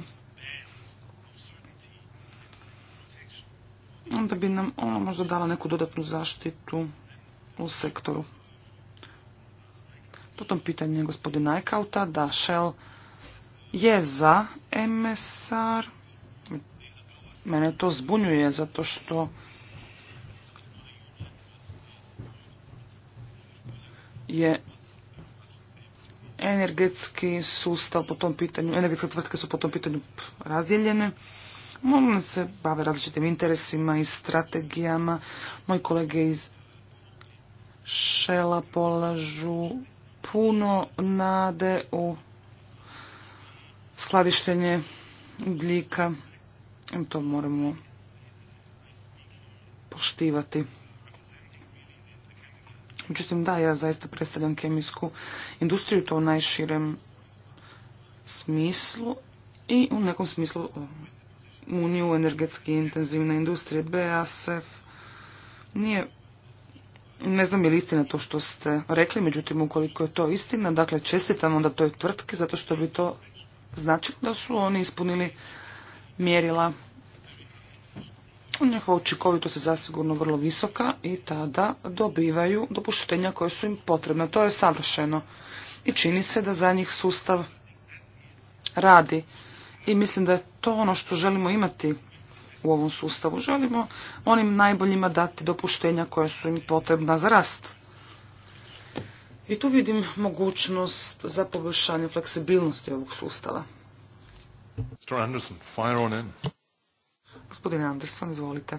onda bi nam ona možda dala neku dodatnu zaštitu u sektoru. Potom pitanje gospodina Ekauta da Shell je za MSR. Mene to zbunjuje zato što je energetski sustav po tom pitanju, energetske tvrtke su po tom pitanju razdijeljene da se bave različitim interesima i strategijama. Moji kolege iz Šela polažu puno nade u skladištenje ugljika. To moramo poštivati. Međutim, da, ja zaista predstavljam kemijsku industriju, to u najširem smislu i u nekom smislu uniju energetski intenzivne industrije. BASF nije, ne znam je li istina to što ste rekli, međutim ukoliko je to istina, dakle čestitam onda toj tvrtki zato što bi to značilo da su oni ispunili mjerila. Njihova učinkovitost se zasigurno vrlo visoka i tada dobivaju dopuštenja koje su im potrebne. To je savršeno i čini se da za njih sustav radi i mislim da je to ono što želimo imati u ovom sustavu. Želimo onim najboljima dati dopuštenja koja su im potrebna za rast. I tu vidim mogućnost za poboljšanje fleksibilnosti ovog sustava. Gospodine Anderson, izvolite.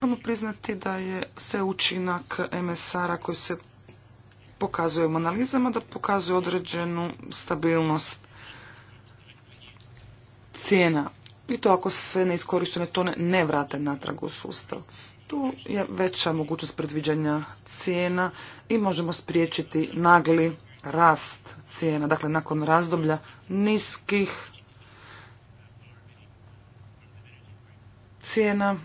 Moramo priznati da je se učinak MSR-a koji se pokazujemo analizama da pokazuje određenu stabilnost cijena. I to ako se neiskorištene tone ne vrate natrag u sustav. Tu je veća mogućnost predviđanja cijena i možemo spriječiti nagli rast cijena. Dakle, nakon razdoblja niskih cijena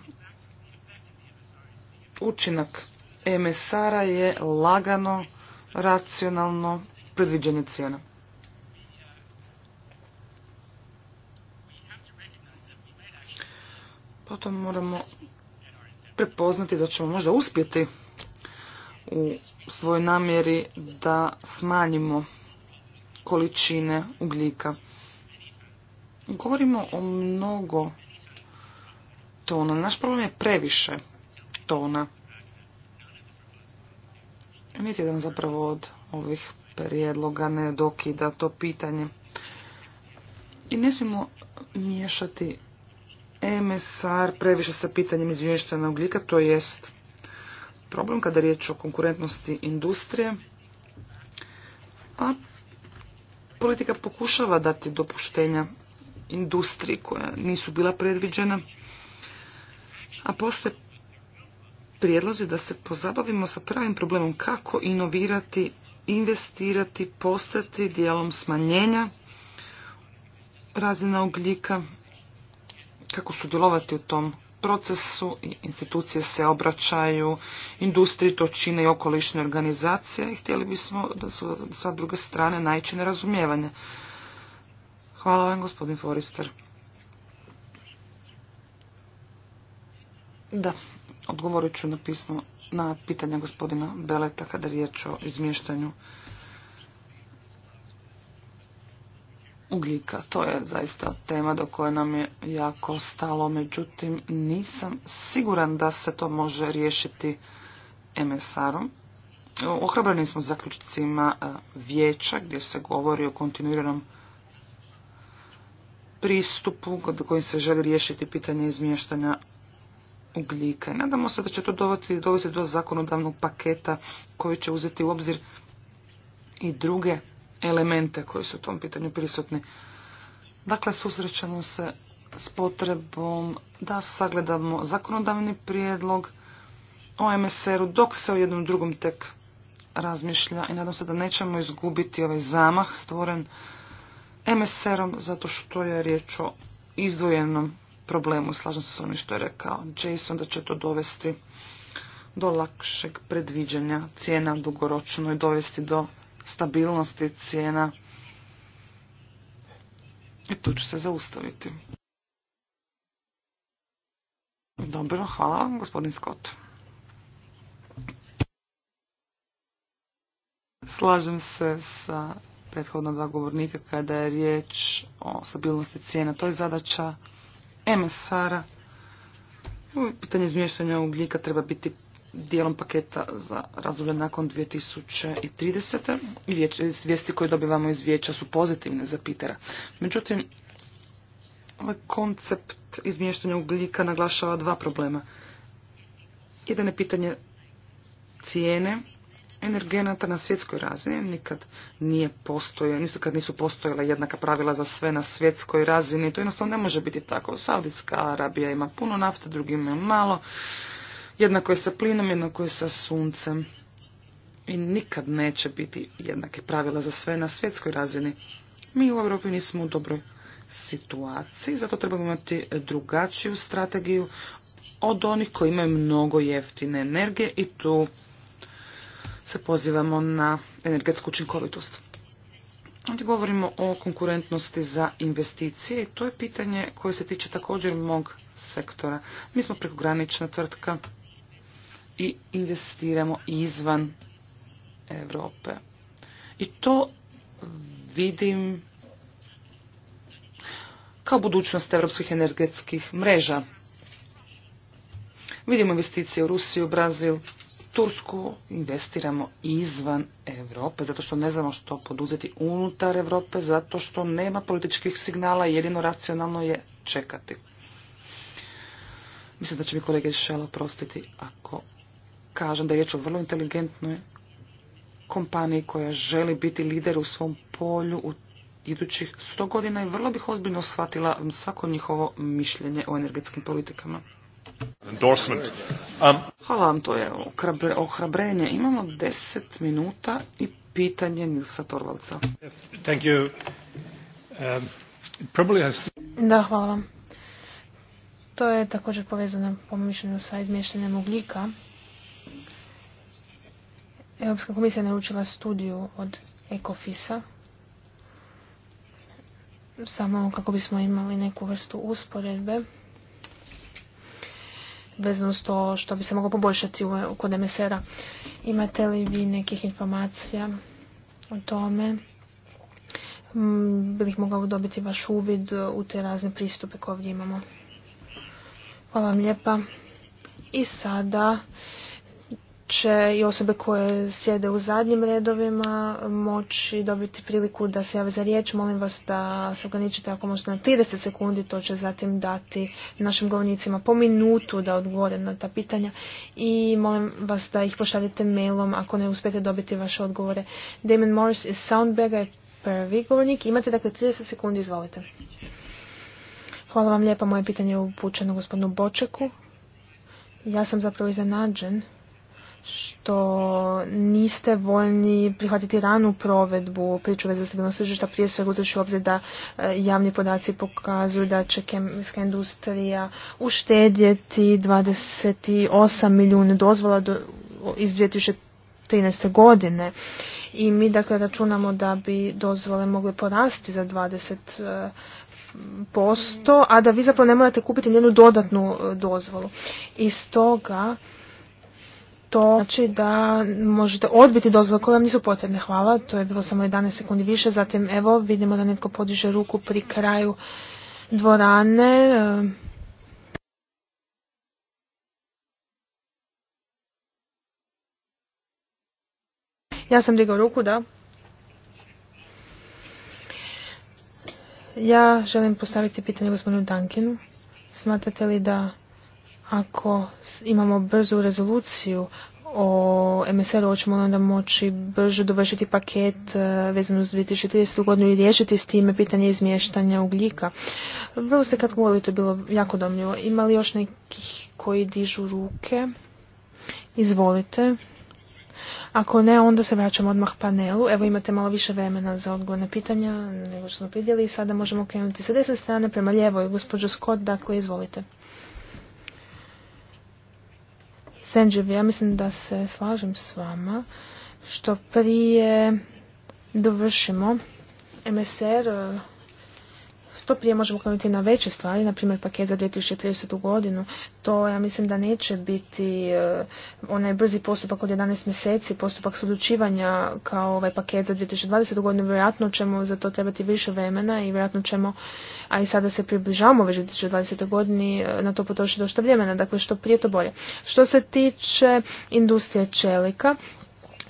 učinak msr je lagano racionalno predviđene cijene. Potom moramo prepoznati da ćemo možda uspjeti u svojoj namjeri da smanjimo količine ugljika. Govorimo o mnogo tona. Naš problem je previše tona. Niti jedan zapravo od ovih prijedloga ne dokida to pitanje. I ne smijemo miješati MSR previše sa pitanjem izvještena ugljika, to jest problem kada je riječ o konkurentnosti industrije, a politika pokušava dati dopuštenja industriji koja nisu bila predviđena, a postoje prijedlozi da se pozabavimo sa pravim problemom kako inovirati, investirati, postati dijelom smanjenja razina ugljika, kako sudjelovati u tom procesu, institucije se obraćaju, industriji to čine i okolišne organizacije i htjeli bismo da su sa druge strane najčine razumijevanje. Hvala vam, gospodin Forister. Da, Odgovorit ću na, na pitanje gospodina Beleta kada je riječ o izmještanju ugljika. To je zaista tema do koje nam je jako stalo, međutim nisam siguran da se to može riješiti MSR-om. Ohrabreni smo zaključcima e, vijeća gdje se govori o kontinuiranom pristupu kojim se želi riješiti pitanje izmještanja ugljika. nadamo se da će to dovesti do zakonodavnog paketa koji će uzeti u obzir i druge elemente koji su u tom pitanju prisutni. Dakle, susrećemo se s potrebom da sagledamo zakonodavni prijedlog o MSR-u dok se o jednom drugom tek razmišlja i nadam se da nećemo izgubiti ovaj zamah stvoren MSR-om zato što je riječ o izdvojenom problemu. Slažem se s onim što je rekao Jason, da će to dovesti do lakšeg predviđanja cijena dugoročno i dovesti do stabilnosti cijena. I tu ću se zaustaviti. Dobro, hvala vam, gospodin Scott. Slažem se sa prethodna dva govornika kada je riječ o stabilnosti cijena. To je zadaća MSR-a. Pitanje izmještanja ugljika treba biti dijelom paketa za razdoblje nakon 2030. I svijesti vijesti koje dobivamo iz vijeća su pozitivne za Pitera. Međutim, ovaj koncept izmještanja ugljika naglašava dva problema. Jedan je pitanje cijene energenata na svjetskoj razini nikad nije postoje, nisto kad nisu postojala jednaka pravila za sve na svjetskoj razini, to jednostavno ne može biti tako. Saudijska Arabija ima puno nafte, drugi imaju malo, jednako je sa plinom, jednako je sa suncem i nikad neće biti jednake pravila za sve na svjetskoj razini. Mi u Europi nismo u dobroj situaciji, zato trebamo imati drugačiju strategiju od onih koji imaju mnogo jeftine energije i tu se pozivamo na energetsku učinkovitost. Ovdje govorimo o konkurentnosti za investicije i to je pitanje koje se tiče također mog sektora. Mi smo prekogranična tvrtka i investiramo izvan Europe. I to vidim kao budućnost europskih energetskih mreža. Vidimo investicije u Rusiju, Brazil, Tursku investiramo izvan Europe, zato što ne znamo što poduzeti unutar Europe, zato što nema političkih signala, jedino racionalno je čekati. Mislim da će mi kolege Šela prostiti ako kažem da je riječ o vrlo inteligentnoj kompaniji koja želi biti lider u svom polju u idućih sto godina i vrlo bih ozbiljno shvatila svako njihovo mišljenje o energetskim politikama. Um, hvala vam, to je ohrabrenje. Imamo deset minuta i pitanje Nilsa Torvalca. Um, to... Da, hvala vam. To je također povezano po mišljenju sa izmještanjem ugljika. Europska komisija je naručila studiju od Ecofisa samo kako bismo imali neku vrstu usporedbe vezano s to što bi se moglo poboljšati kod MSR-a. Imate li vi nekih informacija o tome? Mm, Bili ih mogao dobiti vaš uvid u te razne pristupe koje ovdje imamo. Hvala vam lijepa. I sada će i osobe koje sjede u zadnjim redovima moći dobiti priliku da se jave za riječ. Molim vas da se ograničite ako možete na 30 sekundi, to će zatim dati našim govornicima po minutu da odgovore na ta pitanja i molim vas da ih pošaljete mailom ako ne uspijete dobiti vaše odgovore. Damon Morris iz Soundbaga je prvi govornik. Imate dakle 30 sekundi, izvolite. Hvala vam lijepa, moje pitanje je upućeno gospodinu Bočeku. Ja sam zapravo iznenađen što niste voljni prihvatiti ranu provedbu pričuve za stabilnost tržišta, prije svega uzreći u obzir da e, javni podaci pokazuju da će kemijska industrija uštedjeti 28 milijuna dozvola do, iz 2013. godine. I mi dakle računamo da bi dozvole mogle porasti za 20 e, posto, a da vi zapravo ne morate kupiti njenu dodatnu e, dozvolu. I toga to znači da možete odbiti dozvole koje vam nisu potrebne. Hvala, to je bilo samo 11 sekundi više. Zatim evo vidimo da netko podiže ruku pri kraju dvorane. Ja sam digao ruku, da. Ja želim postaviti pitanje gospodinu Dankinu. Smatrate li da ako imamo brzu rezoluciju o MSR-u, hoćemo onda moći brže dovršiti paket e, vezan uz 2030. godinu i riješiti s time pitanje izmještanja ugljika. Vrlo ste kad govorili, to je bilo jako domljivo. Ima li još nekih koji dižu ruke? Izvolite. Ako ne, onda se vraćamo odmah panelu. Evo imate malo više vremena za odgovor pitanja nego što smo i sada možemo krenuti sa desne strane prema ljevoj. Gospođo Scott, dakle, izvolite. Senđev, ja mislim da se slažem s vama što prije dovršimo MSR što prije možemo krenuti na veće stvari, na primjer paket za 2030. godinu. To ja mislim da neće biti e, onaj brzi postupak od 11 mjeseci, postupak sudučivanja kao ovaj paket za 2020. godinu. Vjerojatno ćemo za to trebati više vremena i vjerojatno ćemo, a i sada se približavamo već 2020. godini, e, na to potrošiti došto vremena. Dakle, što prije to bolje. Što se tiče industrije čelika,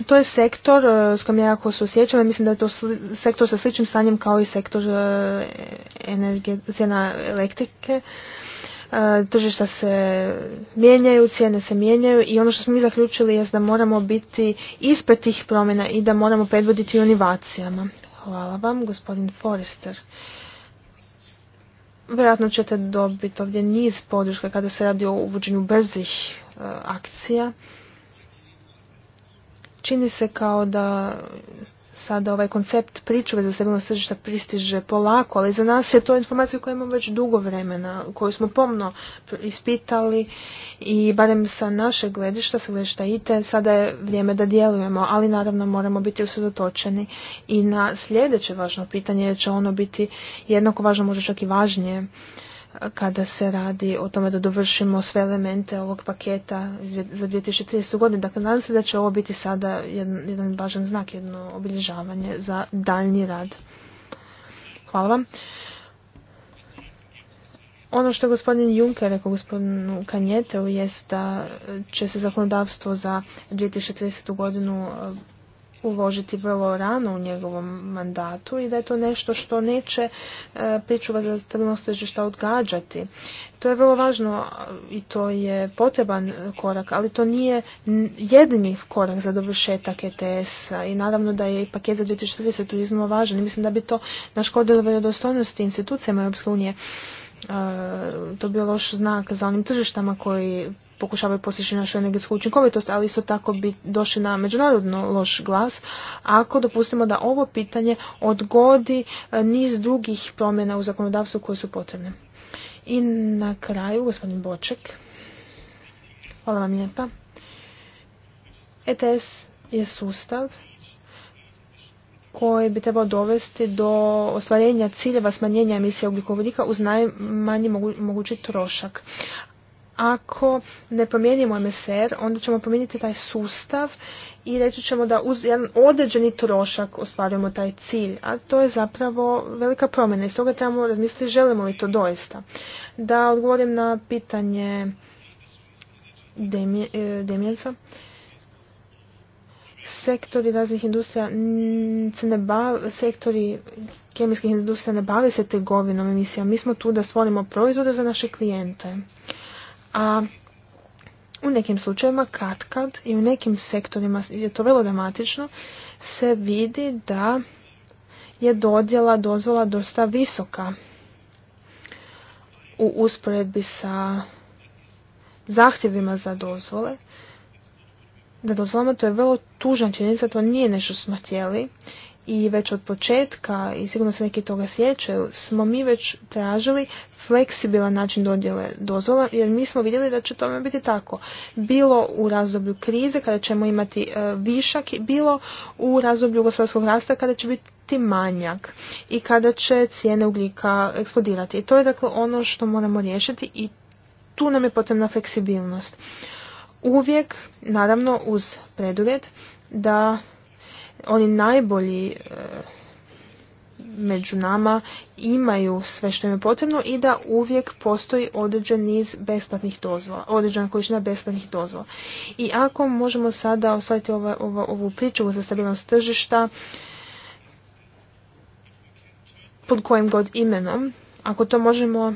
to je sektor e, s kojim ja jako se osjećam i mislim da je to sektor sa sličnim stanjem kao i sektor e, cijena elektrike. E, tržišta se mijenjaju, cijene se mijenjaju i ono što smo mi zaključili je da moramo biti ispred tih promjena i da moramo predvoditi u Hvala vam, gospodin Forrester. Vjerojatno ćete dobiti ovdje niz podrška kada se radi o uvođenju brzih akcija Čini se kao da sada ovaj koncept pričuve za stabilnost tržišta pristiže polako, ali za nas je to informacija koju imamo već dugo vremena, koju smo pomno ispitali i barem sa našeg gledišta, sa gledišta ITE, sada je vrijeme da djelujemo, ali naravno moramo biti usredotočeni i na sljedeće važno pitanje, jer će ono biti jednako važno, možda čak i važnije kada se radi o tome da dovršimo sve elemente ovog paketa za 2030. godinu. Dakle, nadam se da će ovo biti sada jedan, važan znak, jedno obilježavanje za daljni rad. Hvala vam. Ono što je gospodin Juncker rekao gospodinu Kanjeteu jest da će se zakonodavstvo za 2030. godinu uložiti vrlo rano u njegovom mandatu i da je to nešto što neće e, pričuva za stabilnost tržišta odgađati. To je vrlo važno e, i to je potreban korak, ali to nije jedini korak za dovršetak ETS-a i naravno da je i paket za 2040 iznimno važan i mislim da bi to naškodilo vjerodostojnosti institucijama EU e, To bio loš znak za onim tržištama koji pokušavaju postići našu energetsku učinkovitost, ali isto tako bi došli na međunarodno loš glas ako dopustimo da ovo pitanje odgodi eh, niz drugih promjena u zakonodavstvu koje su potrebne. I na kraju, gospodin Boček. Hvala vam lijepa. ETS je sustav koji bi trebao dovesti do ostvarenja ciljeva smanjenja emisije ugljikovodika uz najmanji mogući trošak ako ne promijenimo MSR, onda ćemo promijeniti taj sustav i reći ćemo da uz jedan određeni trošak ostvarujemo taj cilj, a to je zapravo velika promjena i stoga trebamo razmisliti želimo li to doista. Da odgovorim na pitanje Demjenca. E, sektori raznih industrija se ne bave, sektori kemijskih industrija ne bave se trgovinom emisija. Mi smo tu da stvorimo proizvode za naše klijente a u nekim slučajevima kad kad i u nekim sektorima je to vrlo dramatično se vidi da je dodjela dozvola dosta visoka u usporedbi sa zahtjevima za dozvole da dozvolama to je vrlo tužna činjenica to nije nešto što smo htjeli i već od početka, i sigurno se neki toga sjećaju, smo mi već tražili fleksibilan način dodjele dozvola, jer mi smo vidjeli da će tome biti tako. Bilo u razdoblju krize, kada ćemo imati e, višak, bilo u razdoblju gospodarskog rasta, kada će biti manjak i kada će cijene ugljika eksplodirati. I to je dakle ono što moramo riješiti i tu nam je potrebna fleksibilnost. Uvijek, naravno, uz preduvjet da oni najbolji e, među nama imaju sve što im je potrebno i da uvijek postoji određen niz besplatnih dozvola, određena količina besplatnih dozvola. I ako možemo sada ostaviti ovu priču za stabilnost tržišta pod kojim god imenom, ako to možemo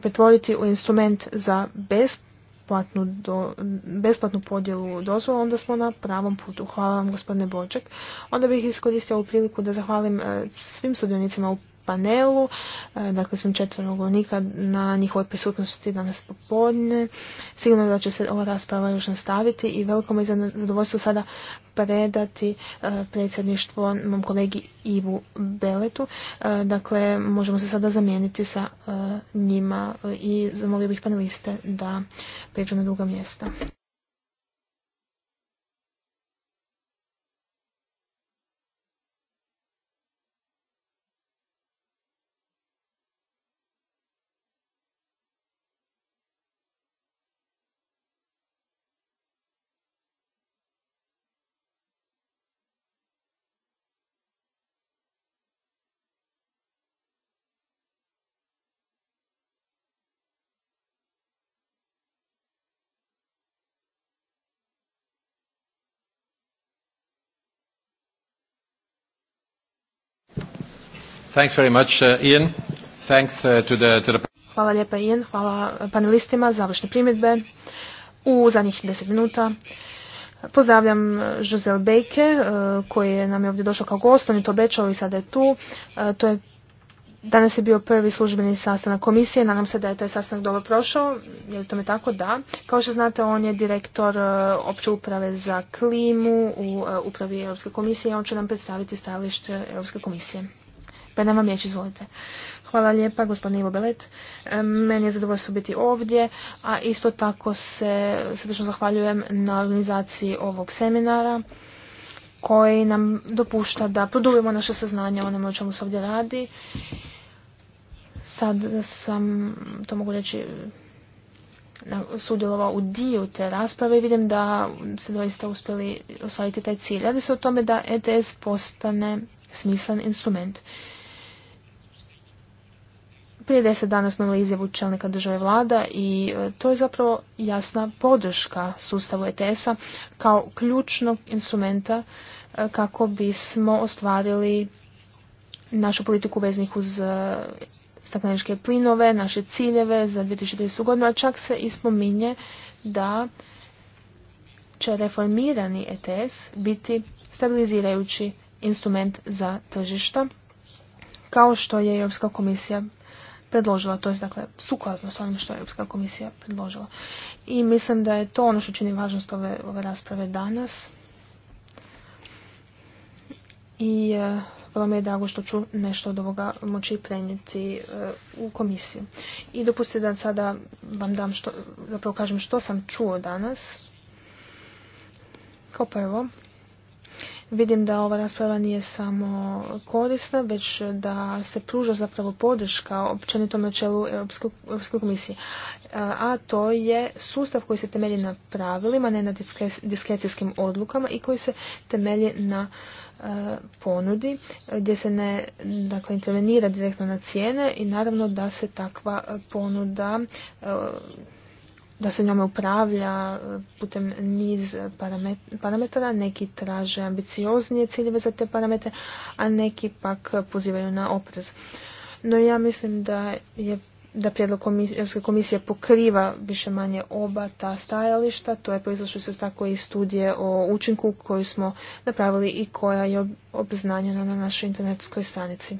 pretvoriti u instrument za besplatnost, platnu do, besplatnu podjelu dozvola, onda smo na pravom putu. Hvala vam gospodine Boček. Onda bih iskoristio ovu priliku da zahvalim e, svim sudionicima u panelu, e, dakle svim četvrnog na njihovoj prisutnosti danas popodne. Sigurno da će se ova rasprava još nastaviti i veliko mi je zadovoljstvo sada predati e, predsjedništvo mom kolegi Ivu Beletu. E, dakle, možemo se sada zamijeniti sa njima i zamolio bih paneliste da pređu na druga mjesta. Hvala lijepa Ian, hvala panelistima, završne primjedbe. U zadnjih deset minuta Pozdravljam Žuzel uh, Bejke uh, koji nam je ovdje došao kao gost, on je to obećao i sada je tu. Uh, to je Danas je bio prvi službeni sastanak komisije, nadam se da je taj sastanak dobro prošao, je li tome tako? Da. Kao što znate, on je direktor opće uprave za klimu u upravi Europske komisije i on će nam predstaviti stajalište Europske komisije. Pa Hvala lijepa, gospodine Ivo Belet. E, meni je zadovoljstvo biti ovdje, a isto tako se srdečno zahvaljujem na organizaciji ovog seminara koji nam dopušta da produbimo naše saznanje o onome o čemu se ovdje radi. Sad sam, to mogu reći, sudjelovao u dio te rasprave i vidim da se doista uspjeli osvojiti taj cilj. Radi se o tome da ETS postane smislen instrument. Prije deset dana smo imali izjavu čelnika države vlada i e, to je zapravo jasna podrška sustavu ETS-a kao ključnog instrumenta e, kako bismo ostvarili našu politiku veznih uz e, stakleničke plinove, naše ciljeve za 2030. godinu, a čak se i spominje da će reformirani ETS biti stabilizirajući instrument za tržišta, kao što je Europska komisija predložila, to je dakle sukladno s onim što je Europska komisija predložila. I mislim da je to ono što čini važnost ove, ove rasprave danas. I e, vrlo mi je drago što ću nešto od ovoga moći prenijeti e, u komisiju. I dopustite da sada vam dam što, zapravo kažem što sam čuo danas. Kao prvo, Vidim da ova rasprava nije samo korisna, već da se pruža zapravo podrška općenitom načelu Europske komisije. A to je sustav koji se temelji na pravilima, ne na diskrecijskim odlukama i koji se temelji na e, ponudi gdje se ne dakle, intervenira direktno na cijene i naravno da se takva ponuda e, da se njome upravlja e, putem niz parametara, neki traže ambicioznije ciljeve za te parametre, a neki pak pozivaju na oprez. No ja mislim da je da prijedlog komisije, Europske komisije pokriva više manje oba ta stajališta. To je proizašlo se tako i studije o učinku koju smo napravili i koja je obznanjena na našoj internetskoj stranici.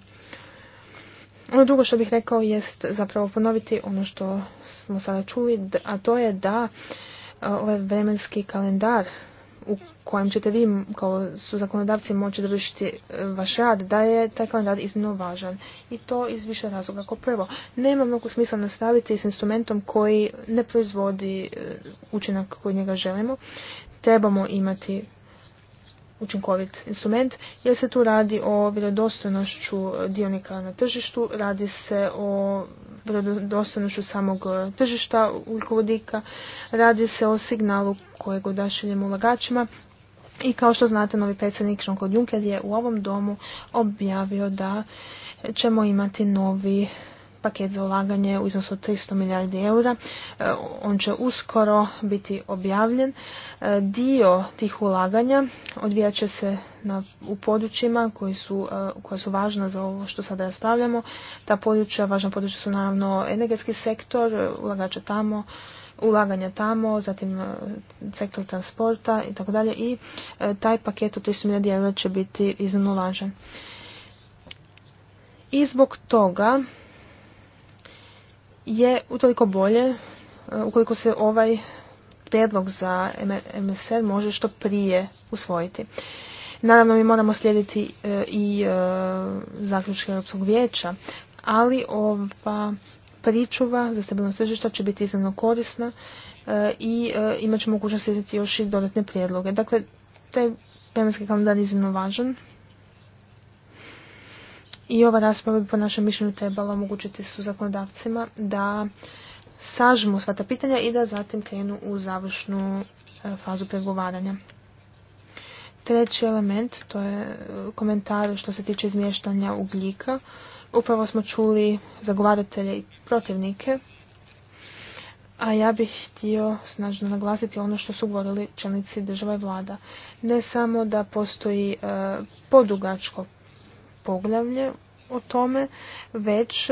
Ono drugo što bih rekao jest zapravo ponoviti ono što smo sada čuli, a to je da e, ovaj vremenski kalendar u kojem ćete vi kao su zakonodavci moći dovršiti e, vaš rad, da je taj kalendar iznimno važan. I to iz više razloga. Kao prvo, nema mnogo smisla nastaviti s instrumentom koji ne proizvodi e, učinak koji njega želimo. Trebamo imati učinkovit instrument jer se tu radi o vjerodostojnošću dionika na tržištu, radi se o vjerodostojnošću samog e, tržišta ugljikovodika, radi se o signalu kojeg odašiljemo ulagačima i kao što znate novi predsjednik Jean-Claude Juncker je u ovom domu objavio da ćemo imati novi paket za ulaganje u iznosu od 300 milijardi eura. E, on će uskoro biti objavljen. E, dio tih ulaganja odvijat će se na, u područjima koji su, e, koja su važna za ovo što sada raspravljamo. Ta područja, važna područja su naravno energetski sektor, ulagače tamo, ulaganja tamo, zatim sektor transporta i tako dalje i taj paket od 300 milijardi eura će biti iznimno I zbog toga je utoliko bolje e, ukoliko se ovaj predlog za MSR može što prije usvojiti. Naravno, mi moramo slijediti e, i e, zaključke Europskog vijeća, ali ova pričuva za stabilnost tržišta će biti iznimno korisna i imat će mogućnost slijediti još i dodatne prijedloge. Dakle, taj vremenski kalendar je iznimno važan i ova rasprava bi po našem mišljenju trebala omogućiti su zakonodavcima da sažmu sva ta pitanja i da zatim krenu u završnu e, fazu pregovaranja. Treći element, to je e, komentar što se tiče izmještanja ugljika. Upravo smo čuli zagovaratelje i protivnike, a ja bih htio snažno naglasiti ono što su govorili čelnici država i vlada. Ne samo da postoji e, podugačko poglavlje o tome, već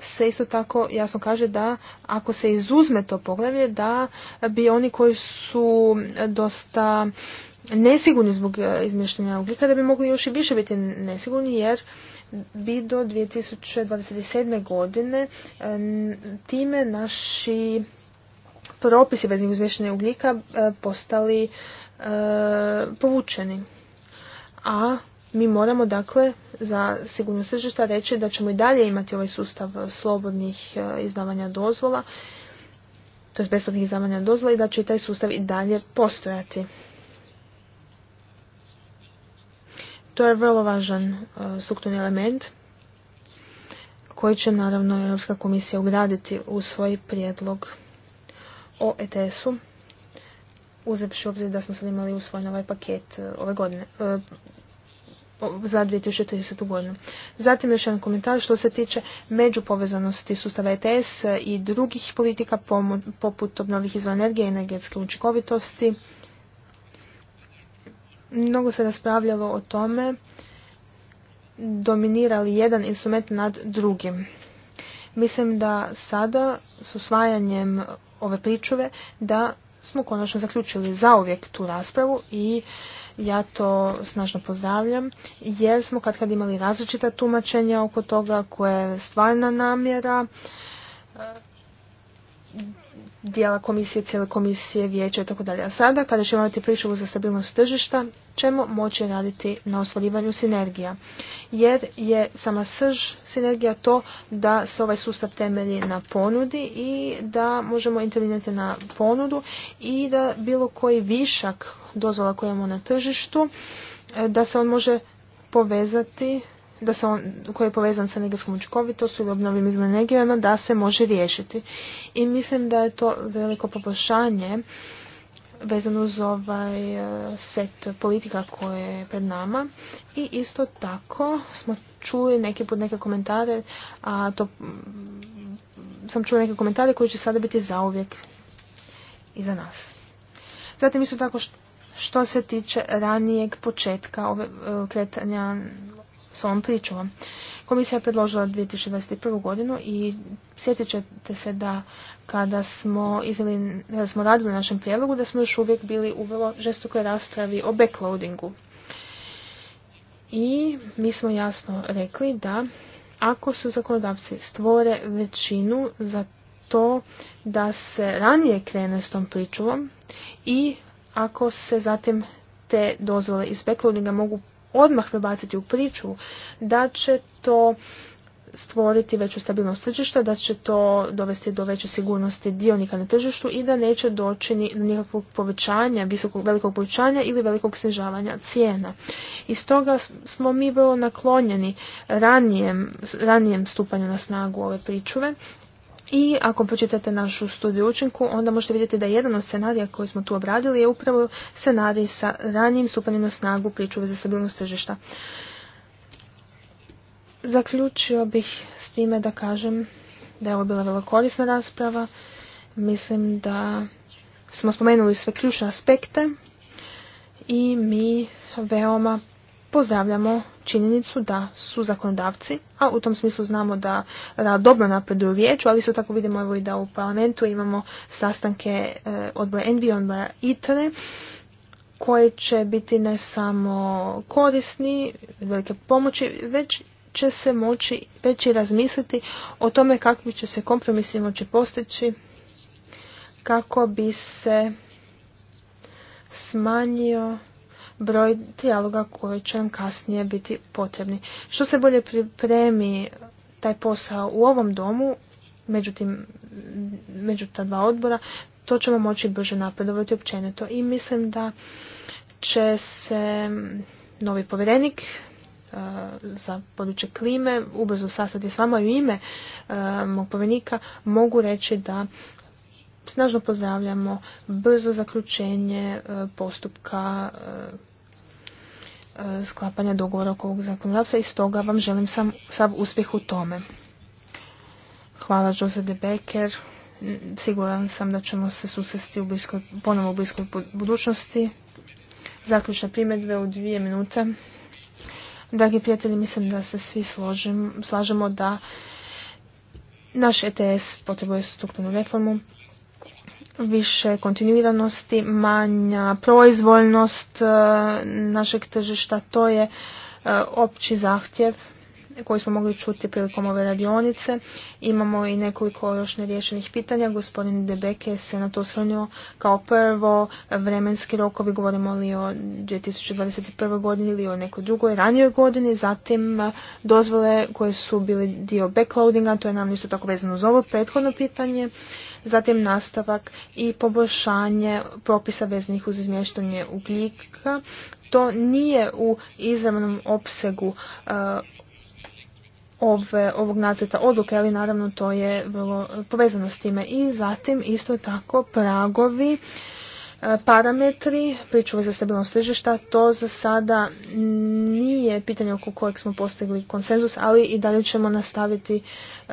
se isto tako jasno kaže da ako se izuzme to poglavlje, da bi oni koji su dosta nesigurni zbog e, izmještenja ugljika, da bi mogli još i više biti nesigurni jer bi do 2027. godine e, time naši propisi vezani izmještenja ugljika e, postali povučeni. A mi moramo dakle za sigurnost tržišta reći da ćemo i dalje imati ovaj sustav e, slobodnih e, izdavanja dozvola, to je besplatnih izdavanja dozvola i da će i taj sustav i dalje postojati. To je vrlo važan e, strukturni element koji će naravno Europska komisija ugraditi u svoj prijedlog o ETS-u uzepši obzir da smo sad imali usvojen ovaj paket ove godine, za 2030. godinu. Zatim još jedan komentar što se tiče međupovezanosti sustava ETS i drugih politika poput obnovih izvora energije i energetske učinkovitosti. Mnogo se raspravljalo o tome dominirali jedan instrument nad drugim. Mislim da sada s usvajanjem ove pričuve da smo konačno zaključili zauvijek tu raspravu i ja to snažno pozdravljam jer smo kad kad imali različita tumačenja oko toga koja je stvarna namjera dijela komisije, cijele komisije, vijeća i tako dalje. A sada, kada ćemo imati pričuvu za stabilnost tržišta, ćemo moći raditi na ostvarivanju sinergija. Jer je sama srž sinergija to da se ovaj sustav temelji na ponudi i da možemo intervenirati na ponudu i da bilo koji višak dozvola koje imamo na tržištu, e, da se on može povezati da se on, koji je povezan sa energetskom učinkovitosti i obnovljivim izvorima da se može riješiti. I mislim da je to veliko poboljšanje vezano uz ovaj e, set politika koje je pred nama i isto tako smo čuli neke put neke komentare a to mm, sam čula neke komentare koji će sada biti zauvijek i za nas. Zatim isto tako što se tiče ranijeg početka ove, e, kretanja s ovom pričuvom. Komisija je predložila 2021. godinu i sjetit ćete se da kada smo, izgledali, kada smo radili na našem prijedlogu da smo još uvijek bili u vrlo žestokoj raspravi o backloadingu. I mi smo jasno rekli da ako su zakonodavci stvore većinu za to da se ranije krene s tom pričuvom i ako se zatim te dozvole iz backloadinga mogu odmah prebaciti u priču, da će to stvoriti veću stabilnost tržišta, da će to dovesti do veće sigurnosti dionika na tržištu i da neće doći do nikakvog povećanja, visokog, velikog povećanja ili velikog snižavanja cijena. I stoga smo mi vrlo naklonjeni ranijem, ranijem stupanju na snagu ove pričuve i ako pročitate našu studiju učinku, onda možete vidjeti da jedan od scenarija koji smo tu obradili je upravo scenarij sa ranijim stupanjem na snagu priču za stabilnost tržišta. Zaključio bih s time da kažem da je ovo bila vrlo korisna rasprava. Mislim da smo spomenuli sve ključne aspekte i mi veoma pozdravljamo činjenicu da su zakonodavci, a u tom smislu znamo da, da dobro napreduju vijeću, ali isto tako vidimo evo i da u parlamentu imamo sastanke e, odbora Envi, odbora ITRE, koji će biti ne samo korisni, velike pomoći, već će se moći već i razmisliti o tome kakvi će se kompromisi moći postići kako bi se smanjio broj trijaloga koji će nam kasnije biti potrebni. Što se bolje pripremi taj posao u ovom domu, međutim, među ta dva odbora, to ćemo moći brže napredovati općenito. I mislim da će se novi povjerenik e, za područje klime ubrzo sastati s vama i u ime e, mog povjerenika mogu reći da snažno pozdravljamo brzo zaključenje e, postupka e, e, sklapanja dogovora oko ovog zakonodavstva i stoga vam želim sam, sav uspjeh u tome. Hvala Jose de Becker. Siguran sam da ćemo se susresti u ponovno u bliskoj budućnosti. Zaključne primjedbe u dvije minute. Dragi prijatelji, mislim da se svi slažemo da naš ETS potrebuje strukturnu reformu više kontinuiranosti, manja proizvoljnost e, našeg tržišta, to je e, opći zahtjev koji smo mogli čuti prilikom ove radionice. Imamo i nekoliko još neriješenih pitanja. Gospodin Debeke se na to osvrnuo kao prvo. Vremenski rokovi govorimo li o 2021. godini ili o nekoj drugoj ranijoj godini. Zatim e, dozvole koje su bili dio backloadinga, to je nam isto tako vezano uz ovo prethodno pitanje zatim nastavak i poboljšanje propisa vezanih uz izmještanje ugljika. To nije u izravnom opsegu eh, ovog nacrta odluke, ali naravno to je vrlo povezano s time. I zatim isto tako pragovi E, parametri, pričuva za stabilnost tržišta, to za sada nije pitanje oko kojeg smo postigli konsenzus, ali i dalje ćemo nastaviti e,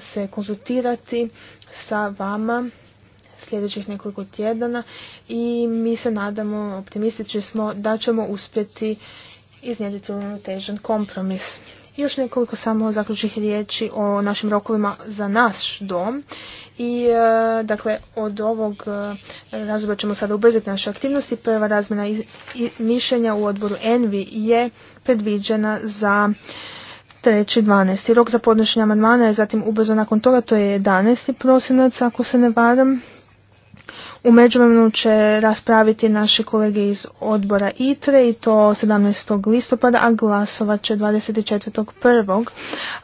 se konzultirati sa vama sljedećih nekoliko tjedana i mi se nadamo, optimistični smo da ćemo uspjeti iznijediti uravnotežen kompromis. Još nekoliko samo zaključnih riječi o našim rokovima za naš dom i e, dakle od ovog e, razloga ćemo sada ubrzati naše aktivnosti. Prva razmjena mišljenja u odboru Envi je predviđena za 3.12. Rok za podnošenje amandmana je zatim ubrzo nakon toga, to je 11. prosinac ako se ne varam. U međuvremenu će raspraviti naši kolege iz odbora ITRE i to 17. listopada, a glasovat će 24.1.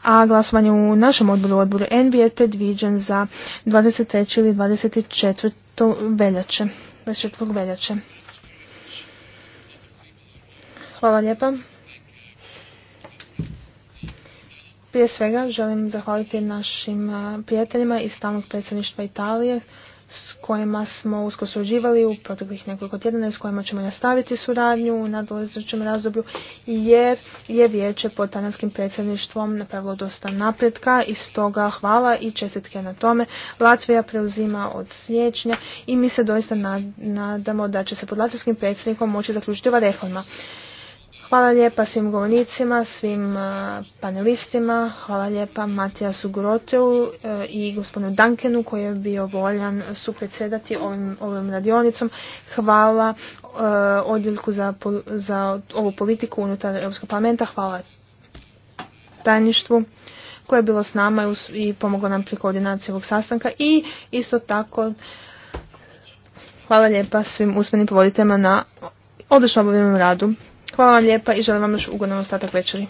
A glasovanje u našem odboru, odboru NB je predviđen za 23. ili 24. veljače. 24. veljače. Hvala lijepa. Prije svega želim zahvaliti našim prijateljima iz stalnog predsjedništva Italije, s kojima smo usko surađivali u proteklih nekoliko tjedana i s kojima ćemo nastaviti suradnju u nadolazećem razdoblju jer je vijeće pod tanarskim predsjedništvom napravilo dosta napretka i stoga hvala i čestitke na tome. Latvija preuzima od siječnja i mi se doista nadamo da će se pod latvijskim predsjednikom moći zaključiti ova reforma. Hvala lijepa svim govornicima, svim e, panelistima, hvala lijepa Matijasu Groteu e, i gospodinu Dankenu koji je bio voljan supredsjedati ovim, ovim radionicom. Hvala e, odjeljku za, ovu politiku unutar Europskog parlamenta, hvala tajništvu koje je bilo s nama i pomoglo nam pri koordinaciji ovog sastanka i isto tako hvala lijepa svim usmenim povoditeljima na odlično obavljenom radu. Hvala vam lijepa i želim vam još ugodan ostatak večeri.